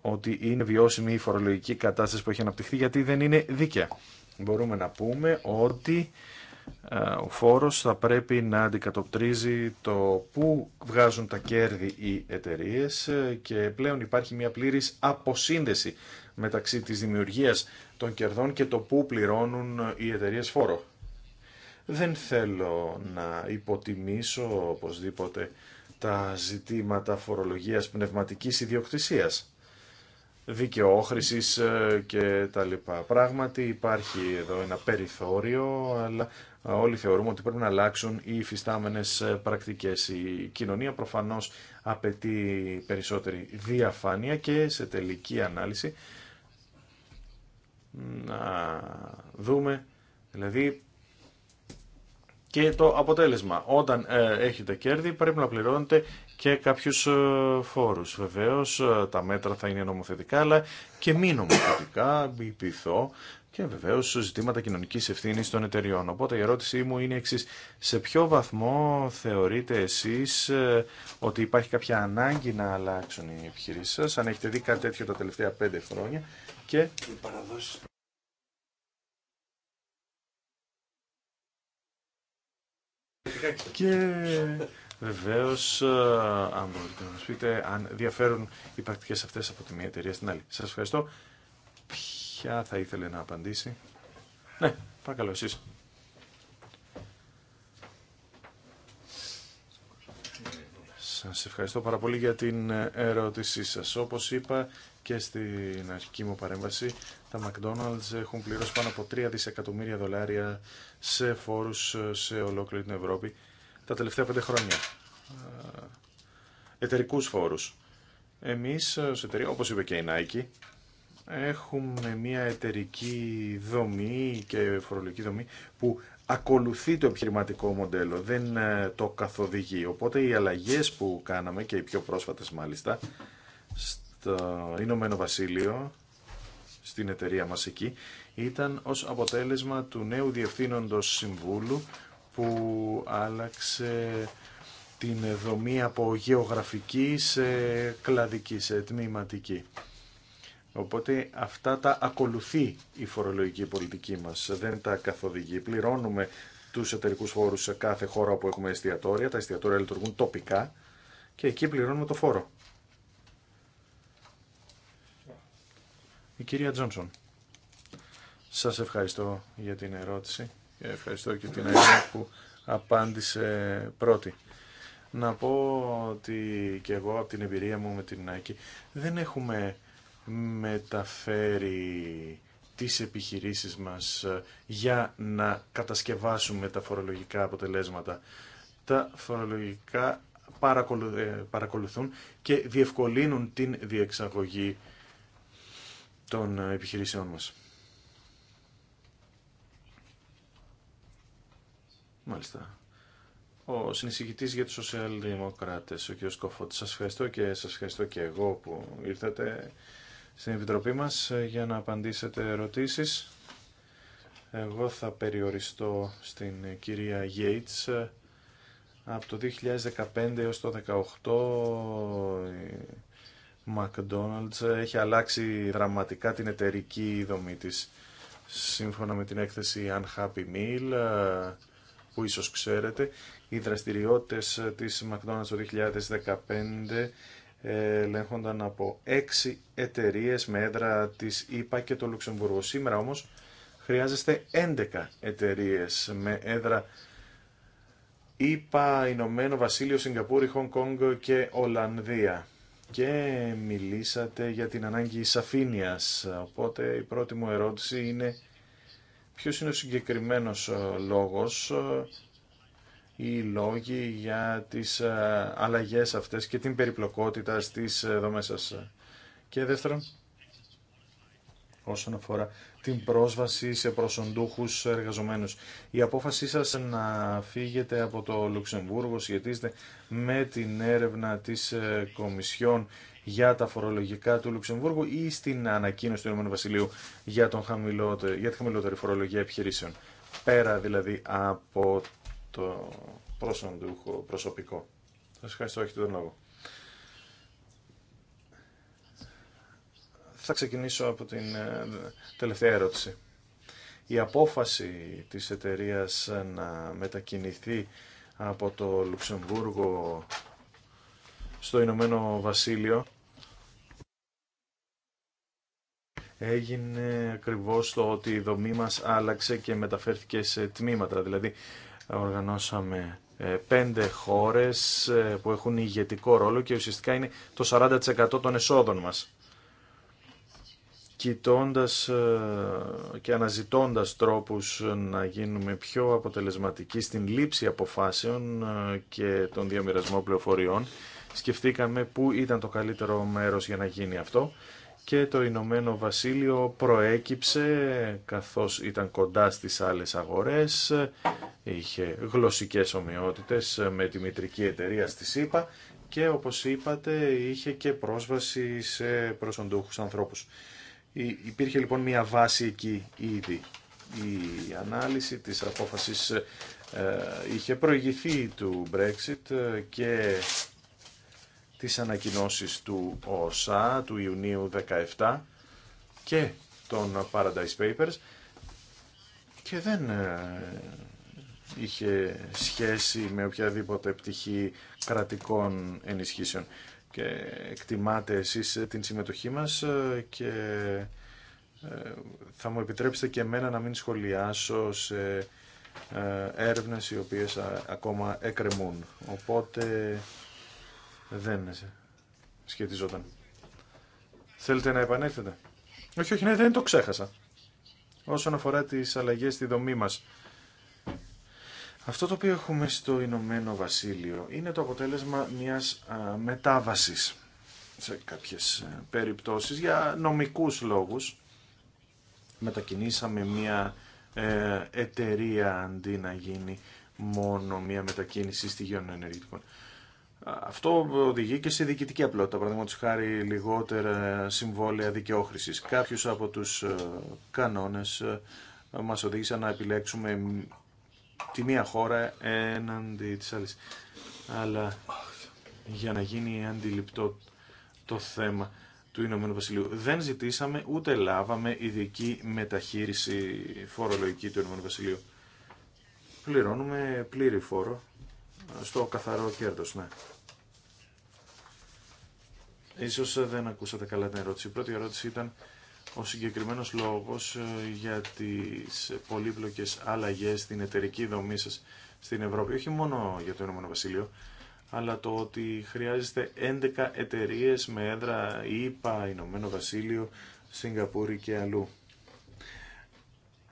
ότι είναι βιώσιμη η φορολογική κατάσταση που έχει αναπτυχθεί γιατί δεν είναι δίκαια. Μπορούμε να πούμε ότι ο φόρος θα πρέπει να αντικατοπτρίζει το πού βγάζουν τα κέρδη οι εταιρείε ε, και πλέον υπάρχει μια πλήρης αποσύνδεση μεταξύ της δημιουργίας των κερδών και το πού πληρώνουν οι εταιρείε φόρο. Δεν θέλω να υποτιμήσω οπωσδήποτε τα ζητήματα φορολογίας πνευματικής ιδιοκτησίας, δικαιόχρησης ε, και τα λοιπά. Πράγματι υπάρχει εδώ ένα περιθώριο, αλλά ε, όλοι θεωρούμε ότι πρέπει να αλλάξουν οι υφιστάμενες ε, πρακτικές. Η κοινωνία προφανώς απαιτεί περισσότερη διαφάνεια και σε τελική ανάλυση να δούμε δηλαδή και το αποτέλεσμα. Όταν ε, έχετε κέρδη πρέπει να πληρώνετε και κάποιους ε, φόρους. Βεβαίως ε, τα μέτρα θα είναι νομοθετικά αλλά και μη νομοθετικά, πειθώ. και βεβαίω ζητήματα κοινωνικής ευθύνη των εταιριών. Οπότε η ερώτησή μου είναι εξή: Σε ποιο βαθμό θεωρείτε εσείς ότι υπάρχει κάποια ανάγκη να αλλάξουν οι επιχειρήσει σα, αν έχετε δει κάτι τέτοιο τα τελευταία πέντε χρόνια και... Οι Και βεβαίω ε, αν μπορείτε να μα πείτε, αν διαφέρουν οι πρακτικέ αυτέ από τη μία εταιρεία στην άλλη. Σα ευχαριστώ. Ποια θα ήθελε να απαντήσει. Ναι, παρακαλώ εσεί. Σας ευχαριστώ πάρα πολύ για την ε, ερώτησή σας. Όπως είπα και στην αρχική μου παρέμβαση, τα McDonald's έχουν πληρώσει πάνω από 3 δισεκατομμύρια δολάρια σε φόρους σε ολόκληρη την Ευρώπη τα τελευταία πέντε χρόνια. Ε, εταιρικούς φόρους. Εμείς ως εταιρεία, όπως είπε και η Nike, έχουμε μια εταιρική δομή και φορολογική δομή που ακολουθεί το επιχειρηματικό μοντέλο, δεν ε, το καθοδηγεί. Οπότε οι αλλαγέ που κάναμε και οι πιο πρόσφατες μάλιστα στο Ηνωμένο Βασίλειο στην εταιρεία μας εκεί ήταν ως αποτέλεσμα του νέου διευθύνοντος συμβούλου που άλλαξε την δομή από γεωγραφική σε κλαδική, σε τμήματική. Οπότε αυτά τα ακολουθεί η φορολογική πολιτική μας, δεν τα καθοδηγεί. Πληρώνουμε τους εταιρικούς φόρους σε κάθε χώρα που έχουμε εστιατόρια, τα εστιατόρια λειτουργούν τοπικά και εκεί πληρώνουμε το φόρο. Η κυρία Τζόνσον. Σας ευχαριστώ για την ερώτηση. Ευχαριστώ και την Αγία που απάντησε πρώτη. Να πω ότι και εγώ από την εμπειρία μου με την Nike δεν έχουμε μεταφέρει τις επιχειρήσεις μας για να κατασκευάσουμε τα φορολογικά αποτελέσματα. Τα φορολογικά ε, παρακολουθούν και διευκολύνουν την διεξαγωγή των ε, επιχειρήσεών μας. Μάλιστα. Ο συνεισηγητής για τους σοσιαλδημοκράτες, ο κ. Σκοφότη. Σας ευχαριστώ και σας ευχαριστώ και εγώ που ήρθατε στην Επιτροπή μας ε, για να απαντήσετε ερωτήσεις. Εγώ θα περιοριστώ στην ε, κυρία Γέιτς. Από το 2015 έως το 2018 McDonald's ε, έχει αλλάξει δραματικά την εταιρική δομή της. Σύμφωνα με την έκθεση Unhappy Meal, ε, που ίσως ξέρετε, οι δραστηριότητες ε, της McDonald's το 2015 ελέγχονταν από 6 εταιρίες με έδρα της ΙΠΑ και το Λουξεμβούργο. Σήμερα όμως χρειάζεστε 11 εταιρίες με έδρα ΙΠΑ, Ηνωμένο Βασίλειο, Σιγκαπούρη, Χονγκ Κόνγκ και Ολλανδία και μιλήσατε για την ανάγκη σαφήνειας. Οπότε η πρώτη μου ερώτηση είναι ποιος είναι ο συγκεκριμένος ε, λόγος ε, ή λόγοι για τις ε, αλλαγές αυτές και την περιπλοκότητα στις δομές σας. Και δεύτερον, όσον αφορά την πρόσβαση σε προσοντούχους εργαζομένους. Η απόφασή σας να φύγετε από το Λουξεμβούργο σχετίζεται με την έρευνα της ε, Κομισιόν για τα φορολογικά του Λουξεμβούργου ή στην ανακοίνωση του Ηνωμένου Βασιλείου για, τον χαμηλότερο, για τη χαμηλότερη φορολογία επιχειρήσεων. Πέρα δηλαδή από το προσοντούχο προσωπικό. Σας ευχαριστώ, έχετε τον λόγο. Θα ξεκινήσω από την ε, τελευταία ερώτηση. Η απόφαση της εταιρείας να μετακινηθεί από το Λουξεμβούργο στο Ηνωμένο Βασίλειο έγινε ακριβώς το ότι η δομή μας άλλαξε και μεταφέρθηκε σε τμήματα. Δηλαδή οργανώσαμε ε, πέντε χώρες ε, που έχουν ηγετικό ρόλο και ουσιαστικά είναι το 40% των εσόδων μας κοιτώντας ε, και αναζητώντας τρόπους να γίνουμε πιο αποτελεσματικοί στην λήψη αποφάσεων ε, και τον διαμοιρασμό πληροφοριών, σκεφτήκαμε πού ήταν το καλύτερο μέρος για να γίνει αυτό και το Ηνωμένο Βασίλειο προέκυψε καθώς ήταν κοντά στις άλλες αγορές, είχε γλωσσικές ομοιότητες με τη μητρική εταιρεία στη ΣΥΠΑ και όπως είπατε είχε και πρόσβαση σε προσοντούχους ανθρώπους. Υπήρχε λοιπόν μια βάση εκεί ήδη. Η ανάλυση της απόφασης ε, είχε προηγηθεί του Brexit ε, και τις ανακοινώσεις του ΟΣΑ του Ιουνίου 17 και των Paradise Papers και δεν ε, είχε σχέση με οποιαδήποτε πτυχή κρατικών ενισχύσεων και εκτιμάτε εσείς ε, την συμμετοχή μας ε, και ε, θα μου επιτρέψετε και εμένα να μην σχολιάσω σε έρευνες οι οποίες ακόμα εκκρεμούν. Οπότε δεν σχετιζόταν. Θέλετε να επανέλθετε. Όχι, όχι, ναι, δεν το ξέχασα. Όσον αφορά τις αλλαγές στη δομή μας αυτό το οποίο έχουμε στο Ηνωμένο Βασίλειο είναι το αποτέλεσμα μιας μετάβασης σε κάποιες ε, περιπτώσεις για νομικούς λόγους. Μετακινήσαμε μια ε, εταιρεία αντί να γίνει μόνο μια μετακίνηση στη ενεργητικών. Λοιπόν, αυτό οδηγεί και σε διοικητική απλότητα, παραδείγματο χάρη λιγότερα συμβόλαια δικαιόχρηση. Κάποιου από τους ε, κανόνε μα οδήγησαν να επιλέξουμε τη μία χώρα έναντι της άλλης. Αλλά για να γίνει αντιληπτό το θέμα του Ηνωμένου Βασιλείου. Δεν ζητήσαμε ούτε λάβαμε ειδική μεταχείριση φορολογική του Ηνωμένου Βασιλείου. Πληρώνουμε πλήρη φόρο στο καθαρό κέρδος, ναι. Ίσως δεν ακούσατε καλά την ερώτηση. Η πρώτη ερώτηση ήταν ο συγκεκριμένος λόγος ε, για τις πολύπλοκες αλλαγές στην εταιρική δομή σας στην Ευρώπη, όχι μόνο για το Ηνωμένο Βασίλειο, αλλά το ότι χρειάζεστε 11 εταιρείε με έδρα ΙΠΑ, Ηνωμένο Βασίλειο, Σιγκαπούρη και αλλού.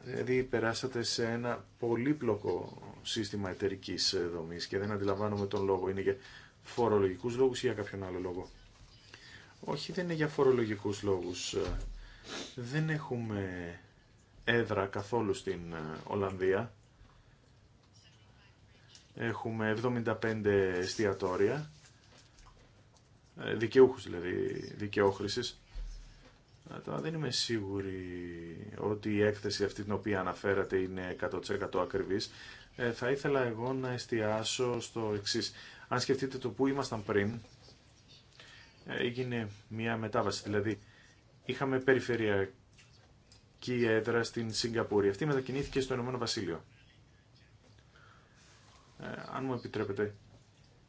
Δηλαδή περάσατε σε ένα πολύπλοκο σύστημα εταιρική ε, δομή και δεν αντιλαμβάνομαι τον λόγο. Είναι για φορολογικούς λόγους ή για κάποιον άλλο λόγο. Όχι, δεν είναι για φορολογικούς λόγους. Ε, δεν έχουμε έδρα καθόλου στην ε, Ολλανδία. Έχουμε 75 εστιατόρια, ε, δικαιούχους δηλαδή, δικαιόχρησης. Ε, τώρα δεν είμαι σίγουρη ότι η έκθεση αυτή την οποία αναφέρατε είναι 100% ακριβής. θα ήθελα εγώ να εστιάσω στο εξή. Αν σκεφτείτε το που ήμασταν πριν, έγινε μια μετάβαση, δηλαδή είχαμε περιφερειακή έδρα στην Σιγκαπούρη. Αυτή μετακινήθηκε στο Ηνωμένο Βασίλειο. Ε, αν μου επιτρέπετε,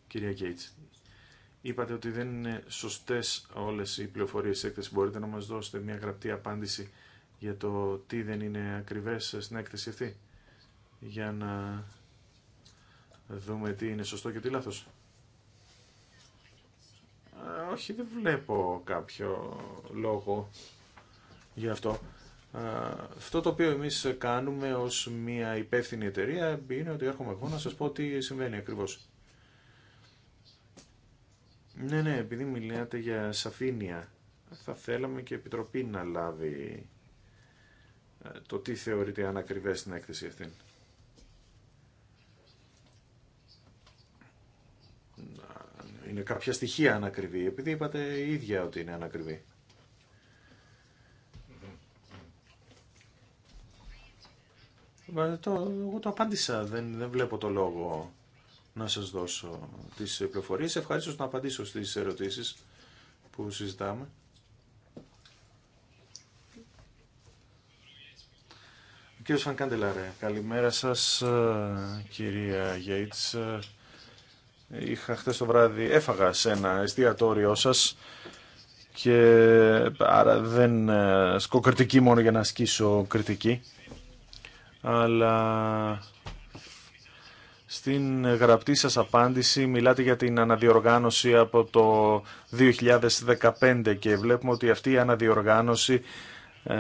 κυρία Γκέιτς, είπατε ότι δεν είναι σωστές όλες οι πληροφορίες της έκθεσης. Μπορείτε να μας δώσετε μια γραπτή απάντηση για το τι δεν είναι ακριβές στην έκθεση αυτή, για να δούμε τι είναι σωστό και τι λάθος. Ε, όχι, δεν βλέπω κάποιο λόγο για αυτό. Ε, αυτό το οποίο εμείς κάνουμε ως μια υπεύθυνη εταιρεία είναι ότι έρχομαι εγώ να σας πω τι συμβαίνει ακριβώς. Ναι, ναι, επειδή μιλάτε για σαφήνεια, θα θέλαμε και η Επιτροπή να λάβει ε, το τι θεωρείται ανακριβές στην έκθεση αυτήν. είναι κάποια στοιχεία ανακριβή, επειδή είπατε ίδια ότι είναι ανακριβή. Το, εγώ το απάντησα, δεν, δεν βλέπω το λόγο να σας δώσω τις πληροφορίες. Ευχαριστώ να απαντήσω στις ερωτήσεις που συζητάμε. Κύριος Φανκάντελαρε, καλημέρα σας ε, κυρία Γέιτς. Ε, Είχα χθες το βράδυ, έφαγα σε ένα εστιατόριό σας και άρα δεν ε, σκώ μόνο για να ασκήσω κριτική αλλά στην γραπτή σας απάντηση μιλάτε για την αναδιοργάνωση από το 2015 και βλέπουμε ότι αυτή η αναδιοργάνωση ε,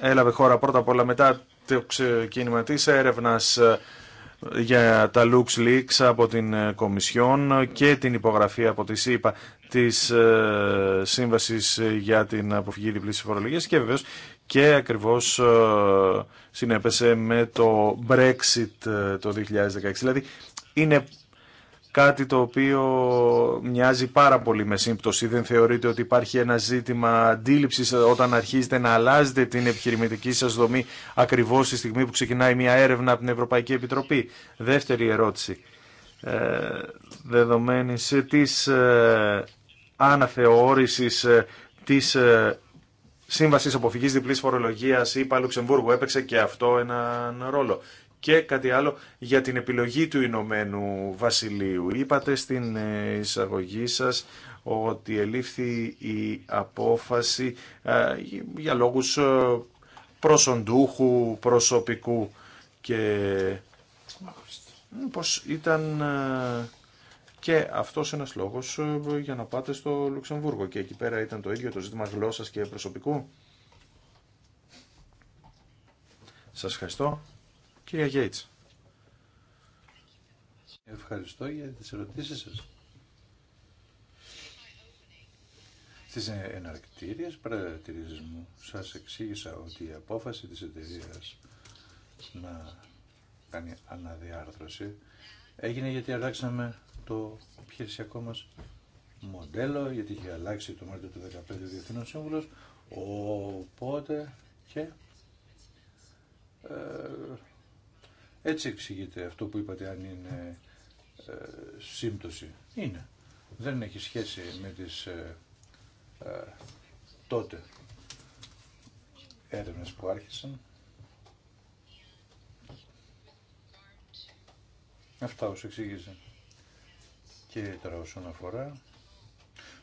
έλαβε χώρα πρώτα απ' όλα μετά το ξεκίνημα έρευνας για τα Lux Leaks από την ε, Κομισιόν και την υπογραφή από τη ΣΥΠΑ της ε, Σύμβασης ε, για την Αποφυγή Διπλής Φορολογίας και βεβαίως και ακριβώς συνέπεσε με το Brexit το 2016. Δηλαδή είναι κάτι το οποίο μοιάζει πάρα πολύ με σύμπτωση. Δεν θεωρείτε ότι υπάρχει ένα ζήτημα αντίληψη όταν αρχίζετε να αλλάζετε την επιχειρηματική σα δομή ακριβώ τη στιγμή που ξεκινάει μια έρευνα από την Ευρωπαϊκή Επιτροπή. Δεύτερη ερώτηση. Ε, δεδομένη τη ε, αναθεώρηση ε, τη ε, Σύμβαση Αποφυγή Διπλή Φορολογία ή Λουξεμβούργου έπαιξε και αυτό έναν ρόλο και κάτι άλλο για την επιλογή του Ηνωμένου Βασιλείου. Είπατε στην ε, εισαγωγή σας ότι ελήφθη η απόφαση ε, για λόγους ε, προσοντούχου, προσωπικού και πως ήταν και αυτός ένας λόγος για να πάτε στο Λουξεμβούργο και εκεί πέρα ήταν το ίδιο το ζήτημα γλώσσας και προσωπικού. Σας ευχαριστώ. Κύριε Γέιτς. Ευχαριστώ για τις ερωτήσεις σας. Στις εναρκτήριες παρατηρήσεις μου σας εξήγησα ότι η απόφαση της εταιρεία να κάνει αναδιάρθρωση έγινε γιατί αλλάξαμε το επιχειρησιακό μας μοντέλο, γιατί είχε αλλάξει το Μάρτιο του 15 ο Διεθνών Σύμβουλος, οπότε και ε, έτσι εξηγείται αυτό που είπατε αν είναι ε, σύμπτωση. Είναι. Δεν έχει σχέση με τις ε, ε τότε έρευνες που άρχισαν. Αυτά όσο εξήγησε. Και τώρα όσον αφορά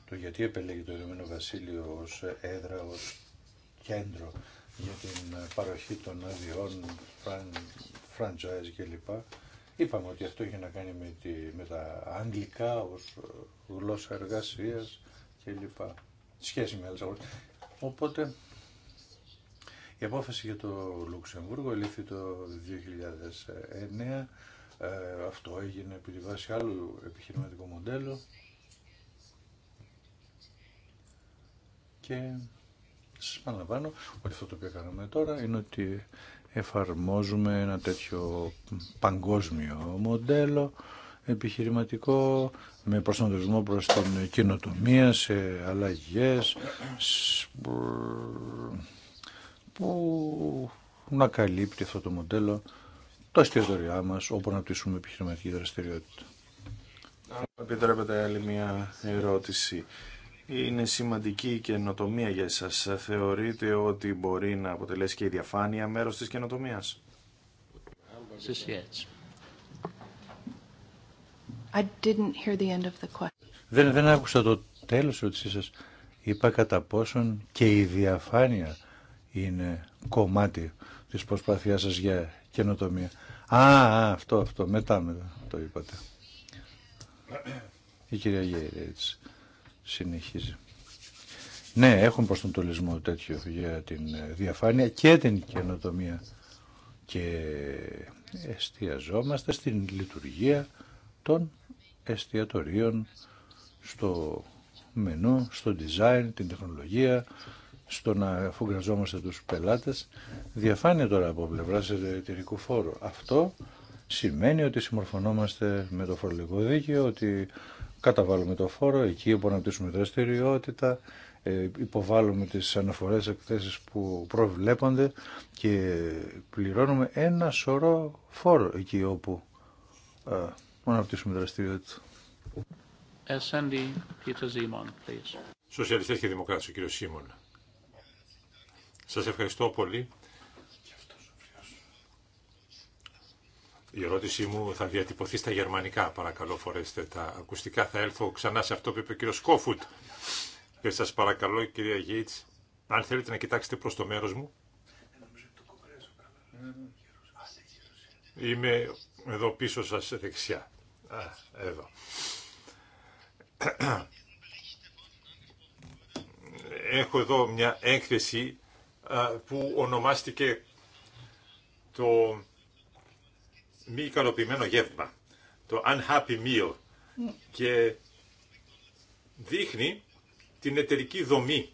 το γιατί επελέγει το Ηνωμένο Βασίλειο ως έδρα, ως κέντρο για την παροχή των αδειών franchise κλπ. Είπαμε ότι αυτό έχει να κάνει με, τη, με τα αγγλικά ως γλώσσα εργασίας κλπ. Σχέση με άλλες αγορές. Οπότε η απόφαση για το Λουξεμβούργο ελήφθη το 2009. Ε, αυτό έγινε επί τη βάση άλλου επιχειρηματικού μοντέλου και σας παραλαμβάνω ότι αυτό το οποίο κάνουμε τώρα είναι ότι εφαρμόζουμε ένα τέτοιο παγκόσμιο μοντέλο επιχειρηματικό με προσανατολισμό προς την κοινοτομία σε αλλαγές που να καλύπτει αυτό το μοντέλο το εστιατοριά μας όπου να πτήσουμε επιχειρηματική δραστηριότητα. επιτρέπετε άλλη μια ερώτηση είναι σημαντική η καινοτομία για σας. Θεωρείτε ότι μπορεί να αποτελέσει και η διαφάνεια μέρος της καινοτομίας. Δεν, δεν άκουσα το τέλος ότι σας είπα κατά πόσον και η διαφάνεια είναι κομμάτι της προσπάθειάς σας για καινοτομία. Α, αυτό, αυτό, μετά, μετά το είπατε. Η κυρία συνεχίζει. Ναι, έχουν τολισμό τέτοιο για την ε, διαφάνεια και την καινοτομία και εστιαζόμαστε στην λειτουργία των εστιατορίων στο μενού, στο design, την τεχνολογία, στο να φουγκραζόμαστε τους πελάτες. Διαφάνεια τώρα από πλευρά εταιρικού φόρου. Αυτό σημαίνει ότι συμμορφωνόμαστε με το φορολογικό δίκαιο, ότι καταβάλουμε το φόρο εκεί όπου αναπτύσσουμε δραστηριότητα, ε, υποβάλλουμε τις αναφορές εκθέσεις που προβλέπονται και πληρώνουμε ένα σωρό φόρο εκεί όπου ε, αναπτύσσουμε δραστηριότητα. Σοσιαλιστές και Δημοκράτες, ο κύριος Σίμων. Σας ευχαριστώ πολύ. Η ερώτησή μου θα διατυπωθεί στα γερμανικά, παρακαλώ φορέστε τα ακουστικά. Θα έλθω ξανά σε αυτό που είπε ο κύριο Κόφουτ. Και σα παρακαλώ κυρία Γίτ. αν θέλετε να κοιτάξετε προς το μέρος μου. Είμαι εδώ πίσω σας δεξιά. Α, εδώ. Έχω εδώ μια έκθεση που ονομάστηκε το μη ικανοποιημένο γεύμα, το unhappy meal και δείχνει την εταιρική δομή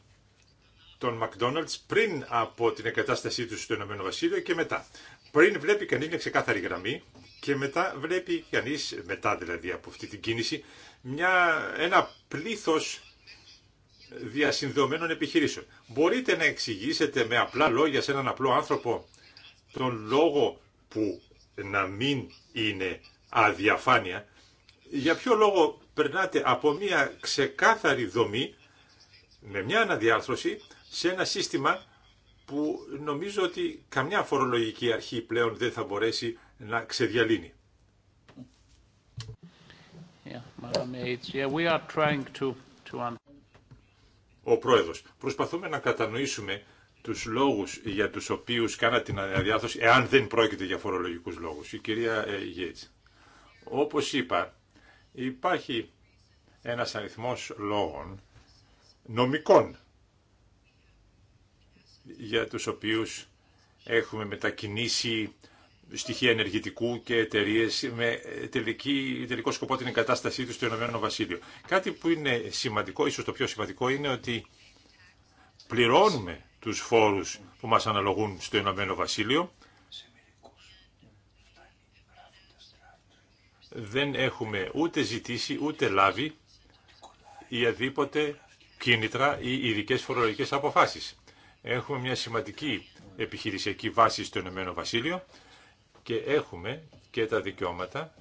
των McDonald's πριν από την εγκατάστασή του στο Ηνωμένο Βασίλειο και μετά. Πριν βλέπει κανείς μια ξεκάθαρη γραμμή και μετά βλέπει κανείς, μετά δηλαδή από αυτή την κίνηση, μια, ένα πλήθος διασυνδεωμένων επιχειρήσεων. Μπορείτε να εξηγήσετε με απλά λόγια σε έναν απλό άνθρωπο τον λόγο που να μην είναι αδιαφάνεια, για ποιο λόγο περνάτε από μια ξεκάθαρη δομή με μια αναδιάρθρωση σε ένα σύστημα που νομίζω ότι καμιά φορολογική αρχή πλέον δεν θα μπορέσει να ξεδιαλύνει. Ο Πρόεδρος, προσπαθούμε να κατανοήσουμε τους λόγους για τους οποίους κάνα την αδιάθρωση, εάν δεν πρόκειται για φορολογικού λόγους. Η κυρία ε, Γέιτς. Όπως είπα, υπάρχει ένας αριθμό λόγων νομικών για τους οποίους έχουμε μετακινήσει στοιχεία ενεργητικού και εταιρείε με ε, τελική, τελικό σκοπό την εγκατάστασή του στο Ηνωμένο Βασίλειο. Κάτι που είναι σημαντικό, ίσως το πιο σημαντικό, είναι ότι πληρώνουμε τους φόρους που μας αναλογούν στο Ηνωμένο Βασίλειο. Δεν έχουμε ούτε ζητήσει ούτε λάβει ή κίνητρα ή ειδικέ φορολογικές αποφάσεις. Έχουμε μια σημαντική επιχειρησιακή βάση στο Ηνωμένο Βασίλειο και έχουμε και τα δικαιώματα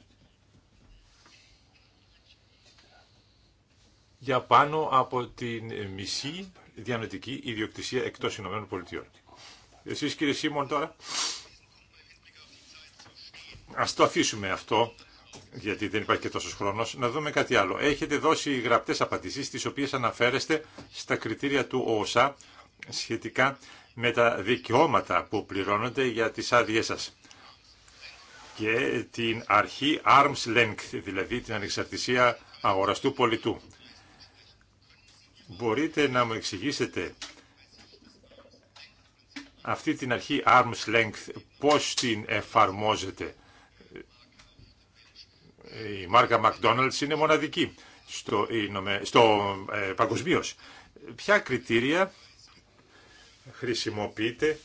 για πάνω από την μισή διανοητική ιδιοκτησία εκτός Ηνωμένων Πολιτειών. Εσείς κύριε Σίμων τώρα, ας το αφήσουμε αυτό, γιατί δεν υπάρχει και τόσος χρόνος, να δούμε κάτι άλλο. Έχετε δώσει γραπτές απαντήσεις, τις οποίες αναφέρεστε στα κριτήρια του ΟΟΣΑ σχετικά με τα δικαιώματα που πληρώνονται για τις άδειές σας και την αρχή arm's length, δηλαδή την ανεξαρτησία αγοραστού πολιτού. Μπορείτε να μου εξηγήσετε αυτή την αρχή arm's length, πώς την εφαρμόζετε. Η μάρκα McDonald's είναι μοναδική στο, στο ε, παγκοσμίω. Ποια κριτήρια χρησιμοποιείτε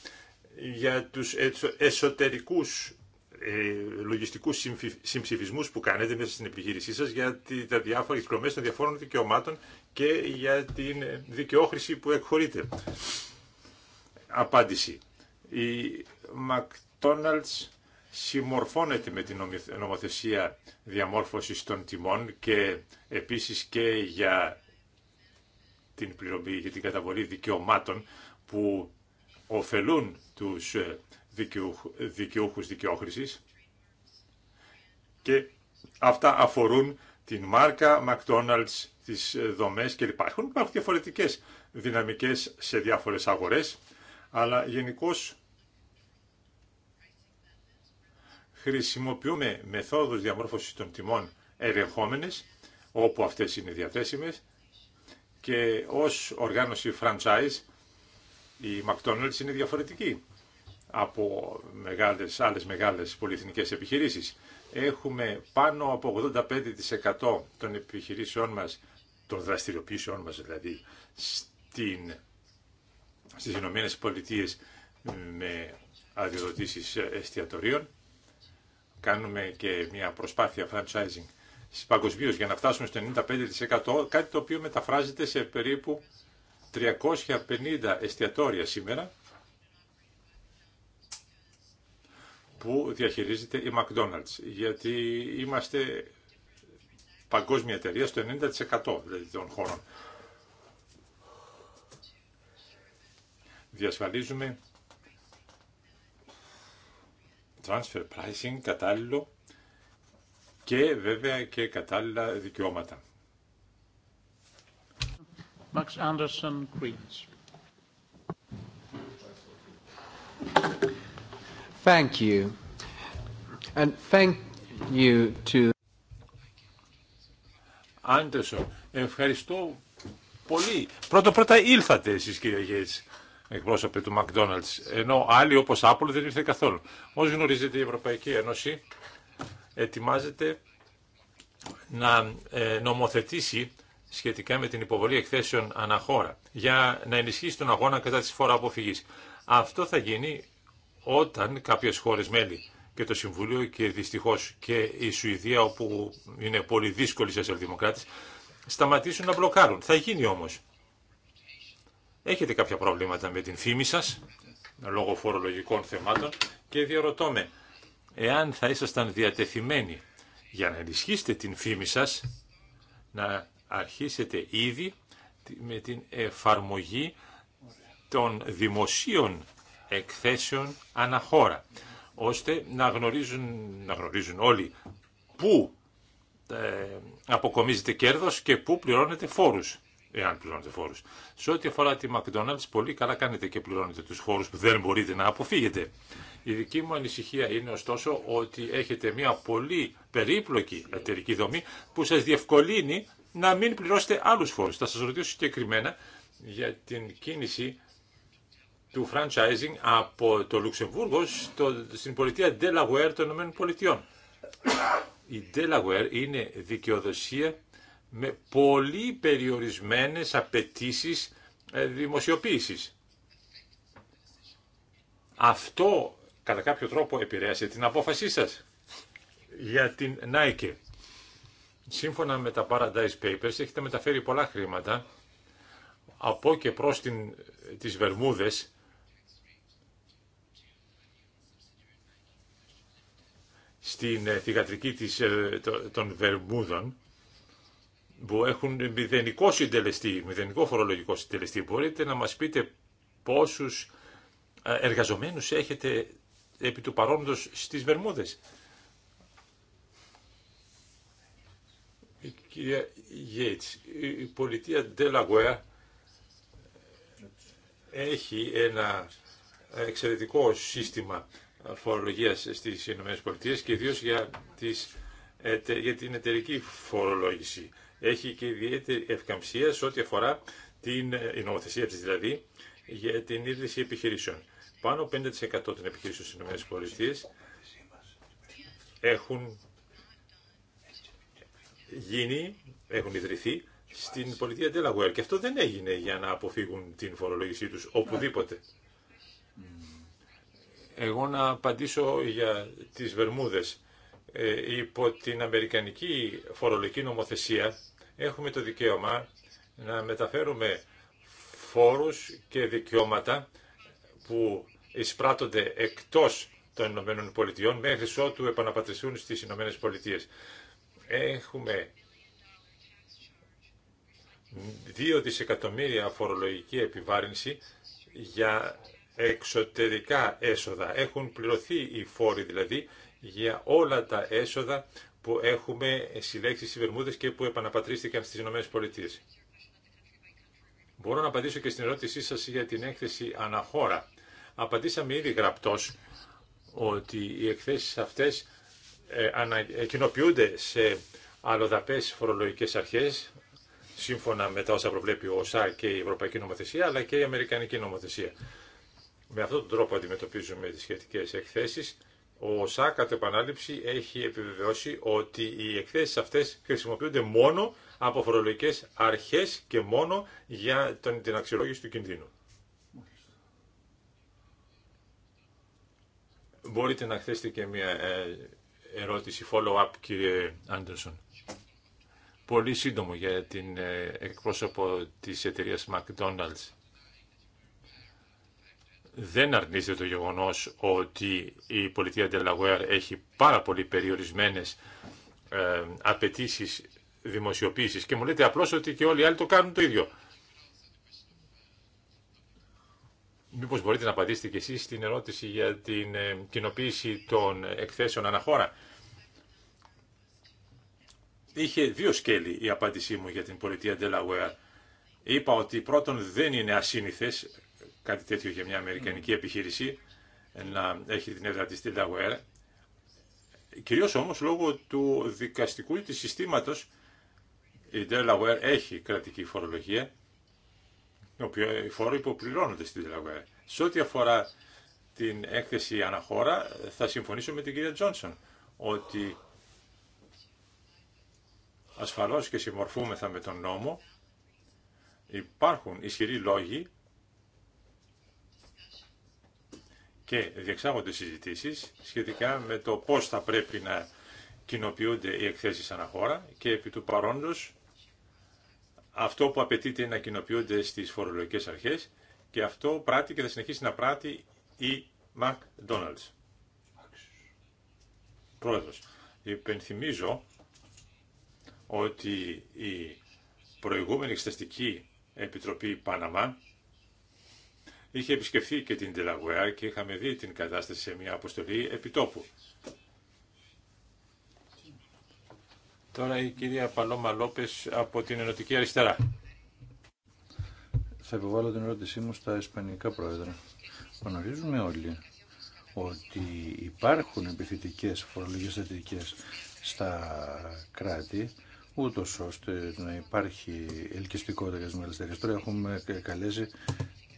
για τους εσωτερικούς ε, λογιστικούς συμψηφισμούς που κάνετε μέσα στην επιχείρησή σας για τα διάφορα των διαφόρων δικαιωμάτων και για την δικαιόχρηση που εκχωρείται. Απάντηση. Η McDonald's συμμορφώνεται με την νομοθεσία διαμόρφωσης των τιμών και επίσης και για την πληρωμή, για την καταβολή δικαιωμάτων που ωφελούν τους ε, δικαιούχους δικαιόχρησης και αυτά αφορούν την μάρκα McDonald's τις ε, δομές και Υπάρχουν, υπάρχουν διαφορετικές δυναμικές σε διάφορες αγορές, αλλά γενικώ χρησιμοποιούμε μεθόδους διαμόρφωσης των τιμών ερεχόμενες όπου αυτές είναι διαθέσιμες, και ως οργάνωση franchise η McDonald's είναι διαφορετική από μεγάλες, άλλες μεγάλες πολυεθνικές επιχειρήσεις. Έχουμε πάνω από 85% των επιχειρήσεών μας των δραστηριοποιήσεών μας δηλαδή στην, στις Ηνωμένε Πολιτείες ε, με αδειοδοτήσεις εστιατορίων. Κάνουμε και μια προσπάθεια franchising παγκοσμίω για να φτάσουμε στο 95% κάτι το οποίο μεταφράζεται σε περίπου 350 εστιατόρια σήμερα που διαχειρίζεται η McDonald's γιατί είμαστε παγκόσμια εταιρεία στο 90% δηλαδή των χώρων. Διασφαλίζουμε transfer pricing κατάλληλο και βέβαια και κατάλληλα δικαιώματα. Max Anderson, Queens. Thank you. And thank you to αντεσο Ευχαριστώ πολύ. Πρώτα πρώτα ήλθατε εσεί, κύριε Γέιτ, εκπρόσωπε του McDonald's, ενώ άλλοι όπως Apple δεν ήρθε καθόλου. Ω γνωρίζετε η Ευρωπαϊκή Ένωση ετοιμάζεται να ε, νομοθετήσει σχετικά με την υποβολή εκθέσεων αναχώρα για να ενισχύσει τον αγώνα κατά τη φορά αποφυγής. Αυτό θα γίνει όταν κάποιε χώρε μέλη και το Συμβούλιο και δυστυχώς και η Σουηδία όπου είναι πολύ δύσκολοι σοσιαλδημοκράτε, σταματήσουν να μπλοκάρουν. Θα γίνει όμως. Έχετε κάποια προβλήματα με την φήμη σα, λόγω φορολογικών θεμάτων και διαρωτώ με εάν θα ήσασταν διατεθειμένοι για να ενισχύσετε την φήμη σα, να αρχίσετε ήδη με την εφαρμογή των δημοσίων εκθέσεων αναχώρα ώστε να γνωρίζουν, να γνωρίζουν όλοι πού ε, αποκομίζεται κέρδος και πού πληρώνεται φόρους, εάν πληρώνετε φόρους. Σε ό,τι αφορά τη McDonald's, πολύ καλά κάνετε και πληρώνετε τους φόρους που δεν μπορείτε να αποφύγετε. Η δική μου ανησυχία είναι ωστόσο ότι έχετε μια πολύ περίπλοκη εταιρική δομή που σας διευκολύνει να μην πληρώσετε άλλους φόρους. Θα σας ρωτήσω συγκεκριμένα για την κίνηση του franchising από το Λουξεμβούργο στο, στην πολιτεία Delaware των ΗΠΑ. Η Delaware είναι δικαιοδοσία με πολύ περιορισμένες απαιτήσει ε, δημοσιοποίησης. Αυτό κατά κάποιο τρόπο επηρέασε την απόφασή σας για την Nike. Σύμφωνα με τα Paradise Papers έχετε μεταφέρει πολλά χρήματα από και προς την, τις Βερμούδες στην θηγατρική ε, της, ε, των Βερμούδων που έχουν μηδενικό συντελεστή, μηδενικό φορολογικό συντελεστή. Μπορείτε να μας πείτε πόσους ε, εργαζομένους έχετε επί του παρόντος στις Βερμούδες. κυρία Γέιτς, η πολιτεία Ντελαγουέα έχει ένα εξαιρετικό σύστημα φορολογία στις ΗΠΑ και ιδίω για, για την εταιρική φορολόγηση. Έχει και ιδιαίτερη ευκαμψία σε ό,τι αφορά την ε, η νομοθεσία τη, δηλαδή για την ίδρυση επιχειρήσεων. Πάνω 50% των επιχειρήσεων στι ΗΠΑ έχουν γίνει, έχουν ιδρυθεί στην πολιτεία Delaware και αυτό δεν έγινε για να αποφύγουν την φορολογησή τους οπουδήποτε. Εγώ να απαντήσω για τις Βερμούδες. Ε, υπό την Αμερικανική φορολογική νομοθεσία έχουμε το δικαίωμα να μεταφέρουμε φόρους και δικαιώματα που εισπράττονται εκτός των Ηνωμένων Πολιτειών μέχρι ότου επαναπατριστούν στις Ηνωμένε Πολιτείες. Έχουμε δύο δισεκατομμύρια φορολογική επιβάρυνση για εξωτερικά έσοδα. Έχουν πληρωθεί οι φόροι δηλαδή για όλα τα έσοδα που έχουμε συλλέξει στις Βερμούδες και που επαναπατρίστηκαν στις Ηνωμένες Πολιτείες. Μπορώ να απαντήσω και στην ερώτησή σας για την έκθεση αναχώρα. Απαντήσαμε ήδη γραπτός ότι οι εκθέσεις αυτές ε, κοινοποιούνται σε αλλοδαπές φορολογικές αρχές, σύμφωνα με τα όσα προβλέπει ο ΩΣΑ και η Ευρωπαϊκή Νομοθεσία, αλλά και η Αμερικανική Νομοθεσία. Με αυτόν τον τρόπο αντιμετωπίζουμε τις σχετικές εκθέσεις. Ο ΩΣΑ κατά επανάληψη έχει επιβεβαιώσει ότι οι εκθέσεις αυτές χρησιμοποιούνται μόνο από φορολογικές αρχές και μόνο για τον, την αξιολόγηση του κινδύνου. Μπορείτε να χθέσετε και μια ε, ερώτηση, follow-up κύριε Άντερσον. Πολύ σύντομο για την ε, εκπρόσωπο της εταιρείας McDonald's δεν αρνίζεται το γεγονός ότι η πολιτεία Delaware έχει πάρα πολύ περιορισμένες ε, απαιτήσει δημοσιοποίησης και μου λέτε απλώς ότι και όλοι οι άλλοι το κάνουν το ίδιο. Μήπως μπορείτε να απαντήσετε και εσείς στην ερώτηση για την ε, κοινοποίηση των εκθέσεων αναχώρα. Είχε δύο σκέλη η απάντησή μου για την πολιτεία Delaware. Είπα ότι πρώτον δεν είναι ασύνηθες κάτι τέτοιο για μια αμερικανική επιχείρηση να έχει την έδρα της Delaware. Κυρίως όμως λόγω του δικαστικού της συστήματος η Delaware έχει κρατική φορολογία, οι φόροι υποπληρώνονται στη Delaware. Σε ό,τι αφορά την έκθεση αναχώρα, θα συμφωνήσω με την κυρία Τζόνσον ότι ασφαλώς και συμμορφούμεθα με τον νόμο, υπάρχουν ισχυροί λόγοι και διεξάγονται συζητήσεις σχετικά με το πώς θα πρέπει να κοινοποιούνται οι εκθέσεις αναχώρα και επί του παρόντος αυτό που απαιτείται είναι να κοινοποιούνται στις φορολογικές αρχές και αυτό πράττει και θα συνεχίσει να πράττει η McDonald's. Πρόεδρος, υπενθυμίζω ότι η προηγούμενη εξεταστική επιτροπή Πάναμα είχε επισκεφθεί και την Τελαγουέα και είχαμε δει την κατάσταση σε μια αποστολή επιτόπου. Τώρα η κυρία Παλώμα Λόπες από την Ενωτική Αριστερά. Θα επιβάλλω την ερώτησή μου στα Ισπανικά πρόεδρα. Γνωρίζουμε όλοι ότι υπάρχουν επιθετικές φορολογικές θετικές στα κράτη ούτως ώστε να υπάρχει ελκυστικότητα για τι Τώρα έχουμε καλέσει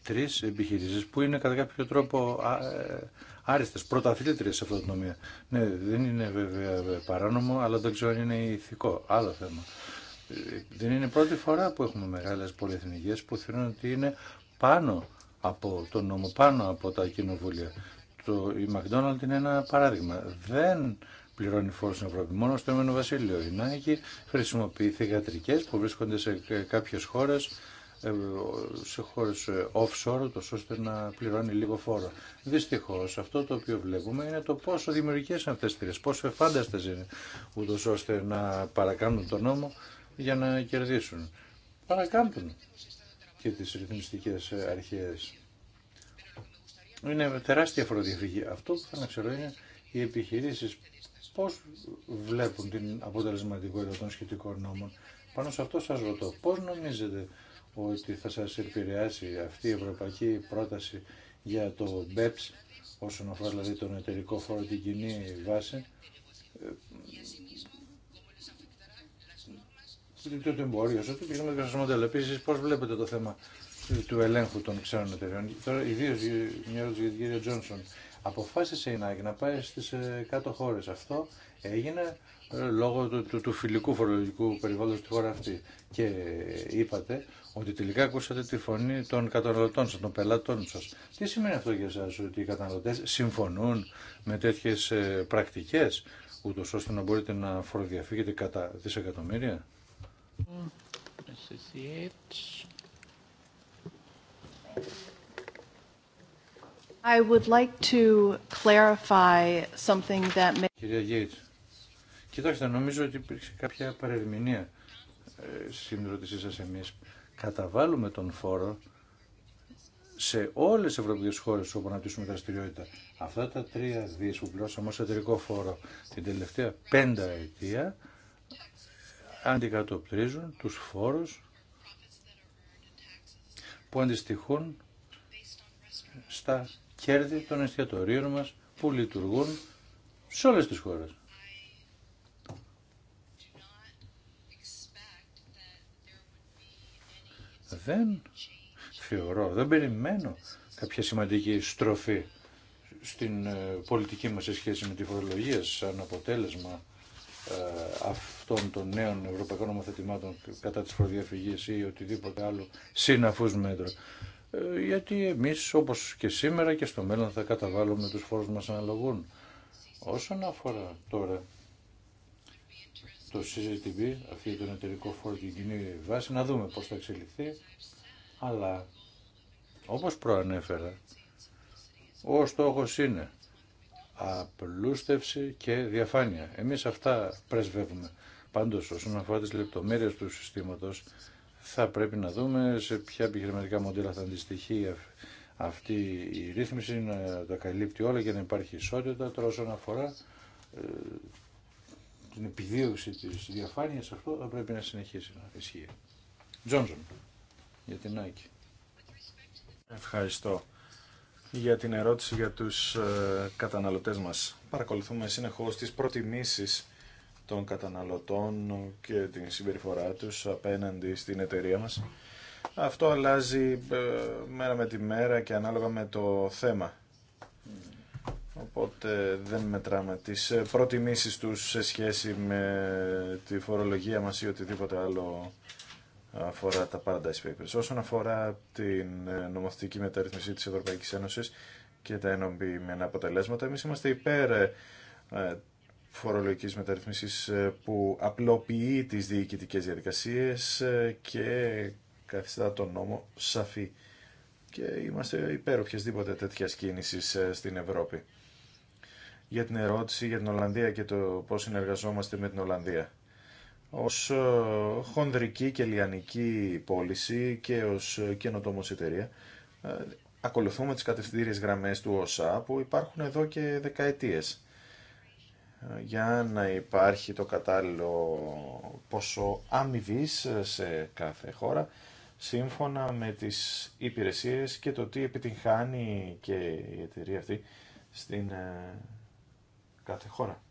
τρει επιχειρήσεις που είναι κατά κάποιο τρόπο ε, άριστε, πρωταθλήτριε σε αυτό το τομέα. Ναι, δεν είναι βέβαια παράνομο, αλλά δεν ξέρω αν είναι ηθικό. Άλλο θέμα. Δεν είναι η πρώτη φορά που έχουμε μεγάλε πολυεθνικές που θεωρούν ότι είναι πάνω από τον νόμο, πάνω από τα κοινοβούλια. Το, η McDonald's είναι ένα παράδειγμα. Δεν πληρώνει φόρο στην Ευρώπη. Μόνο στο Ηνωμένο Βασίλειο. Η Nike χρησιμοποιεί θηγατρικέ που βρίσκονται σε ε, κάποιε χώρε ε, σε χώρες ε, offshore, τόσο ώστε να πληρώνει λίγο φόρο. Δυστυχώς αυτό το οποίο βλέπουμε είναι το πόσο δημιουργικές είναι αυτές τις πόσο εφάνταστες είναι, ούτως ώστε να παρακάνουν τον νόμο για να κερδίσουν. Παρακάμπτουν και τις ρυθμιστικές ε, αρχές. Είναι τεράστια φοροδιαφυγή. Αυτό που θα να ξέρω είναι οι επιχειρήσεις πώς βλέπουν την αποτελεσματικότητα των σχετικών νόμων. Πάνω σε αυτό σας ρωτώ, πώς νομίζετε ότι θα σας επηρεάσει αυτή η ευρωπαϊκή πρόταση για το BEPS όσον αφορά δηλαδή τον εταιρικό φόρο την κοινή βάση ε, το εμπόριο, το πηγαίνουμε κρασμόντα, επίση πώ βλέπετε το θέμα του ελέγχου των ξένων εταιρεών. Τώρα, ιδίω μια ερώτηση για την κυρία Τζόνσον. Αποφάσισε η ΝΑΚ να πάει στι ε, κάτω χώρε. Αυτό έγινε ε, λόγω του, του, του φιλικού φορολογικού περιβάλλοντος στη χώρα αυτή. Και είπατε ότι τελικά ακούσατε τη φωνή των καταναλωτών σα, των πελατών σας. Τι σημαίνει αυτό για σας, ότι οι καταναλωτέ συμφωνούν με τέτοιες ε, πρακτικές, ούτω ώστε να μπορείτε να φοροδιαφύγετε κατά δισεκατομμύρια. I would like to clarify something that may... Κυρία Γκέιτ, κοιτάξτε, νομίζω ότι υπήρξε κάποια παρερμηνία ε, στην ερώτησή σας εμεί καταβάλουμε τον φόρο σε όλες τις ευρωπαϊκές χώρες όπου αναπτύσσουμε δραστηριότητα. Αυτά τα τρία δις που πλώσαμε ως εταιρικό φόρο την τελευταία πέντα αιτία αντικατοπτρίζουν τους φόρους που αντιστοιχούν στα κέρδη των εστιατορίων μας που λειτουργούν σε όλες τις χώρες. δεν θεωρώ, δεν περιμένω κάποια σημαντική στροφή στην ε, πολιτική μας σε σχέση με τη φορολογία σαν αποτέλεσμα ε, αυτών των νέων ευρωπαϊκών νομοθετημάτων κατά της προδιαφυγής ή οτιδήποτε άλλο συναφούς μέτρο. Ε, γιατί εμείς όπως και σήμερα και στο μέλλον θα καταβάλουμε τους φόρους μας αναλογούν. Όσον αφορά τώρα το CCTV, αυτή τον εταιρικό φόρο και κοινή βάση, να δούμε πώς θα εξελιχθεί, αλλά όπως προανέφερα, ο στόχος είναι απλούστευση και διαφάνεια. Εμείς αυτά πρεσβεύουμε. Πάντως, όσον αφορά τις λεπτομέρειες του συστήματος, θα πρέπει να δούμε σε ποια επιχειρηματικά μοντέλα θα αντιστοιχεί αυτή η ρύθμιση, να τα καλύπτει όλα και να υπάρχει ισότητα. Τώρα, όσον αφορά ε, την επιδίωξη της διαφάνειας αυτό θα πρέπει να συνεχίσει να ισχύει. Τζόνσον, για την Nike. Ευχαριστώ για την ερώτηση για τους ε, καταναλωτές μας. Παρακολουθούμε συνεχώς τις προτιμήσεις των καταναλωτών και την συμπεριφορά τους απέναντι στην εταιρεία μας. Αυτό αλλάζει ε, μέρα με τη μέρα και ανάλογα με το θέμα. Mm. Οπότε δεν μετράμε τις ε, προτιμήσεις τους σε σχέση με τη φορολογία μας ή οτιδήποτε άλλο αφορά τα Paradise Papers. Όσον αφορά την ε, νομοθετική μεταρρύθμιση της Ευρωπαϊκής Ένωσης και τα ένα αποτελέσματα, εμείς είμαστε υπέρ ε, φορολογικής μεταρρύθμισης που απλοποιεί τις διοικητικές διαδικασίες και καθιστά τον νόμο σαφή. Και είμαστε υπέρ οποιασδήποτε τέτοια κίνηση στην Ευρώπη για την ερώτηση για την Ολλανδία και το πώς συνεργαζόμαστε με την Ολλανδία. Ως ε, χονδρική και λιανική πώληση και ως ε, καινοτόμος εταιρεία ε, ακολουθούμε τις κατευθυντήριες γραμμές του ΩΣΑ που υπάρχουν εδώ και δεκαετίες για να υπάρχει το κατάλληλο ποσό αμοιβή σε κάθε χώρα σύμφωνα με τις υπηρεσίες και το τι επιτυγχάνει και η εταιρεία αυτή στην κάθε χώρα.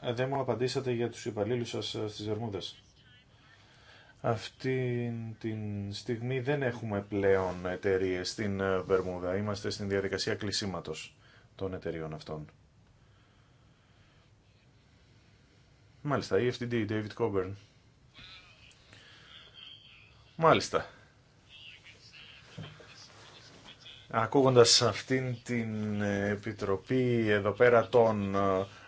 Ε, δεν μου απαντήσατε για τους υπαλλήλους σας ε, στις Βερμούδες. Αυτή τη στιγμή δεν έχουμε πλέον εταιρείε στην ε, Βερμούδα. Είμαστε στην διαδικασία κλεισίματος των εταιρείων αυτών. Μάλιστα, η FTD, David Coburn. Μάλιστα. Ακούγοντας αυτήν την ε, επιτροπή εδώ πέρα των ε,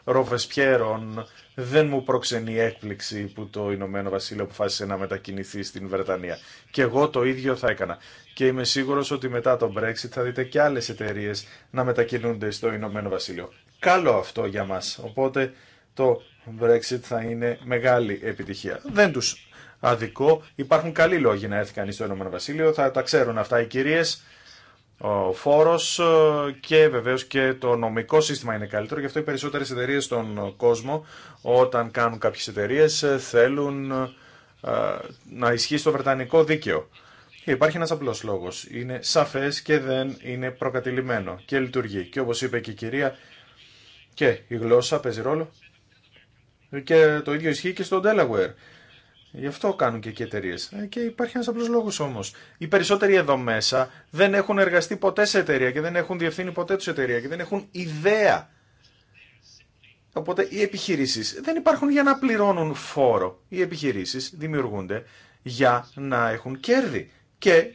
Ροβεσπιέρων, δεν μου προξενεί έκπληξη που το Ηνωμένο Βασίλειο αποφάσισε να μετακινηθεί στην Βρετανία. Και εγώ το ίδιο θα έκανα. Και είμαι σίγουρος ότι μετά το Brexit θα δείτε και άλλες εταιρείε να μετακινούνται στο Ηνωμένο Βασίλειο. Καλό αυτό για μας. Οπότε το Brexit θα είναι μεγάλη επιτυχία. Δεν τους αδικό. Υπάρχουν καλοί λόγοι να έρθει κανεί στο Ηνωμένο Βασίλειο, θα τα ξέρουν αυτά οι κυρίε. Ο φόρο ε, και βεβαίω και το νομικό σύστημα είναι καλύτερο. Γι' αυτό οι περισσότερε εταιρείε στον κόσμο, όταν κάνουν κάποιε εταιρείε, ε, θέλουν ε, να ισχύει το βρετανικό δίκαιο. υπάρχει ένα απλό λόγο. Είναι σαφέ και δεν είναι προκατηλημένο και λειτουργεί. Και όπω είπε και η κυρία, και η γλώσσα παίζει ρόλο. Και το ίδιο ισχύει και στο Delaware. Γι' αυτό κάνουν και εκεί εταιρείε. Ε, και υπάρχει ένα απλό λόγο όμω. Οι περισσότεροι εδώ μέσα δεν έχουν εργαστεί ποτέ σε εταιρεία και δεν έχουν διευθύνει ποτέ του εταιρεία και δεν έχουν ιδέα. Οπότε οι επιχειρήσει δεν υπάρχουν για να πληρώνουν φόρο. Οι επιχειρήσει δημιουργούνται για να έχουν κέρδη και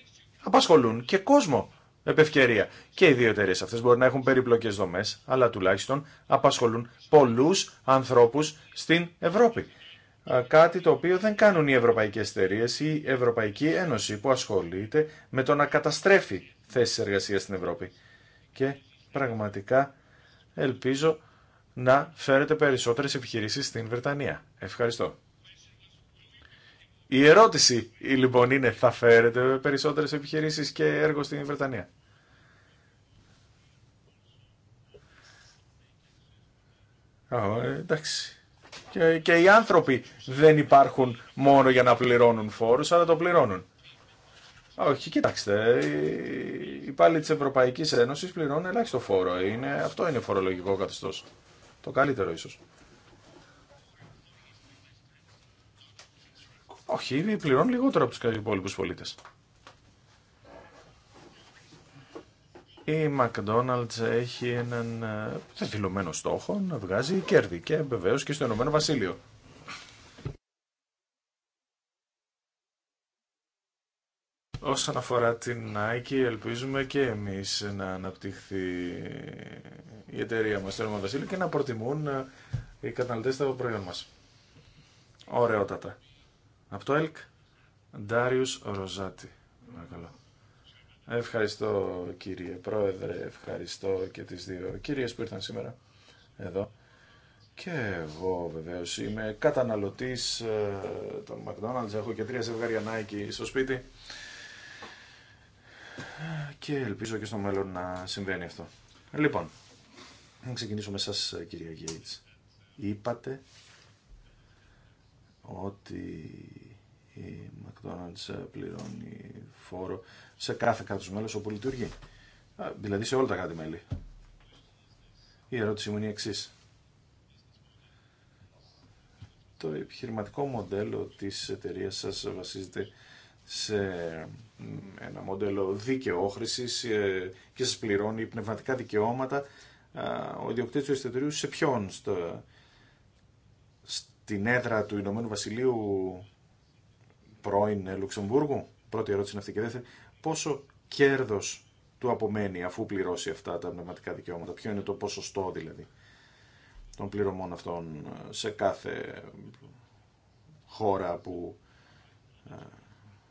απασχολούν και κόσμο επευκαιρία. Και οι δύο εταιρείε αυτέ μπορεί να έχουν περιπλοκέ δομέ, αλλά τουλάχιστον απασχολούν πολλού ανθρώπου στην Ευρώπη κάτι το οποίο δεν κάνουν οι ευρωπαϊκές εταιρείε ή η Ευρωπαϊκή Ένωση που ασχολείται με το να καταστρέφει θέσεις εργασίας στην Ευρώπη. Και πραγματικά ελπίζω να φέρετε περισσότερες επιχειρήσεις στην Βρετανία. Ευχαριστώ. Η ερώτηση λοιπόν είναι θα φέρετε περισσότερες επιχειρήσεις και έργο στην Βρετανία. εντάξει και οι άνθρωποι δεν υπάρχουν μόνο για να πληρώνουν φόρους, αλλά το πληρώνουν. Όχι, κοιτάξτε, οι υπάλληλοι της Ευρωπαϊκής Ένωσης πληρώνουν ελάχιστο φόρο. Είναι, αυτό είναι φορολογικό καθεστώς. Το καλύτερο ίσως. Όχι, πληρώνουν λιγότερο από τους υπόλοιπους πολίτες. η McDonald's έχει έναν ε, θελημένο στόχο να βγάζει κέρδη και βεβαίω και στο Ηνωμένο Βασίλειο. Όσον αφορά την Nike, ελπίζουμε και εμείς να αναπτυχθεί η εταιρεία μας στο Ηνωμένο Βασίλειο και να προτιμούν ε, οι καταναλωτές τα προϊόν μας. Ωραιότατα. Από το ΕΛΚ, Ντάριος Ροζάτη. Ευχαριστώ κύριε Πρόεδρε, ευχαριστώ και τις δύο κυρίες που ήρθαν σήμερα εδώ. Και εγώ βεβαίω είμαι καταναλωτής ε, των McDonald's, έχω και τρία ζευγάρια Nike στο σπίτι και ελπίζω και στο μέλλον να συμβαίνει αυτό. Λοιπόν, να ξεκινήσω με σας κυρία Γκέιτς. Είπατε ότι η McDonald's πληρώνει φόρο σε κάθε κράτο μέλος όπου λειτουργεί. Δηλαδή σε όλα τα κράτη μέλη. Η ερώτηση μου είναι η εξή: Το επιχειρηματικό μοντέλο της εταιρεία σας βασίζεται σε ένα μοντέλο δίκαιο ε, και σας πληρώνει πνευματικά δικαιώματα ο ιδιοκτήτης του εστιατορίου σε ποιον, στο, στην έδρα του Ηνωμένου Βασιλείου πρώην ε, Λουξεμβούργου. Πρώτη ερώτηση είναι αυτή και δεύτερη. Πόσο κέρδος του απομένει αφού πληρώσει αυτά τα πνευματικά δικαιώματα. Ποιο είναι το ποσοστό δηλαδή των πληρωμών αυτών ε, σε κάθε χώρα που ε,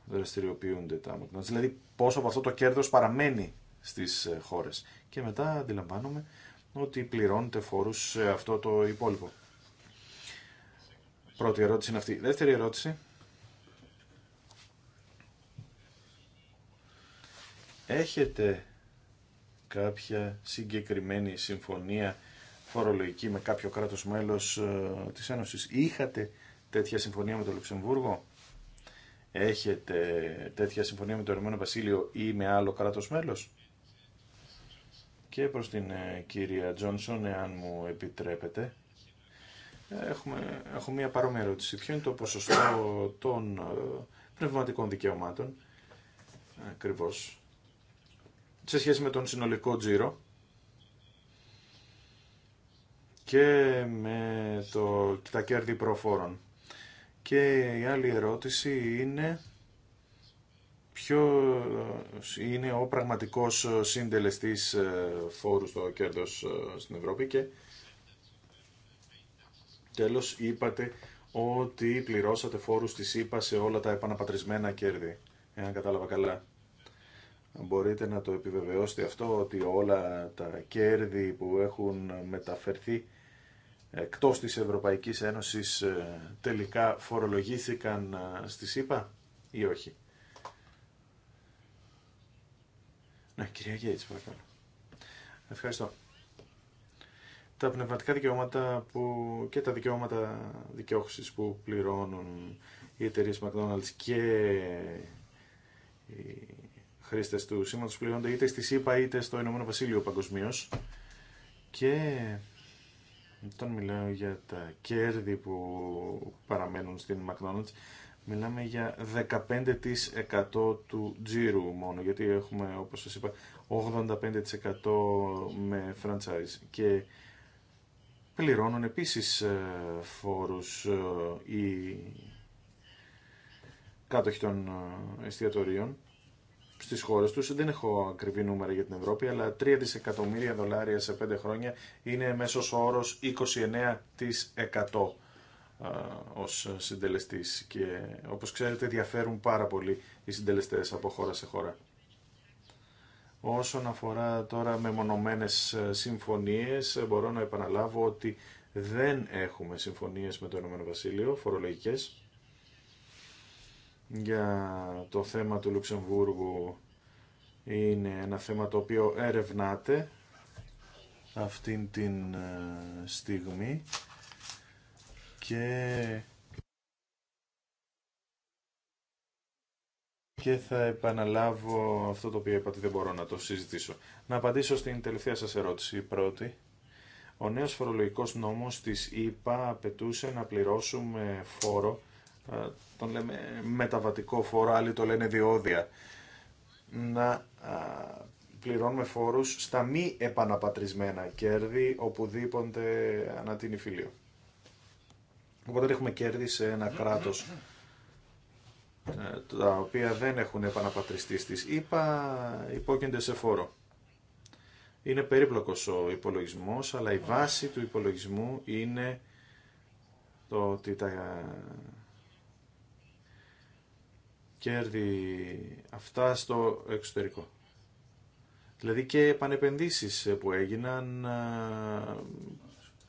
δραστηριοποιούνται τα μοτινότητα. Δηλαδή πόσο από αυτό το κέρδος παραμένει στις χώρες. Και μετά αντιλαμβάνομαι ότι πληρώνεται φόρους σε αυτό το υπόλοιπο. Πρώτη ερώτηση είναι αυτή. Δεύτερη ερώτηση έχετε κάποια συγκεκριμένη συμφωνία φορολογική με κάποιο κράτος μέλος ε, της Ένωσης. Είχατε τέτοια συμφωνία με το Λουξεμβούργο. Έχετε τέτοια συμφωνία με το Ερμένο Βασίλειο ή με άλλο κράτος μέλος. Και προς την ε, κυρία Τζόνσον, εάν μου επιτρέπετε, έχουμε, έχω μία παρόμοια ερώτηση. Ποιο είναι το ποσοστό των ε, πνευματικών δικαιωμάτων, ακριβώς, σε σχέση με τον συνολικό τζίρο και με το, τα κέρδη προφόρων. Και η άλλη ερώτηση είναι ποιο είναι ο πραγματικός συντελεστής ε, φόρου στο κέρδος ε, στην Ευρώπη και τέλος είπατε ότι πληρώσατε φόρους τις είπα, σε όλα τα επαναπατρισμένα κέρδη, εάν κατάλαβα καλά. Μπορείτε να το επιβεβαιώσετε αυτό ότι όλα τα κέρδη που έχουν μεταφερθεί εκτός της Ευρωπαϊκής Ένωσης ε, τελικά φορολογήθηκαν ε, στη ΣΥΠΑ ή όχι. Ναι, κυρία Γκέιτς, παρακαλώ. Ευχαριστώ. Τα πνευματικά δικαιώματα που, και τα δικαιώματα δικαιώσεις που πληρώνουν οι εταιρείε McDonald's και χρήστε του σήματο πληρώνονται είτε στη ΣΥΠΑ είτε στο Ηνωμένο Βασίλειο παγκοσμίω. Και όταν μιλάω για τα κέρδη που παραμένουν στην McDonald's, μιλάμε για 15% του τζίρου μόνο, γιατί έχουμε, όπως σας είπα, 85% με franchise. Και πληρώνουν επίσης ε, φόρους ε, οι κάτοχοι των ε, εστιατορίων στις χώρες τους. Δεν έχω ακριβή νούμερα για την Ευρώπη, αλλά 3 δισεκατομμύρια δολάρια σε 5 χρόνια είναι μέσο όρο 29% ως συντελεστής και όπως ξέρετε διαφέρουν πάρα πολύ οι συντελεστές από χώρα σε χώρα. Όσον αφορά τώρα μεμονωμένες ε, συμφωνίες, ε, μπορώ να επαναλάβω ότι δεν έχουμε συμφωνίες με το Ηνωμένο Βασίλειο, φορολογικές για το θέμα του Λουξεμβούργου είναι ένα θέμα το οποίο ερευνάται αυτήν την ε, στιγμή και και θα επαναλάβω αυτό το οποίο είπατε, δεν μπορώ να το συζητήσω. Να απαντήσω στην τελευταία σας ερώτηση, η πρώτη. Ο νέος φορολογικός νόμος της ΕΠΑ απαιτούσε να πληρώσουμε φόρο τον λέμε μεταβατικό φόρο, άλλοι το λένε διόδια, να πληρώνουμε φόρους στα μη επαναπατρισμένα κέρδη οπουδήποτε ανά την Οπότε έχουμε κέρδη σε ένα κράτος ε, τα οποία δεν έχουν επαναπατριστεί στις Είπα υπόκεινται σε φόρο. Είναι περίπλοκος ο υπολογισμός, αλλά η βάση του υπολογισμού είναι το ότι τα κέρδη αυτά στο εξωτερικό. Δηλαδή και επανεπενδύσεις που έγιναν,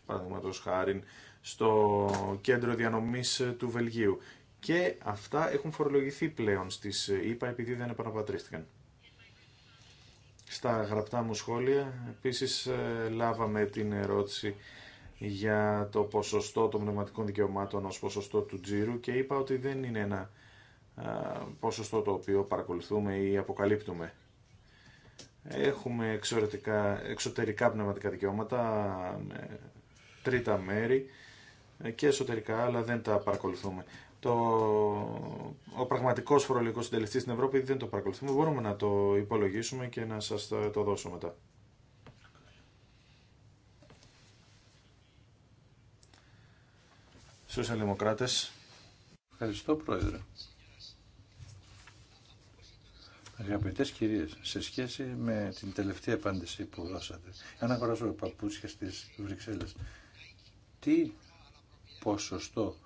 παραδείγματος χάρη, στο κέντρο διανομής του Βελγίου. Και αυτά έχουν φορολογηθεί πλέον στις ΗΠΑ επειδή δεν επαναπατρίστηκαν. Στα γραπτά μου σχόλια επίσης ε, λάβαμε την ερώτηση για το ποσοστό των πνευματικών δικαιωμάτων ως ποσοστό του τζίρου και είπα ότι δεν είναι ένα ποσοστό το οποίο παρακολουθούμε ή αποκαλύπτουμε. Έχουμε εξωτερικά πνευματικά δικαιώματα, τρίτα μέρη και εσωτερικά, αλλά δεν τα παρακολουθούμε. Το, ο πραγματικός φορολογικός συντελεστής στην Ευρώπη δεν το παρακολουθούμε, μπορούμε να το υπολογίσουμε και να σας το δώσω μετά. Σοσιαλδημοκράτες. Ευχαριστώ Πρόεδρε. Αγαπητέ κυρίε σε σχέση με την τελευταία απάντηση που δώσατε, αν αγοράζω παπούτσια στις Βρυξέλλες, τι ποσοστό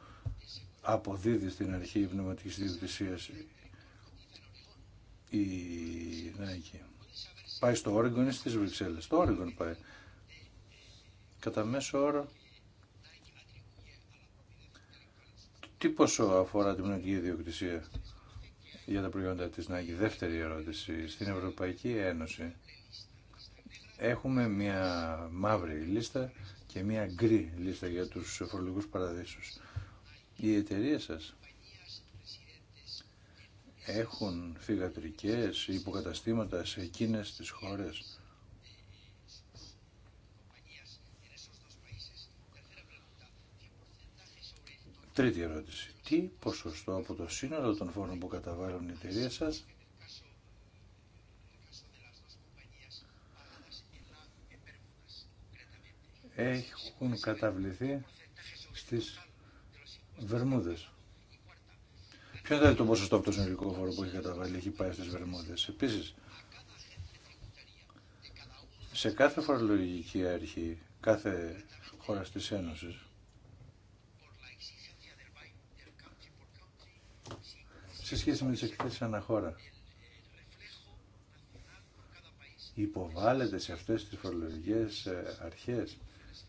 αποδίδει στην αρχή πνευματική ιδιοκτησία η Ναϊκή. Πάει στο Όρεγκον ή στι Βρυξέλλες. Στο Όρεγκον πάει. Κατά μέσο όρο, τι ποσό αφορά την πνευματική διοκτησία για τα προϊόντα της ΝΑΚΙ. Δεύτερη ερώτηση. Στην Ευρωπαϊκή Ένωση έχουμε μια μαύρη λίστα και μια γκρι λίστα για τους φορολογικούς παραδείσους. Οι εταιρείε σας έχουν φυγατρικές υποκαταστήματα σε εκείνες τις χώρες. Τρίτη ερώτηση τι ποσοστό από το σύνολο των φόρων που καταβάλουν οι εταιρείε σας έχουν καταβληθεί στις Βερμούδες. Ποιο είναι το ποσοστό από το συνολικό φόρο που έχει καταβάλει, έχει πάει στις Βερμούδες. Επίσης, σε κάθε φορολογική αρχή, κάθε χώρα της Ένωσης, σε σχέση με τις εκθέσεις αναχώρα. Υποβάλλεται σε αυτές τις φορολογικές ε, αρχές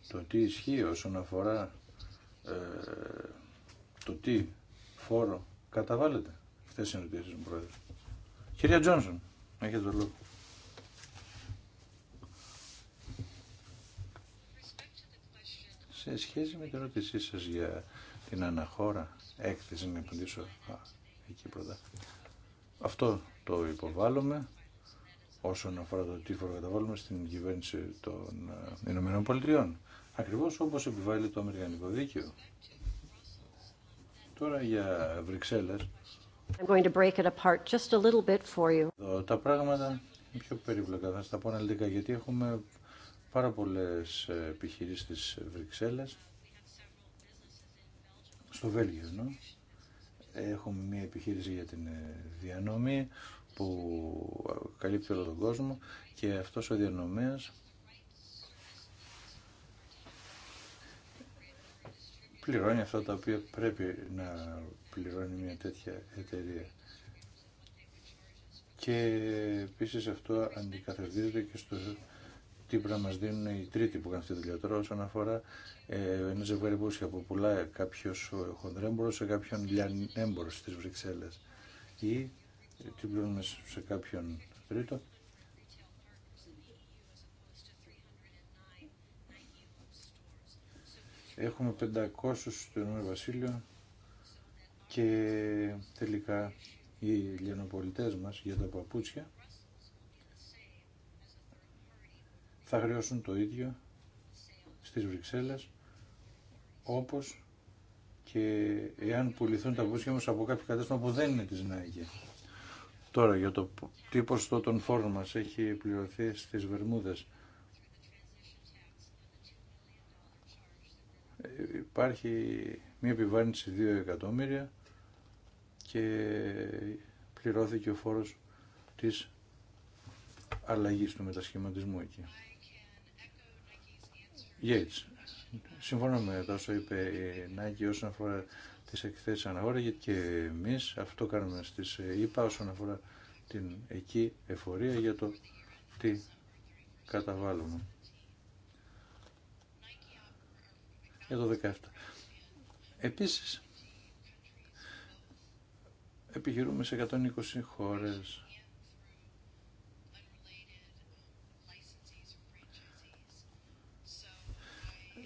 το τι ισχύει όσον αφορά ε, το τι φόρο καταβάλλεται. Αυτές είναι οι ερωτήσει μου, Πρόεδρε. Κυρία Τζόνσον, έχετε το λόγο. Σε σχέση με την ερώτησή σας για την αναχώρα έκθεση, να απαντήσω αυτό το υποβάλλουμε όσον αφορά το τι φοροκαταβάλλουμε στην κυβέρνηση των ε, Ηνωμένων Πολιτειών. Ακριβώς όπως επιβάλλει το Αμερικανικό Δίκαιο. Τώρα για Βρυξέλλες. I'm going Τα πράγματα είναι πιο περίπλοκα. Θα στα τα πω αναλυτικά γιατί έχουμε πάρα πολλές επιχειρήσεις στις Βρυξέλλες. Στο Βέλγιο, ενώ. Έχουμε μια επιχείρηση για την ε, διανομή που καλύπτει όλο τον κόσμο και αυτός ο διανομέας πληρώνει αυτά τα οποία πρέπει να πληρώνει μια τέτοια εταιρεία. Και επίσης αυτό αντικαθευδίζεται και στο τι πρέπει να μα δίνουν οι τρίτοι που κάνουν αυτή τη δουλειά. Τώρα όσον αφορά ε, ένα ζευγάρι που πουλάει κάποιο χονδρέμπορο σε κάποιον λιανέμπορο στι Βρυξέλλε. ή τι πληρώνουμε σε κάποιον τρίτο. Έχουμε 500 στο Ηνωμένο Βασίλειο και τελικά οι λιανοπολιτές μας για τα παπούτσια θα χρειώσουν το ίδιο στις Βρυξέλλες όπως και εάν πουληθούν τα βούσια μας από κάποιο κατάστημα που δεν είναι της ΝΑΕΚΕ. Τώρα για το τι ποσοστό των φόρων μας έχει πληρωθεί στις Βερμούδες. Ε, υπάρχει μία επιβάρυνση 2 εκατομμύρια και πληρώθηκε ο φόρος της αλλαγής του μετασχηματισμού εκεί. Yates. Συμφωνώ με τόσο είπε η Νάγκη όσον αφορά τις εκθέσεις γιατί και εμείς αυτό κάνουμε στις ΗΠΑ όσον αφορά την εκεί εφορία για το τι καταβάλουμε. Για το 17. Επίσης, επιχειρούμε σε 120 χώρες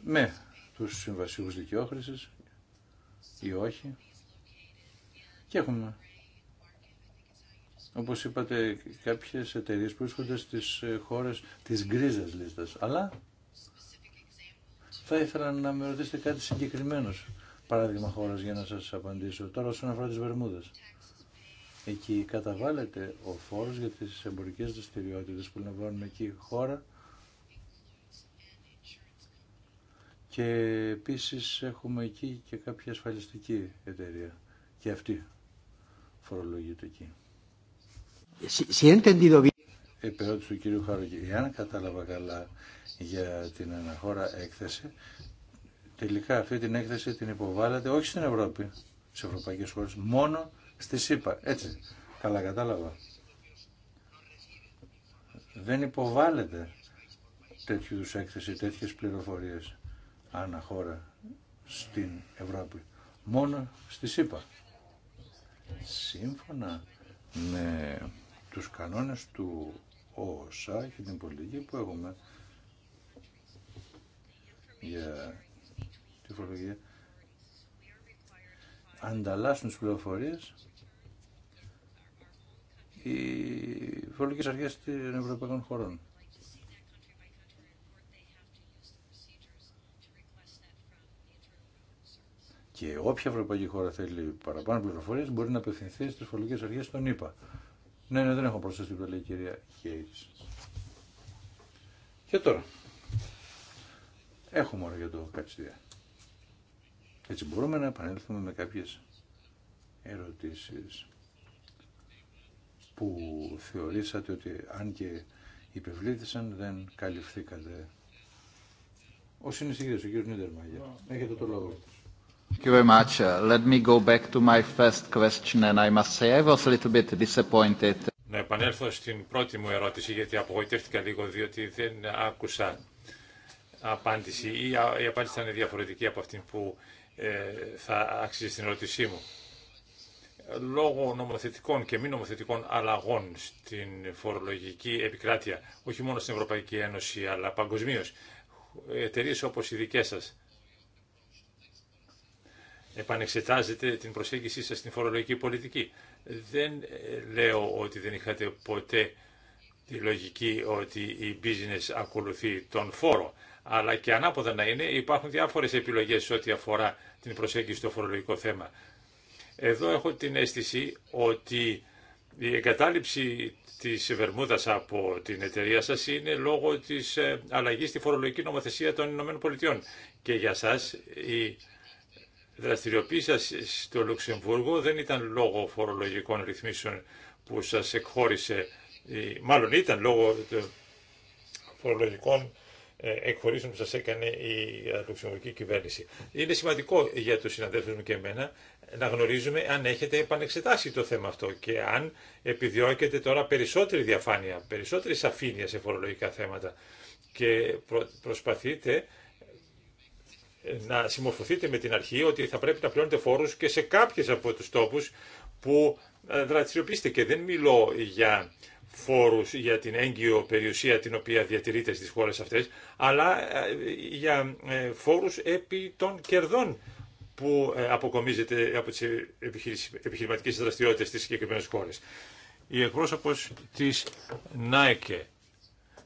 με ναι. τους συμβασιούς δικαιόχρησης ή όχι. Και έχουμε, όπως είπατε, κάποιες εταιρείες που βρίσκονται στις χώρες της γκρίζας λίστας. Αλλά θα ήθελα να με ρωτήσετε κάτι συγκεκριμένο παράδειγμα χώρα για να σας απαντήσω. Τώρα όσον αφορά τις Βερμούδες. Εκεί καταβάλλεται ο φόρος για τις εμπορικές δραστηριότητε που λαμβάνουν εκεί χώρα και επίσης έχουμε εκεί και κάποια ασφαλιστική εταιρεία και αυτή φορολογείται εκεί. Επιρώτηση του κύριου Χαροκή. Εάν κατάλαβα καλά για την αναχώρα έκθεση, τελικά αυτή την έκθεση την υποβάλλεται όχι στην Ευρώπη, στις ευρωπαϊκές χώρες, μόνο στη ΣΥΠΑ. Έτσι, καλά κατάλαβα. Δεν υποβάλλεται τέτοιου έκθεση, τέτοιες πληροφορίες ανά χώρα στην Ευρώπη. Μόνο στη ΣΥΠΑ. Σύμφωνα με τους κανόνες του ΟΣΑ και την πολιτική που έχουμε για τη φορολογία ανταλλάσσουν τις πληροφορίες οι φορολογικές αρχές των ευρωπαϊκών χωρών. και όποια ευρωπαϊκή χώρα θέλει παραπάνω πληροφορίε μπορεί να απευθυνθεί στι φορολογικέ αρχέ των ΗΠΑ. Ναι, ναι, δεν έχω προσθέσει τίποτα, λέει η κυρία Χέιτ. Και τώρα. Έχουμε ώρα για το κατσιδιά. Έτσι μπορούμε να επανέλθουμε με κάποιες ερωτήσεις που θεωρήσατε ότι αν και υπευλήθησαν δεν καλυφθήκατε. Ο συνεισηγητής, ο κ. έχετε το λόγο. Uh, let me Να επανέλθω στην πρώτη μου ερώτηση γιατί απογοητεύτηκα λίγο διότι δεν άκουσα απάντηση ή η απάντηση είναι διαφορετική από αυτή που ε, θα άξιζε στην ερώτησή μου. Λόγω νομοθετικών και μη νομοθετικών αλλαγών στην φορολογική επικράτεια, όχι μόνο στην Ευρωπαϊκή Ένωση αλλά παγκοσμίω, εταιρείε όπω οι δικέ σας επανεξετάζετε την προσέγγιση σας στην φορολογική πολιτική. Δεν ε, λέω ότι δεν είχατε ποτέ τη λογική ότι η business ακολουθεί τον φόρο, αλλά και ανάποδα να είναι υπάρχουν διάφορες επιλογές ό,τι αφορά την προσέγγιση στο φορολογικό θέμα. Εδώ έχω την αίσθηση ότι η εγκατάλειψη της Βερμούδας από την εταιρεία σας είναι λόγω της ε, αλλαγής στη φορολογική νομοθεσία των ΗΠΑ. Και για σας η δραστηριοποίηση στο Λουξεμβούργο δεν ήταν λόγω φορολογικών ρυθμίσεων που σας εκχώρησε, μάλλον ήταν λόγω φορολογικών ε, εκχωρήσεων που σας έκανε η ε, λουξεμβουργική κυβέρνηση. Είναι σημαντικό για τους συναδέλφους μου και εμένα να γνωρίζουμε αν έχετε επανεξετάσει το θέμα αυτό και αν επιδιώκετε τώρα περισσότερη διαφάνεια, περισσότερη σαφήνεια σε φορολογικά θέματα και προσπαθείτε να συμμορφωθείτε με την αρχή ότι θα πρέπει να πληρώνετε φόρους και σε κάποιε από τους τόπου που ε, δραστηριοποιήσετε και δεν μιλώ για φόρους για την έγκυο περιουσία την οποία διατηρείτε στις χώρες αυτές, αλλά ε, για ε, φόρους επί των κερδών που αποκομίζεται από τις επιχειρηματικές δραστηριότητες στις συγκεκριμένε χώρες. Η εκπρόσωπος της ΝΑΕΚΕ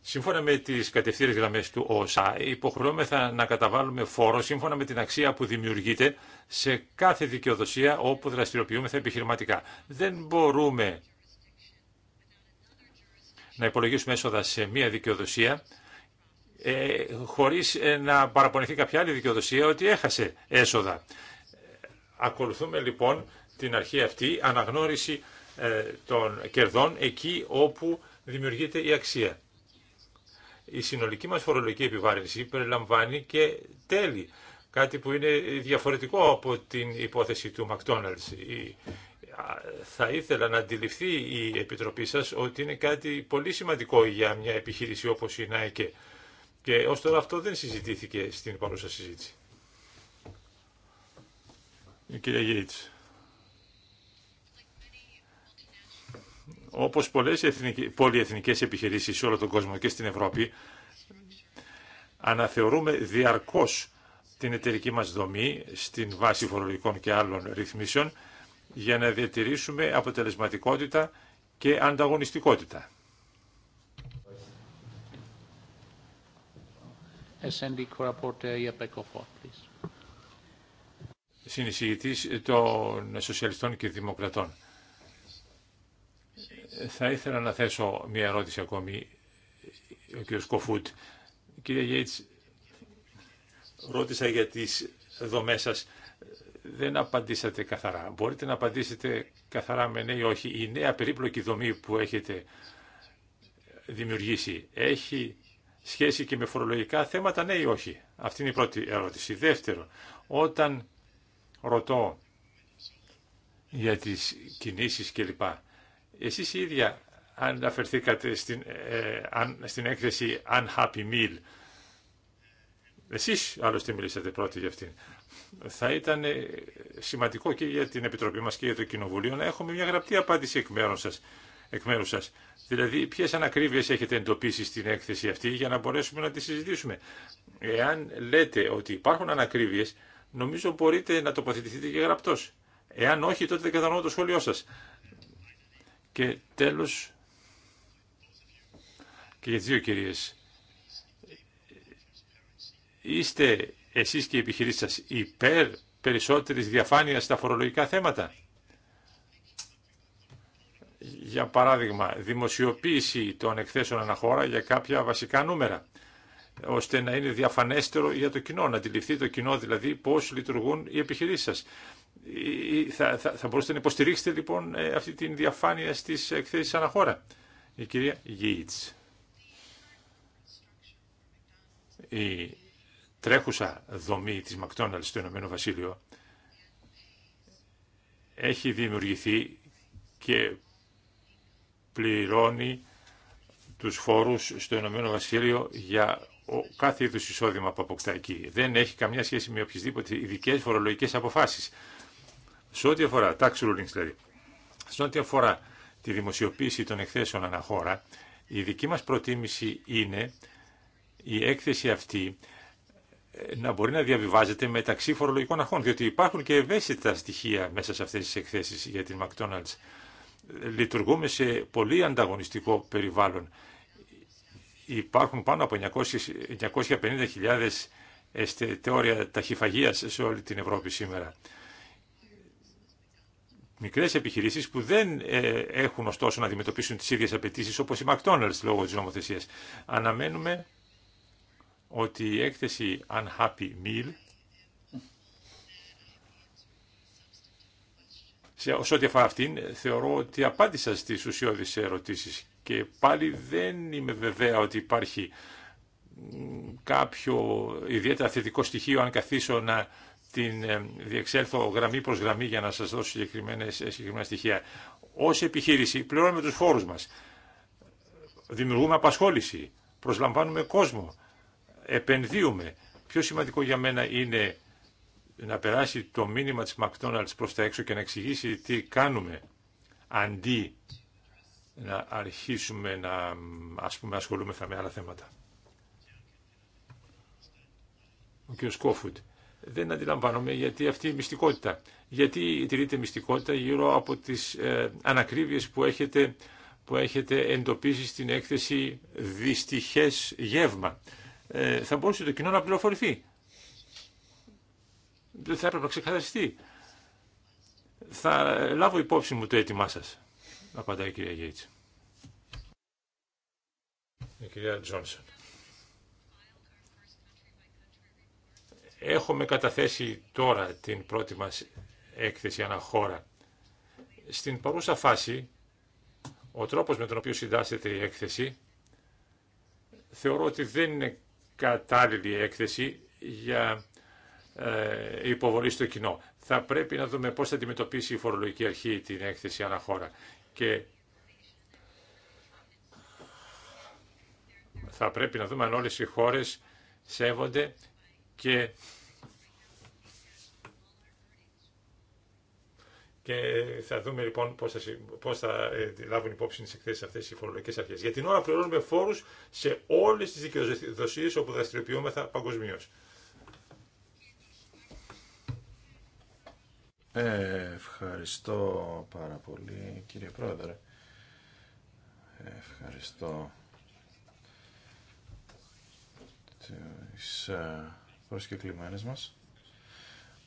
Σύμφωνα με τι κατευθύνες γραμμέ του ΩΣΑ, υποχρεώμεθα να καταβάλουμε φόρο σύμφωνα με την αξία που δημιουργείται σε κάθε δικαιοδοσία όπου δραστηριοποιούμεθα επιχειρηματικά. Δεν μπορούμε να υπολογίσουμε έσοδα σε μία δικαιοδοσία ε, χωρίς ε, να παραπονηθεί κάποια άλλη δικαιοδοσία ότι έχασε έσοδα. Ακολουθούμε λοιπόν την αρχή αυτή, αναγνώριση ε, των κερδών εκεί όπου δημιουργείται η αξία η συνολική μας φορολογική επιβάρυνση περιλαμβάνει και τέλη, κάτι που είναι διαφορετικό από την υπόθεση του McDonald's. Θα ήθελα να αντιληφθεί η Επιτροπή σας ότι είναι κάτι πολύ σημαντικό για μια επιχείρηση όπως η ΝΑΕΚΕ. Και ως τώρα αυτό δεν συζητήθηκε στην παρούσα συζήτηση. Κύριε. όπως πολλές πολυεθνικές επιχειρήσεις σε όλο τον κόσμο και στην Ευρώπη, αναθεωρούμε διαρκώς την εταιρική μας δομή στην βάση φορολογικών και άλλων ρυθμίσεων για να διατηρήσουμε αποτελεσματικότητα και ανταγωνιστικότητα. Συνεισηγητής των Σοσιαλιστών και Δημοκρατών. Θα ήθελα να θέσω μια ερώτηση ακόμη, ο κ. Κοφούτ. Κύριε Γέιτς, ρώτησα για τις δομές σας. Δεν απαντήσατε καθαρά. Μπορείτε να απαντήσετε καθαρά με ναι ή όχι. Η νέα περίπλοκη δομή που έχετε δημιουργήσει έχει σχέση και με φορολογικά θέματα, ναι ή όχι. Αυτή είναι η πρώτη ερώτηση. Δεύτερον, δευτερο οταν ρωτώ για τις κινήσεις κλπ. Εσείς η ίδια αναφερθήκατε στην, ε, αν, στην έκθεση Unhappy Meal. Εσείς άλλωστε μιλήσατε πρώτοι για αυτήν. Θα ήταν ε, σημαντικό και για την Επιτροπή μας και για το Κοινοβουλίο να έχουμε μια γραπτή απάντηση εκ μέρους σας. Εκ μέρους σας. Δηλαδή, ποιες ανακρίβειες έχετε εντοπίσει στην έκθεση αυτή για να μπορέσουμε να τη συζητήσουμε. Εάν λέτε ότι υπάρχουν ανακρίβειες, νομίζω μπορείτε να τοποθετηθείτε και γραπτός. Εάν όχι, τότε δεν κατανοώ το σχόλιο σας. Και τέλος, και για τις δύο κυρίες, είστε εσείς και οι επιχειρήσεις σας υπέρ περισσότερης διαφάνειας στα φορολογικά θέματα. Για παράδειγμα, δημοσιοποίηση των εκθέσεων αναχώρα για κάποια βασικά νούμερα, ώστε να είναι διαφανέστερο για το κοινό, να αντιληφθεί το κοινό δηλαδή πώς λειτουργούν οι επιχειρήσεις σας. Ε, ε, θα, θα, μπορούσατε να υποστηρίξετε λοιπόν ε, αυτή την διαφάνεια στις εκθέσεις αναχώρα. Η κυρία Γίτς. Η τρέχουσα δομή της McDonald's στο Ηνωμένο Βασίλειο έχει δημιουργηθεί και πληρώνει τους φόρους στο Ηνωμένο Βασίλειο για ο κάθε είδου εισόδημα που αποκτά εκεί. Δεν έχει καμιά σχέση με οποιασδήποτε ειδικέ φορολογικέ αποφάσει. Σε ό,τι αφορά, tax rulings δηλαδή, ό,τι αφορά τη δημοσιοποίηση των εκθέσεων αναχώρα, η δική μας προτίμηση είναι η έκθεση αυτή ε, να μπορεί να διαβιβάζεται μεταξύ φορολογικών αρχών, διότι υπάρχουν και ευαίσθητα στοιχεία μέσα σε αυτές τις εκθέσεις για την McDonald's. Λειτουργούμε σε πολύ ανταγωνιστικό περιβάλλον. Υπάρχουν πάνω από 950.000 εστιατόρια ταχυφαγίας σε όλη την Ευρώπη σήμερα μικρές επιχειρήσεις που δεν ε, έχουν ωστόσο να αντιμετωπίσουν τις ίδιες απαιτήσεις όπως η McDonald's λόγω της νομοθεσίας. Αναμένουμε ότι η έκθεση Unhappy Meal σε ό,τι αφορά αυτήν θεωρώ ότι απάντησα στις ουσιώδεις ερωτήσεις και πάλι δεν είμαι βεβαία ότι υπάρχει κάποιο ιδιαίτερα θετικό στοιχείο αν καθίσω να την ε, διεξέλθω γραμμή προς γραμμή για να σας δώσω ε, συγκεκριμένα στοιχεία. Ως επιχείρηση πληρώνουμε τους φόρους μας. Δημιουργούμε απασχόληση, προσλαμβάνουμε κόσμο, επενδύουμε. Πιο σημαντικό για μένα είναι να περάσει το μήνυμα της McDonald's προς τα έξω και να εξηγήσει τι κάνουμε αντί να αρχίσουμε να ας πούμε, ασχολούμεθα με άλλα θέματα. Ο κ δεν αντιλαμβάνομαι γιατί αυτή η μυστικότητα. Γιατί τηρείται μυστικότητα γύρω από τις ε, ανακρίβειες που έχετε, που έχετε εντοπίσει στην έκθεση δυστυχές γεύμα. Ε, θα μπορούσε το κοινό να πληροφορηθεί. Δεν θα έπρεπε να ξεχαριστεί. Θα λάβω υπόψη μου το αίτημά σας, απαντάει η κυρία Γέιτς. Η κυρία Τζόνσον. Έχουμε καταθέσει τώρα την πρώτη μας έκθεση αναχώρα. Στην παρούσα φάση, ο τρόπος με τον οποίο συντάσσεται η έκθεση, θεωρώ ότι δεν είναι κατάλληλη έκθεση για ε, υποβολή στο κοινό. Θα πρέπει να δούμε πώς θα αντιμετωπίσει η φορολογική αρχή την έκθεση αναχώρα. Και θα πρέπει να δούμε αν όλες οι χώρες σέβονται και, και θα δούμε λοιπόν πώς θα, πώς θα ε, λάβουν υπόψη τις εκθέσεις αυτές οι φορολογικές αρχές. Για την ώρα πληρώνουμε φόρους σε όλες τις δικαιοδοσίες όπου δραστηριοποιούμεθα παγκοσμίω. Ε, ευχαριστώ πάρα πολύ κύριε Πρόεδρε. Ευχαριστώ Ευχαριστώ προσκεκλημένες μας.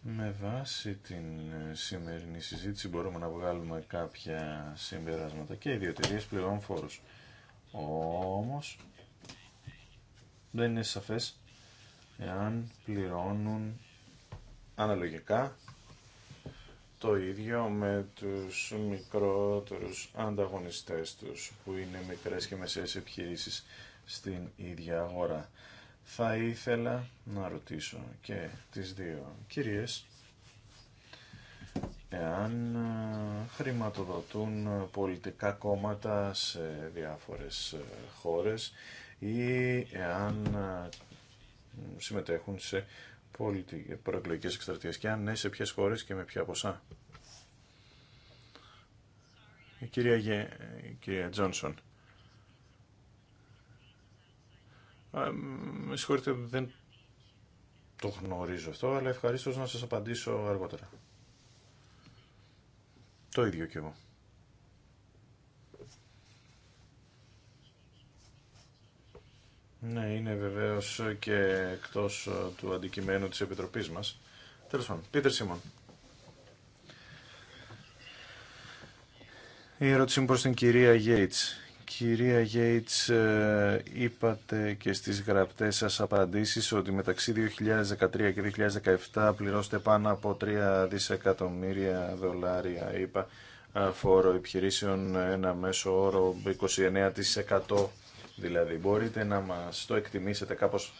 Με βάση την ε, σημερινή συζήτηση μπορούμε να βγάλουμε κάποια συμπεράσματα και οι πληρών πληρώνουν φόρους. Όμως δεν είναι σαφές εάν πληρώνουν αναλογικά το ίδιο με τους μικρότερους ανταγωνιστές τους που είναι μικρές και μεσαίες επιχειρήσεις στην ίδια αγορά θα ήθελα να ρωτήσω και τις δύο κυρίες εάν ε, χρηματοδοτούν πολιτικά κόμματα σε διάφορες ε, χώρες ή εάν ε, συμμετέχουν σε προεκλογικές εκστρατείες και αν ναι σε ποιες χώρες και με ποια ποσά. Η κυρία, Γε, η κυρία Τζόνσον. Με συγχωρείτε, δεν το γνωρίζω αυτό, αλλά ευχαρίστω να σας απαντήσω αργότερα. Το ίδιο κι εγώ. Ναι, είναι βεβαίως και εκτός ε, του αντικειμένου της Επιτροπής μας. Τέλος πάντων, Πίτερ Σίμων. Η ερώτηση μου προς την κυρία Γέιτς. Κυρία Γέιτς, ε, είπατε και στις γραπτές σας απαντήσεις ότι μεταξύ 2013 και 2017 πληρώστε πάνω από 3 δισεκατομμύρια δολάρια, είπα, ε, φόρο επιχειρήσεων, ένα μέσο όρο 29% δηλαδή. Μπορείτε να μας το εκτιμήσετε κάπως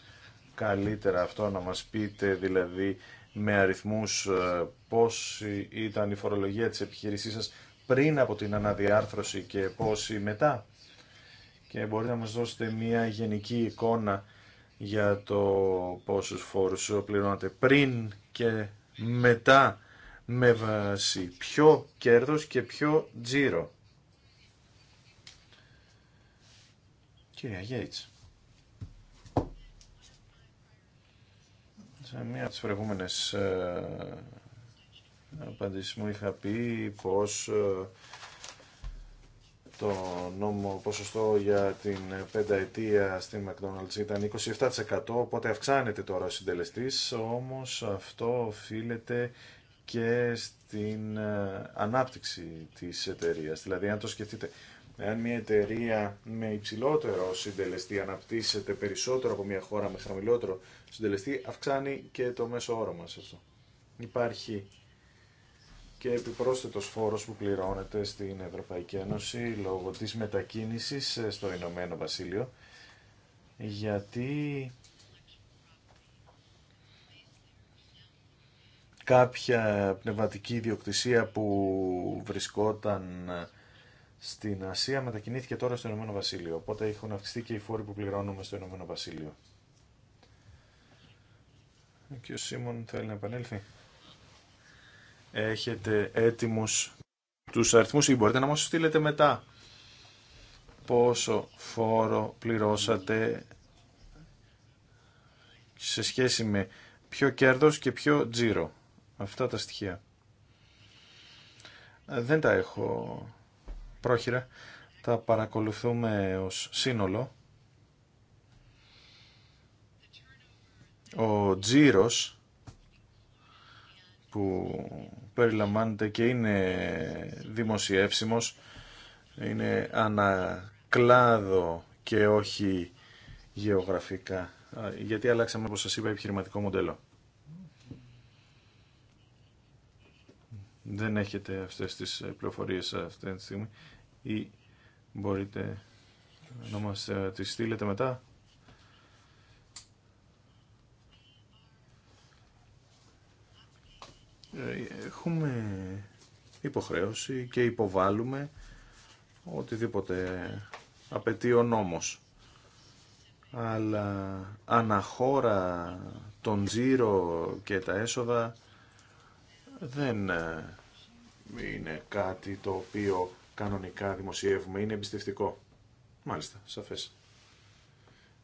καλύτερα αυτό, να μας πείτε δηλαδή με αριθμούς ε, πώς ήταν η φορολογία της επιχείρησής σας πριν από την αναδιάρθρωση και πόσοι μετά και μπορείτε να μας δώσετε μια γενική εικόνα για το πόσους φόρους πληρώνατε πριν και μετά με βάση ποιο κέρδος και ποιο τζίρο. Κυρία Γέιτς. Σε μία από τις προηγούμενες ε, απαντήσεις μου είχα πει πως ε, το νόμο ποσοστό για την πενταετία στην McDonald's ήταν 27% οπότε αυξάνεται τώρα ο συντελεστής όμως αυτό οφείλεται και στην ε, ανάπτυξη της εταιρεία. Δηλαδή αν το σκεφτείτε αν μια εταιρεία με υψηλότερο συντελεστή αναπτύσσεται περισσότερο από μια χώρα με χαμηλότερο συντελεστή αυξάνει και το μέσο όρο μας αυτό. Υπάρχει και επιπρόσθετος φόρος που πληρώνεται στην Ευρωπαϊκή Ένωση λόγω της μετακίνησης ε, στο Ηνωμένο Βασίλειο γιατί κάποια πνευματική ιδιοκτησία που βρισκόταν ε, στην Ασία μετακινήθηκε τώρα στο Ηνωμένο Βασίλειο. Οπότε έχουν αυξηθεί και οι φόροι που πληρώνουμε στο Ηνωμένο Βασίλειο. Ο κ. Σίμων θέλει να επανέλθει έχετε έτοιμους τους αριθμούς ή μπορείτε να μας στείλετε μετά πόσο φόρο πληρώσατε σε σχέση με ποιο κέρδος και ποιο τζίρο. Αυτά τα στοιχεία. Ε, δεν τα έχω πρόχειρα. Τα παρακολουθούμε ως σύνολο. Ο τζίρος που περιλαμβάνεται και είναι δημοσιεύσιμος είναι ανακλάδο και όχι γεωγραφικά γιατί αλλάξαμε όπως σας είπα επιχειρηματικό μοντέλο δεν έχετε αυτές τις πληροφορίες αυτή τη στιγμή ή μπορείτε να μας ε, τις στείλετε μετά έχουμε υποχρέωση και υποβάλλουμε οτιδήποτε απαιτεί ο νόμος. Αλλά αναχώρα τον τζίρο και τα έσοδα δεν ε, είναι κάτι το οποίο κανονικά δημοσιεύουμε, είναι εμπιστευτικό. Μάλιστα, σαφές.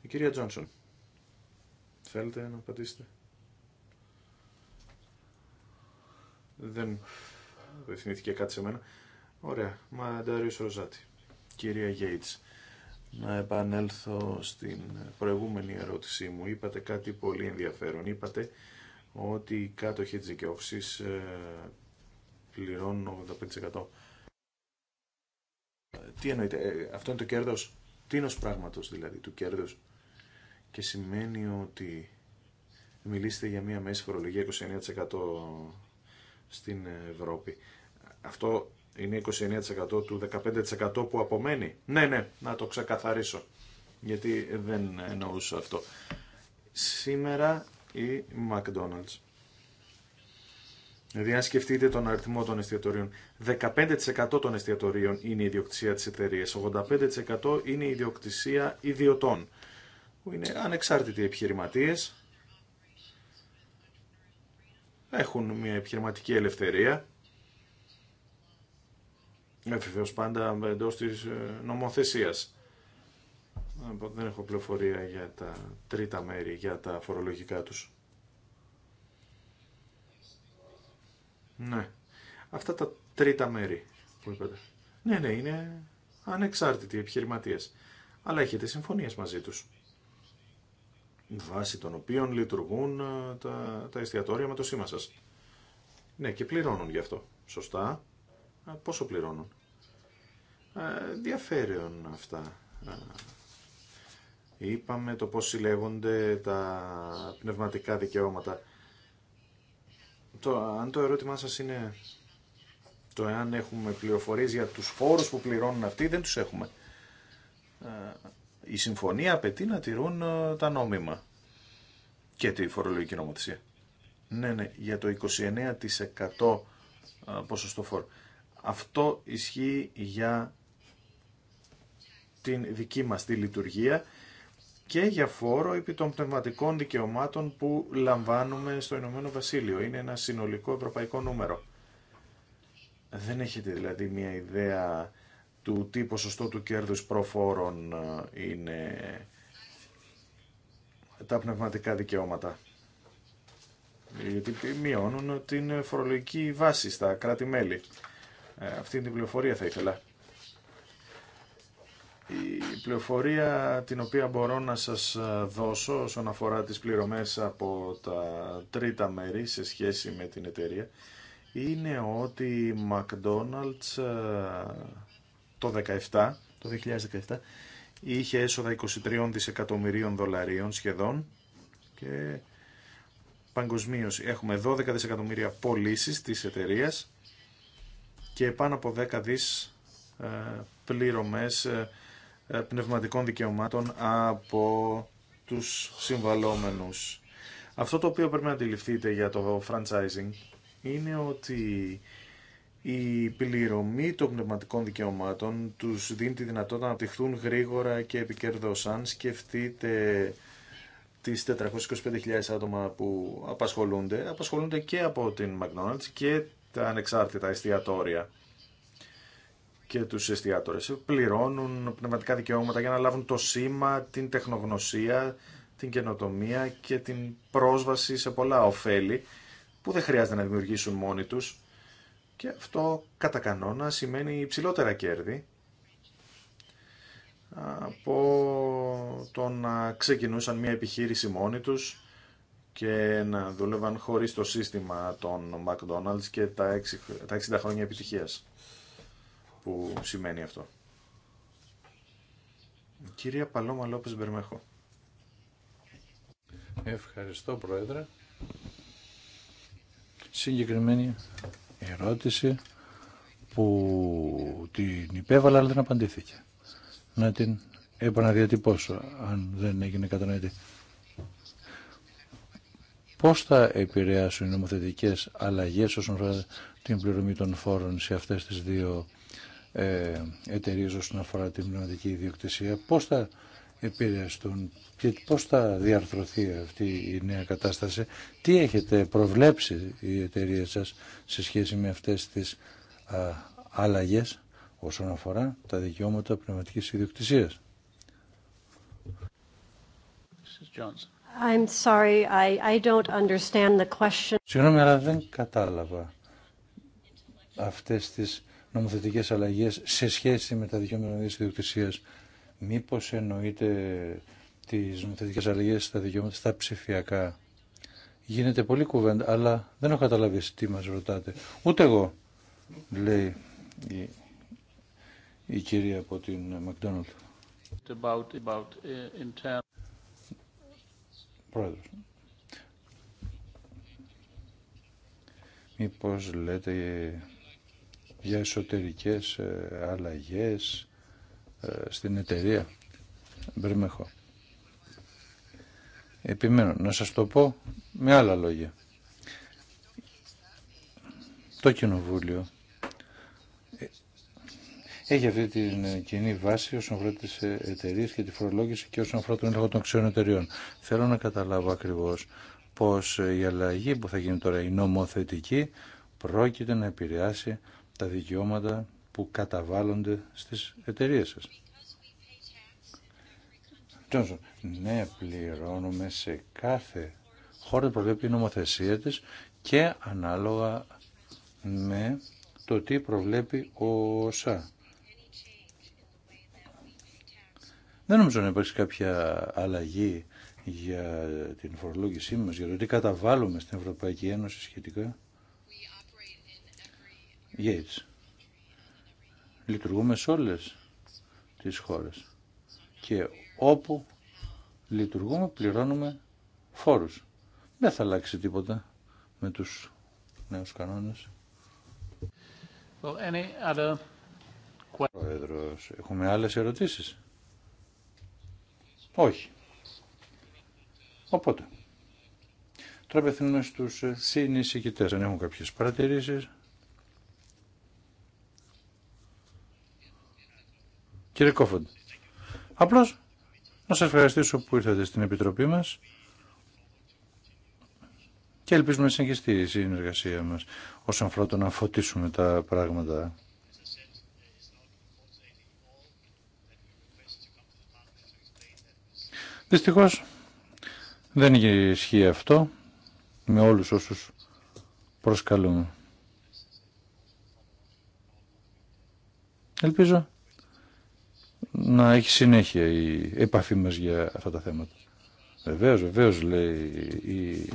Η κυρία Τζόνσον, θέλετε να απαντήσετε. Δεν θυμήθηκε κάτι σε μένα. Ωραία. Μαντάριος Ροζάτη. Κυρία Γέιτς, να επανέλθω στην προηγούμενη ερώτησή μου. Είπατε κάτι πολύ ενδιαφέρον. Είπατε ότι οι κάτοχοι της δικαιόψης ε, πληρώνουν 85%. Τι εννοείτε, ε, αυτό είναι το κέρδος, τίνος πράγματος δηλαδή, του κέρδους. Και σημαίνει ότι μιλήσετε για μία μέση φορολογία 29% στην Ευρώπη. Αυτό είναι 29% του 15% που απομένει. Ναι, ναι, να το ξεκαθαρίσω, γιατί δεν εννοούσα αυτό. Σήμερα η McDonald's. Δηλαδή, αν σκεφτείτε τον αριθμό των εστιατορίων, 15% των εστιατορίων είναι η ιδιοκτησία τη εταιρεία, 85% είναι η ιδιοκτησία ιδιωτών, που είναι ανεξάρτητοι επιχειρηματίες, έχουν μια επιχειρηματική ελευθερία. Βεβαίω πάντα εντό τη ε, νομοθεσία. Δεν έχω πληροφορία για τα τρίτα μέρη, για τα φορολογικά τους. Ναι. Αυτά τα τρίτα μέρη που είπατε. Ναι, ναι, είναι ανεξάρτητοι επιχειρηματίες. Αλλά έχετε συμφωνίες μαζί τους. Βάση των οποίων λειτουργούν ε, τα, τα εστιατόρια με το σήμα σας. Ναι, και πληρώνουν γι' αυτό. Σωστά. Ε, πόσο πληρώνουν. Ε, Διαφέρεων αυτά. είπαμε το πώς συλλέγονται τα πνευματικά δικαιώματα. Το, αν το ερώτημά σας είναι το εάν έχουμε πληροφορίες για τους φόρους που πληρώνουν αυτοί, δεν τους έχουμε. Η συμφωνία απαιτεί να τηρούν ε, τα νόμιμα και τη φορολογική νομοθεσία. Ναι, ναι, για το 29% ε, ποσοστό φόρο. Αυτό ισχύει για την δική μας τη λειτουργία και για φόρο επί των πνευματικών δικαιωμάτων που λαμβάνουμε στο Ηνωμένο Βασίλειο. Είναι ένα συνολικό ευρωπαϊκό νούμερο. Δεν έχετε δηλαδή μια ιδέα του τι ποσοστό του κέρδους προφόρων ε, είναι τα πνευματικά δικαιώματα. Γιατί μειώνουν την φορολογική βάση στα κράτη-μέλη. Ε, αυτή την πληροφορία θα ήθελα. Η πληροφορία την οποία μπορώ να σας ε, δώσω όσον αφορά τις πληρωμές από τα τρίτα μέρη σε σχέση με την εταιρεία είναι ότι η McDonald's το 2017, το 2017 είχε έσοδα 23 δισεκατομμυρίων δολαρίων σχεδόν και παγκοσμίω έχουμε 12 δισεκατομμύρια πωλήσει της εταιρεία και πάνω από 10 δις ε, πληρωμές ε, ε, πνευματικών δικαιωμάτων από τους συμβαλόμενους. Αυτό το οποίο πρέπει να αντιληφθείτε για το franchising είναι ότι η πληρωμή των πνευματικών δικαιωμάτων τους δίνει τη δυνατότητα να τυχθούν γρήγορα και επικερδώς. Αν σκεφτείτε τις 425.000 άτομα που απασχολούνται, απασχολούνται και από την McDonald's και τα ανεξάρτητα εστιατόρια και τους εστιατόρες. Πληρώνουν πνευματικά δικαιώματα για να λάβουν το σήμα, την τεχνογνωσία, την καινοτομία και την πρόσβαση σε πολλά ωφέλη που δεν χρειάζεται να δημιουργήσουν μόνοι τους και αυτό κατά κανόνα σημαίνει υψηλότερα κέρδη από το να ξεκινούσαν μια επιχείρηση μόνοι τους και να δούλευαν χωρίς το σύστημα των McDonald's και τα 60 χρόνια επιτυχίας που σημαίνει αυτό. Κυρία Παλώμα Λόπες Μπερμέχο. Ευχαριστώ Πρόεδρε. Συγκεκριμένη ερώτηση που την υπέβαλα αλλά δεν απαντήθηκε. Να την επαναδιατυπώσω αν δεν έγινε κατανοητή. Πώς θα επηρεάσουν οι νομοθετικές αλλαγές όσον αφορά την πληρωμή των φόρων σε αυτές τις δύο ε, εταιρείε όσον αφορά την πνευματική ιδιοκτησία, πώς θα επηρεαστούν και πώς θα διαρθρωθεί αυτή η νέα κατάσταση. Τι έχετε προβλέψει η εταιρεία σας σε σχέση με αυτές τις α, άλλαγες όσον αφορά τα δικαιώματα πνευματικής ιδιοκτησίας. Συγγνώμη, αλλά δεν κατάλαβα αυτές τις νομοθετικές αλλαγές σε σχέση με τα δικαιώματα της ιδιοκτησίας. Μήπως εννοείται τις νομοθετικές αλλαγές στα δικαιώματα, στα ψηφιακά. Γίνεται πολύ κουβέντα, αλλά δεν έχω καταλάβει τι μας ρωτάτε. Ούτε εγώ, λέει η, κυρία από την Μακδόναλτ. About, about, ε, Μήπως λέτε για εσωτερικές ε, αλλαγές ε, στην εταιρεία Μπρίμεχο. Επιμένω να σας το πω με άλλα λόγια. Το Κοινοβούλιο ε, έχει αυτή την κοινή βάση όσον αφορά τι εταιρείες και τη φορολόγηση και όσον αφορά τον έλεγχο των ξένων εταιρείων. Θέλω να καταλάβω ακριβώς πως η αλλαγή που θα γίνει τώρα, η νομοθετική, πρόκειται να επηρεάσει τα δικαιώματα που καταβάλλονται στις εταιρείες σας. Johnson, ναι, πληρώνουμε σε κάθε χώρα που προβλέπει η νομοθεσία της και ανάλογα με το τι προβλέπει ο ΣΑ. Δεν νομίζω να υπάρξει κάποια αλλαγή για την φορολόγησή μας, για το τι καταβάλουμε στην Ευρωπαϊκή Ένωση σχετικά λειτουργούμε σε όλες τις χώρες και όπου λειτουργούμε πληρώνουμε φόρους. Δεν θα αλλάξει τίποτα με τους νέους κανόνες. Well, other... έχουμε άλλες ερωτήσεις. Όχι. Οπότε, τώρα πεθαίνουμε στους συνεισηγητές. Αν έχουν κάποιες παρατηρήσεις... Κύριε Κόφοντ, απλώς να σας ευχαριστήσω που ήρθατε στην Επιτροπή μας και ελπίζουμε να συνεχιστεί η συνεργασία μας όσον αφορά να φωτίσουμε τα πράγματα. Δυστυχώς δεν ισχύει αυτό με όλους όσους προσκαλούμε. Ελπίζω να έχει συνέχεια η επαφή μας για αυτά τα θέματα. Βεβαίως, βεβαίως λέει η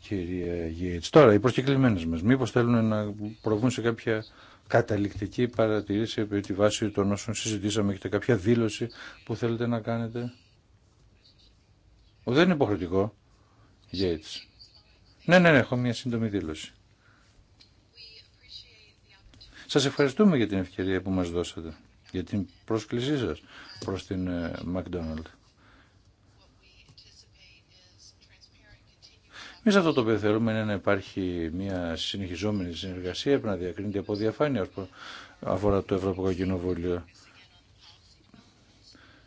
κυρία Γιέτς. Τώρα οι προσκεκλημένες μας μήπως θέλουν να προβούν σε κάποια καταληκτική παρατηρήση επί τη βάση των όσων συζητήσαμε. Έχετε κάποια δήλωση που θέλετε να κάνετε. Δεν είναι υποχρεωτικό. Γιέτς. Ναι, ναι, ναι, έχω μια σύντομη δήλωση. Σας ευχαριστούμε για την ευκαιρία που μας δώσατε για την πρόσκλησή σας προς την ε, McDonald's. Εμεί αυτό το οποίο θέλουμε είναι να υπάρχει μια συνεχιζόμενη συνεργασία που να διακρίνεται από διαφάνεια που αφορά το Ευρωπαϊκό Κοινοβούλιο.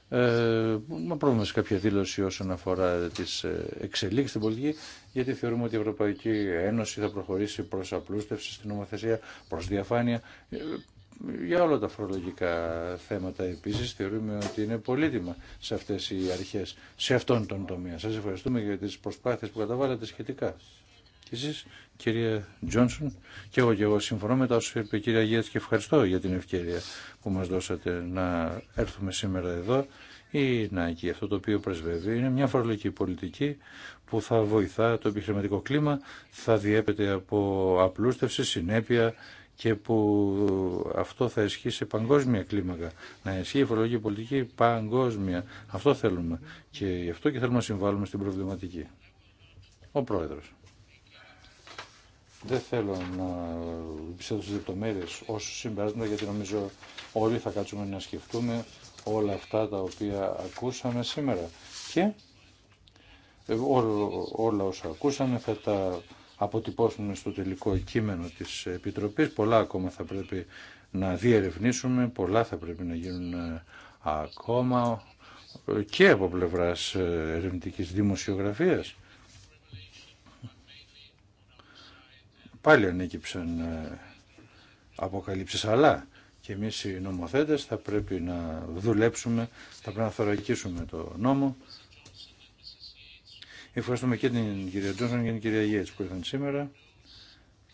Ε, μα πρόβλημα σε κάποια δήλωση όσον αφορά τις ε, εξελίξει στην πολιτική, γιατί θεωρούμε ότι η Ευρωπαϊκή Ένωση θα προχωρήσει προς απλούστευση στην νομοθεσία, προ διαφάνεια. Ε, για όλα τα φορολογικά θέματα επίσης θεωρούμε ότι είναι πολύτιμα σε αυτές οι αρχές, σε αυτόν τον τομέα. Σας ευχαριστούμε για τις προσπάθειες που καταβάλλατε σχετικά. Και εσείς, κυρία Τζόνσον, και εγώ και εγώ συμφωνώ με τα όσα είπε η κυρία Αγία και ευχαριστώ για την ευκαιρία που μας δώσατε να έρθουμε σήμερα εδώ ή να εκεί. Αυτό το οποίο πρεσβεύει είναι μια φορολογική πολιτική που θα βοηθά το επιχειρηματικό κλίμα, θα διέπεται από απλούστευση, συνέπεια, και που αυτό θα ισχύει σε παγκόσμια κλίμακα. Να ισχύει η φορολογική πολιτική παγκόσμια. Αυτό θέλουμε. Και γι' αυτό και θέλουμε να συμβάλλουμε στην προβληματική. Ο πρόεδρος. Δεν θέλω να πιστεύω στις λεπτομέρειες όσο συμπεράσματα γιατί νομίζω όλοι θα κάτσουμε να σκεφτούμε όλα αυτά τα οποία ακούσαμε σήμερα. Και όλα όσα ακούσαμε θα τα αποτυπώσουμε στο τελικό κείμενο της Επιτροπής. Πολλά ακόμα θα πρέπει να διερευνήσουμε, πολλά θα πρέπει να γίνουν ε, ακόμα και από πλευράς ε, ερευνητικής δημοσιογραφίας. Πάλι ανέκυψαν ε, αποκαλύψεις, αλλά και εμείς οι νομοθέτες θα πρέπει να δουλέψουμε, θα πρέπει να θωρακίσουμε το νόμο Ευχαριστούμε και την κυρία Τζόνσον και την κυρία Γιέτς που ήρθαν σήμερα.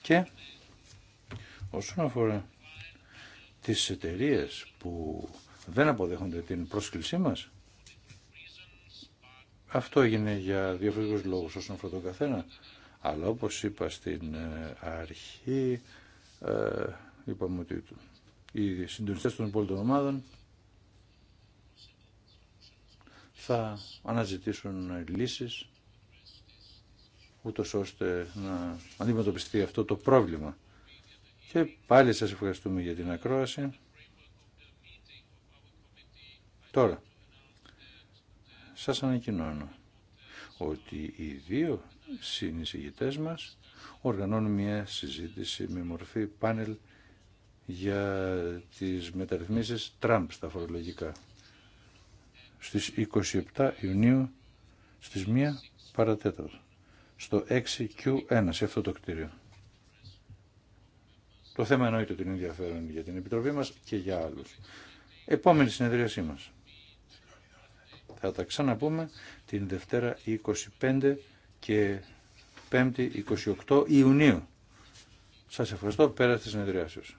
Και όσον αφορά τις εταιρείε που δεν αποδέχονται την πρόσκλησή μας, αυτό έγινε για διαφορετικούς λόγους όσον αφορά τον καθένα. Αλλά όπως είπα στην ε, αρχή, ε, είπαμε ότι οι συντονιστές των υπόλοιπων ομάδων θα αναζητήσουν λύσεις ούτω ώστε να αντιμετωπιστεί αυτό το πρόβλημα. Και πάλι σας ευχαριστούμε για την ακρόαση. Τώρα, σας ανακοινώνω ότι οι δύο συνεισηγητές μας οργανώνουν μια συζήτηση με μορφή πάνελ για τις μεταρρυθμίσεις Τραμπ στα φορολογικά στις 27 Ιουνίου στις 1 παρατέταρτο στο 6Q1, σε αυτό το κτίριο. Το θέμα εννοείται ότι είναι ενδιαφέρον για την Επιτροπή μας και για άλλους. Επόμενη συνεδρίασή μας. Θα τα ξαναπούμε την Δευτέρα 25 και 5η 28 Ιουνίου. Σας ευχαριστώ πέρα στη συνεδριάσεις.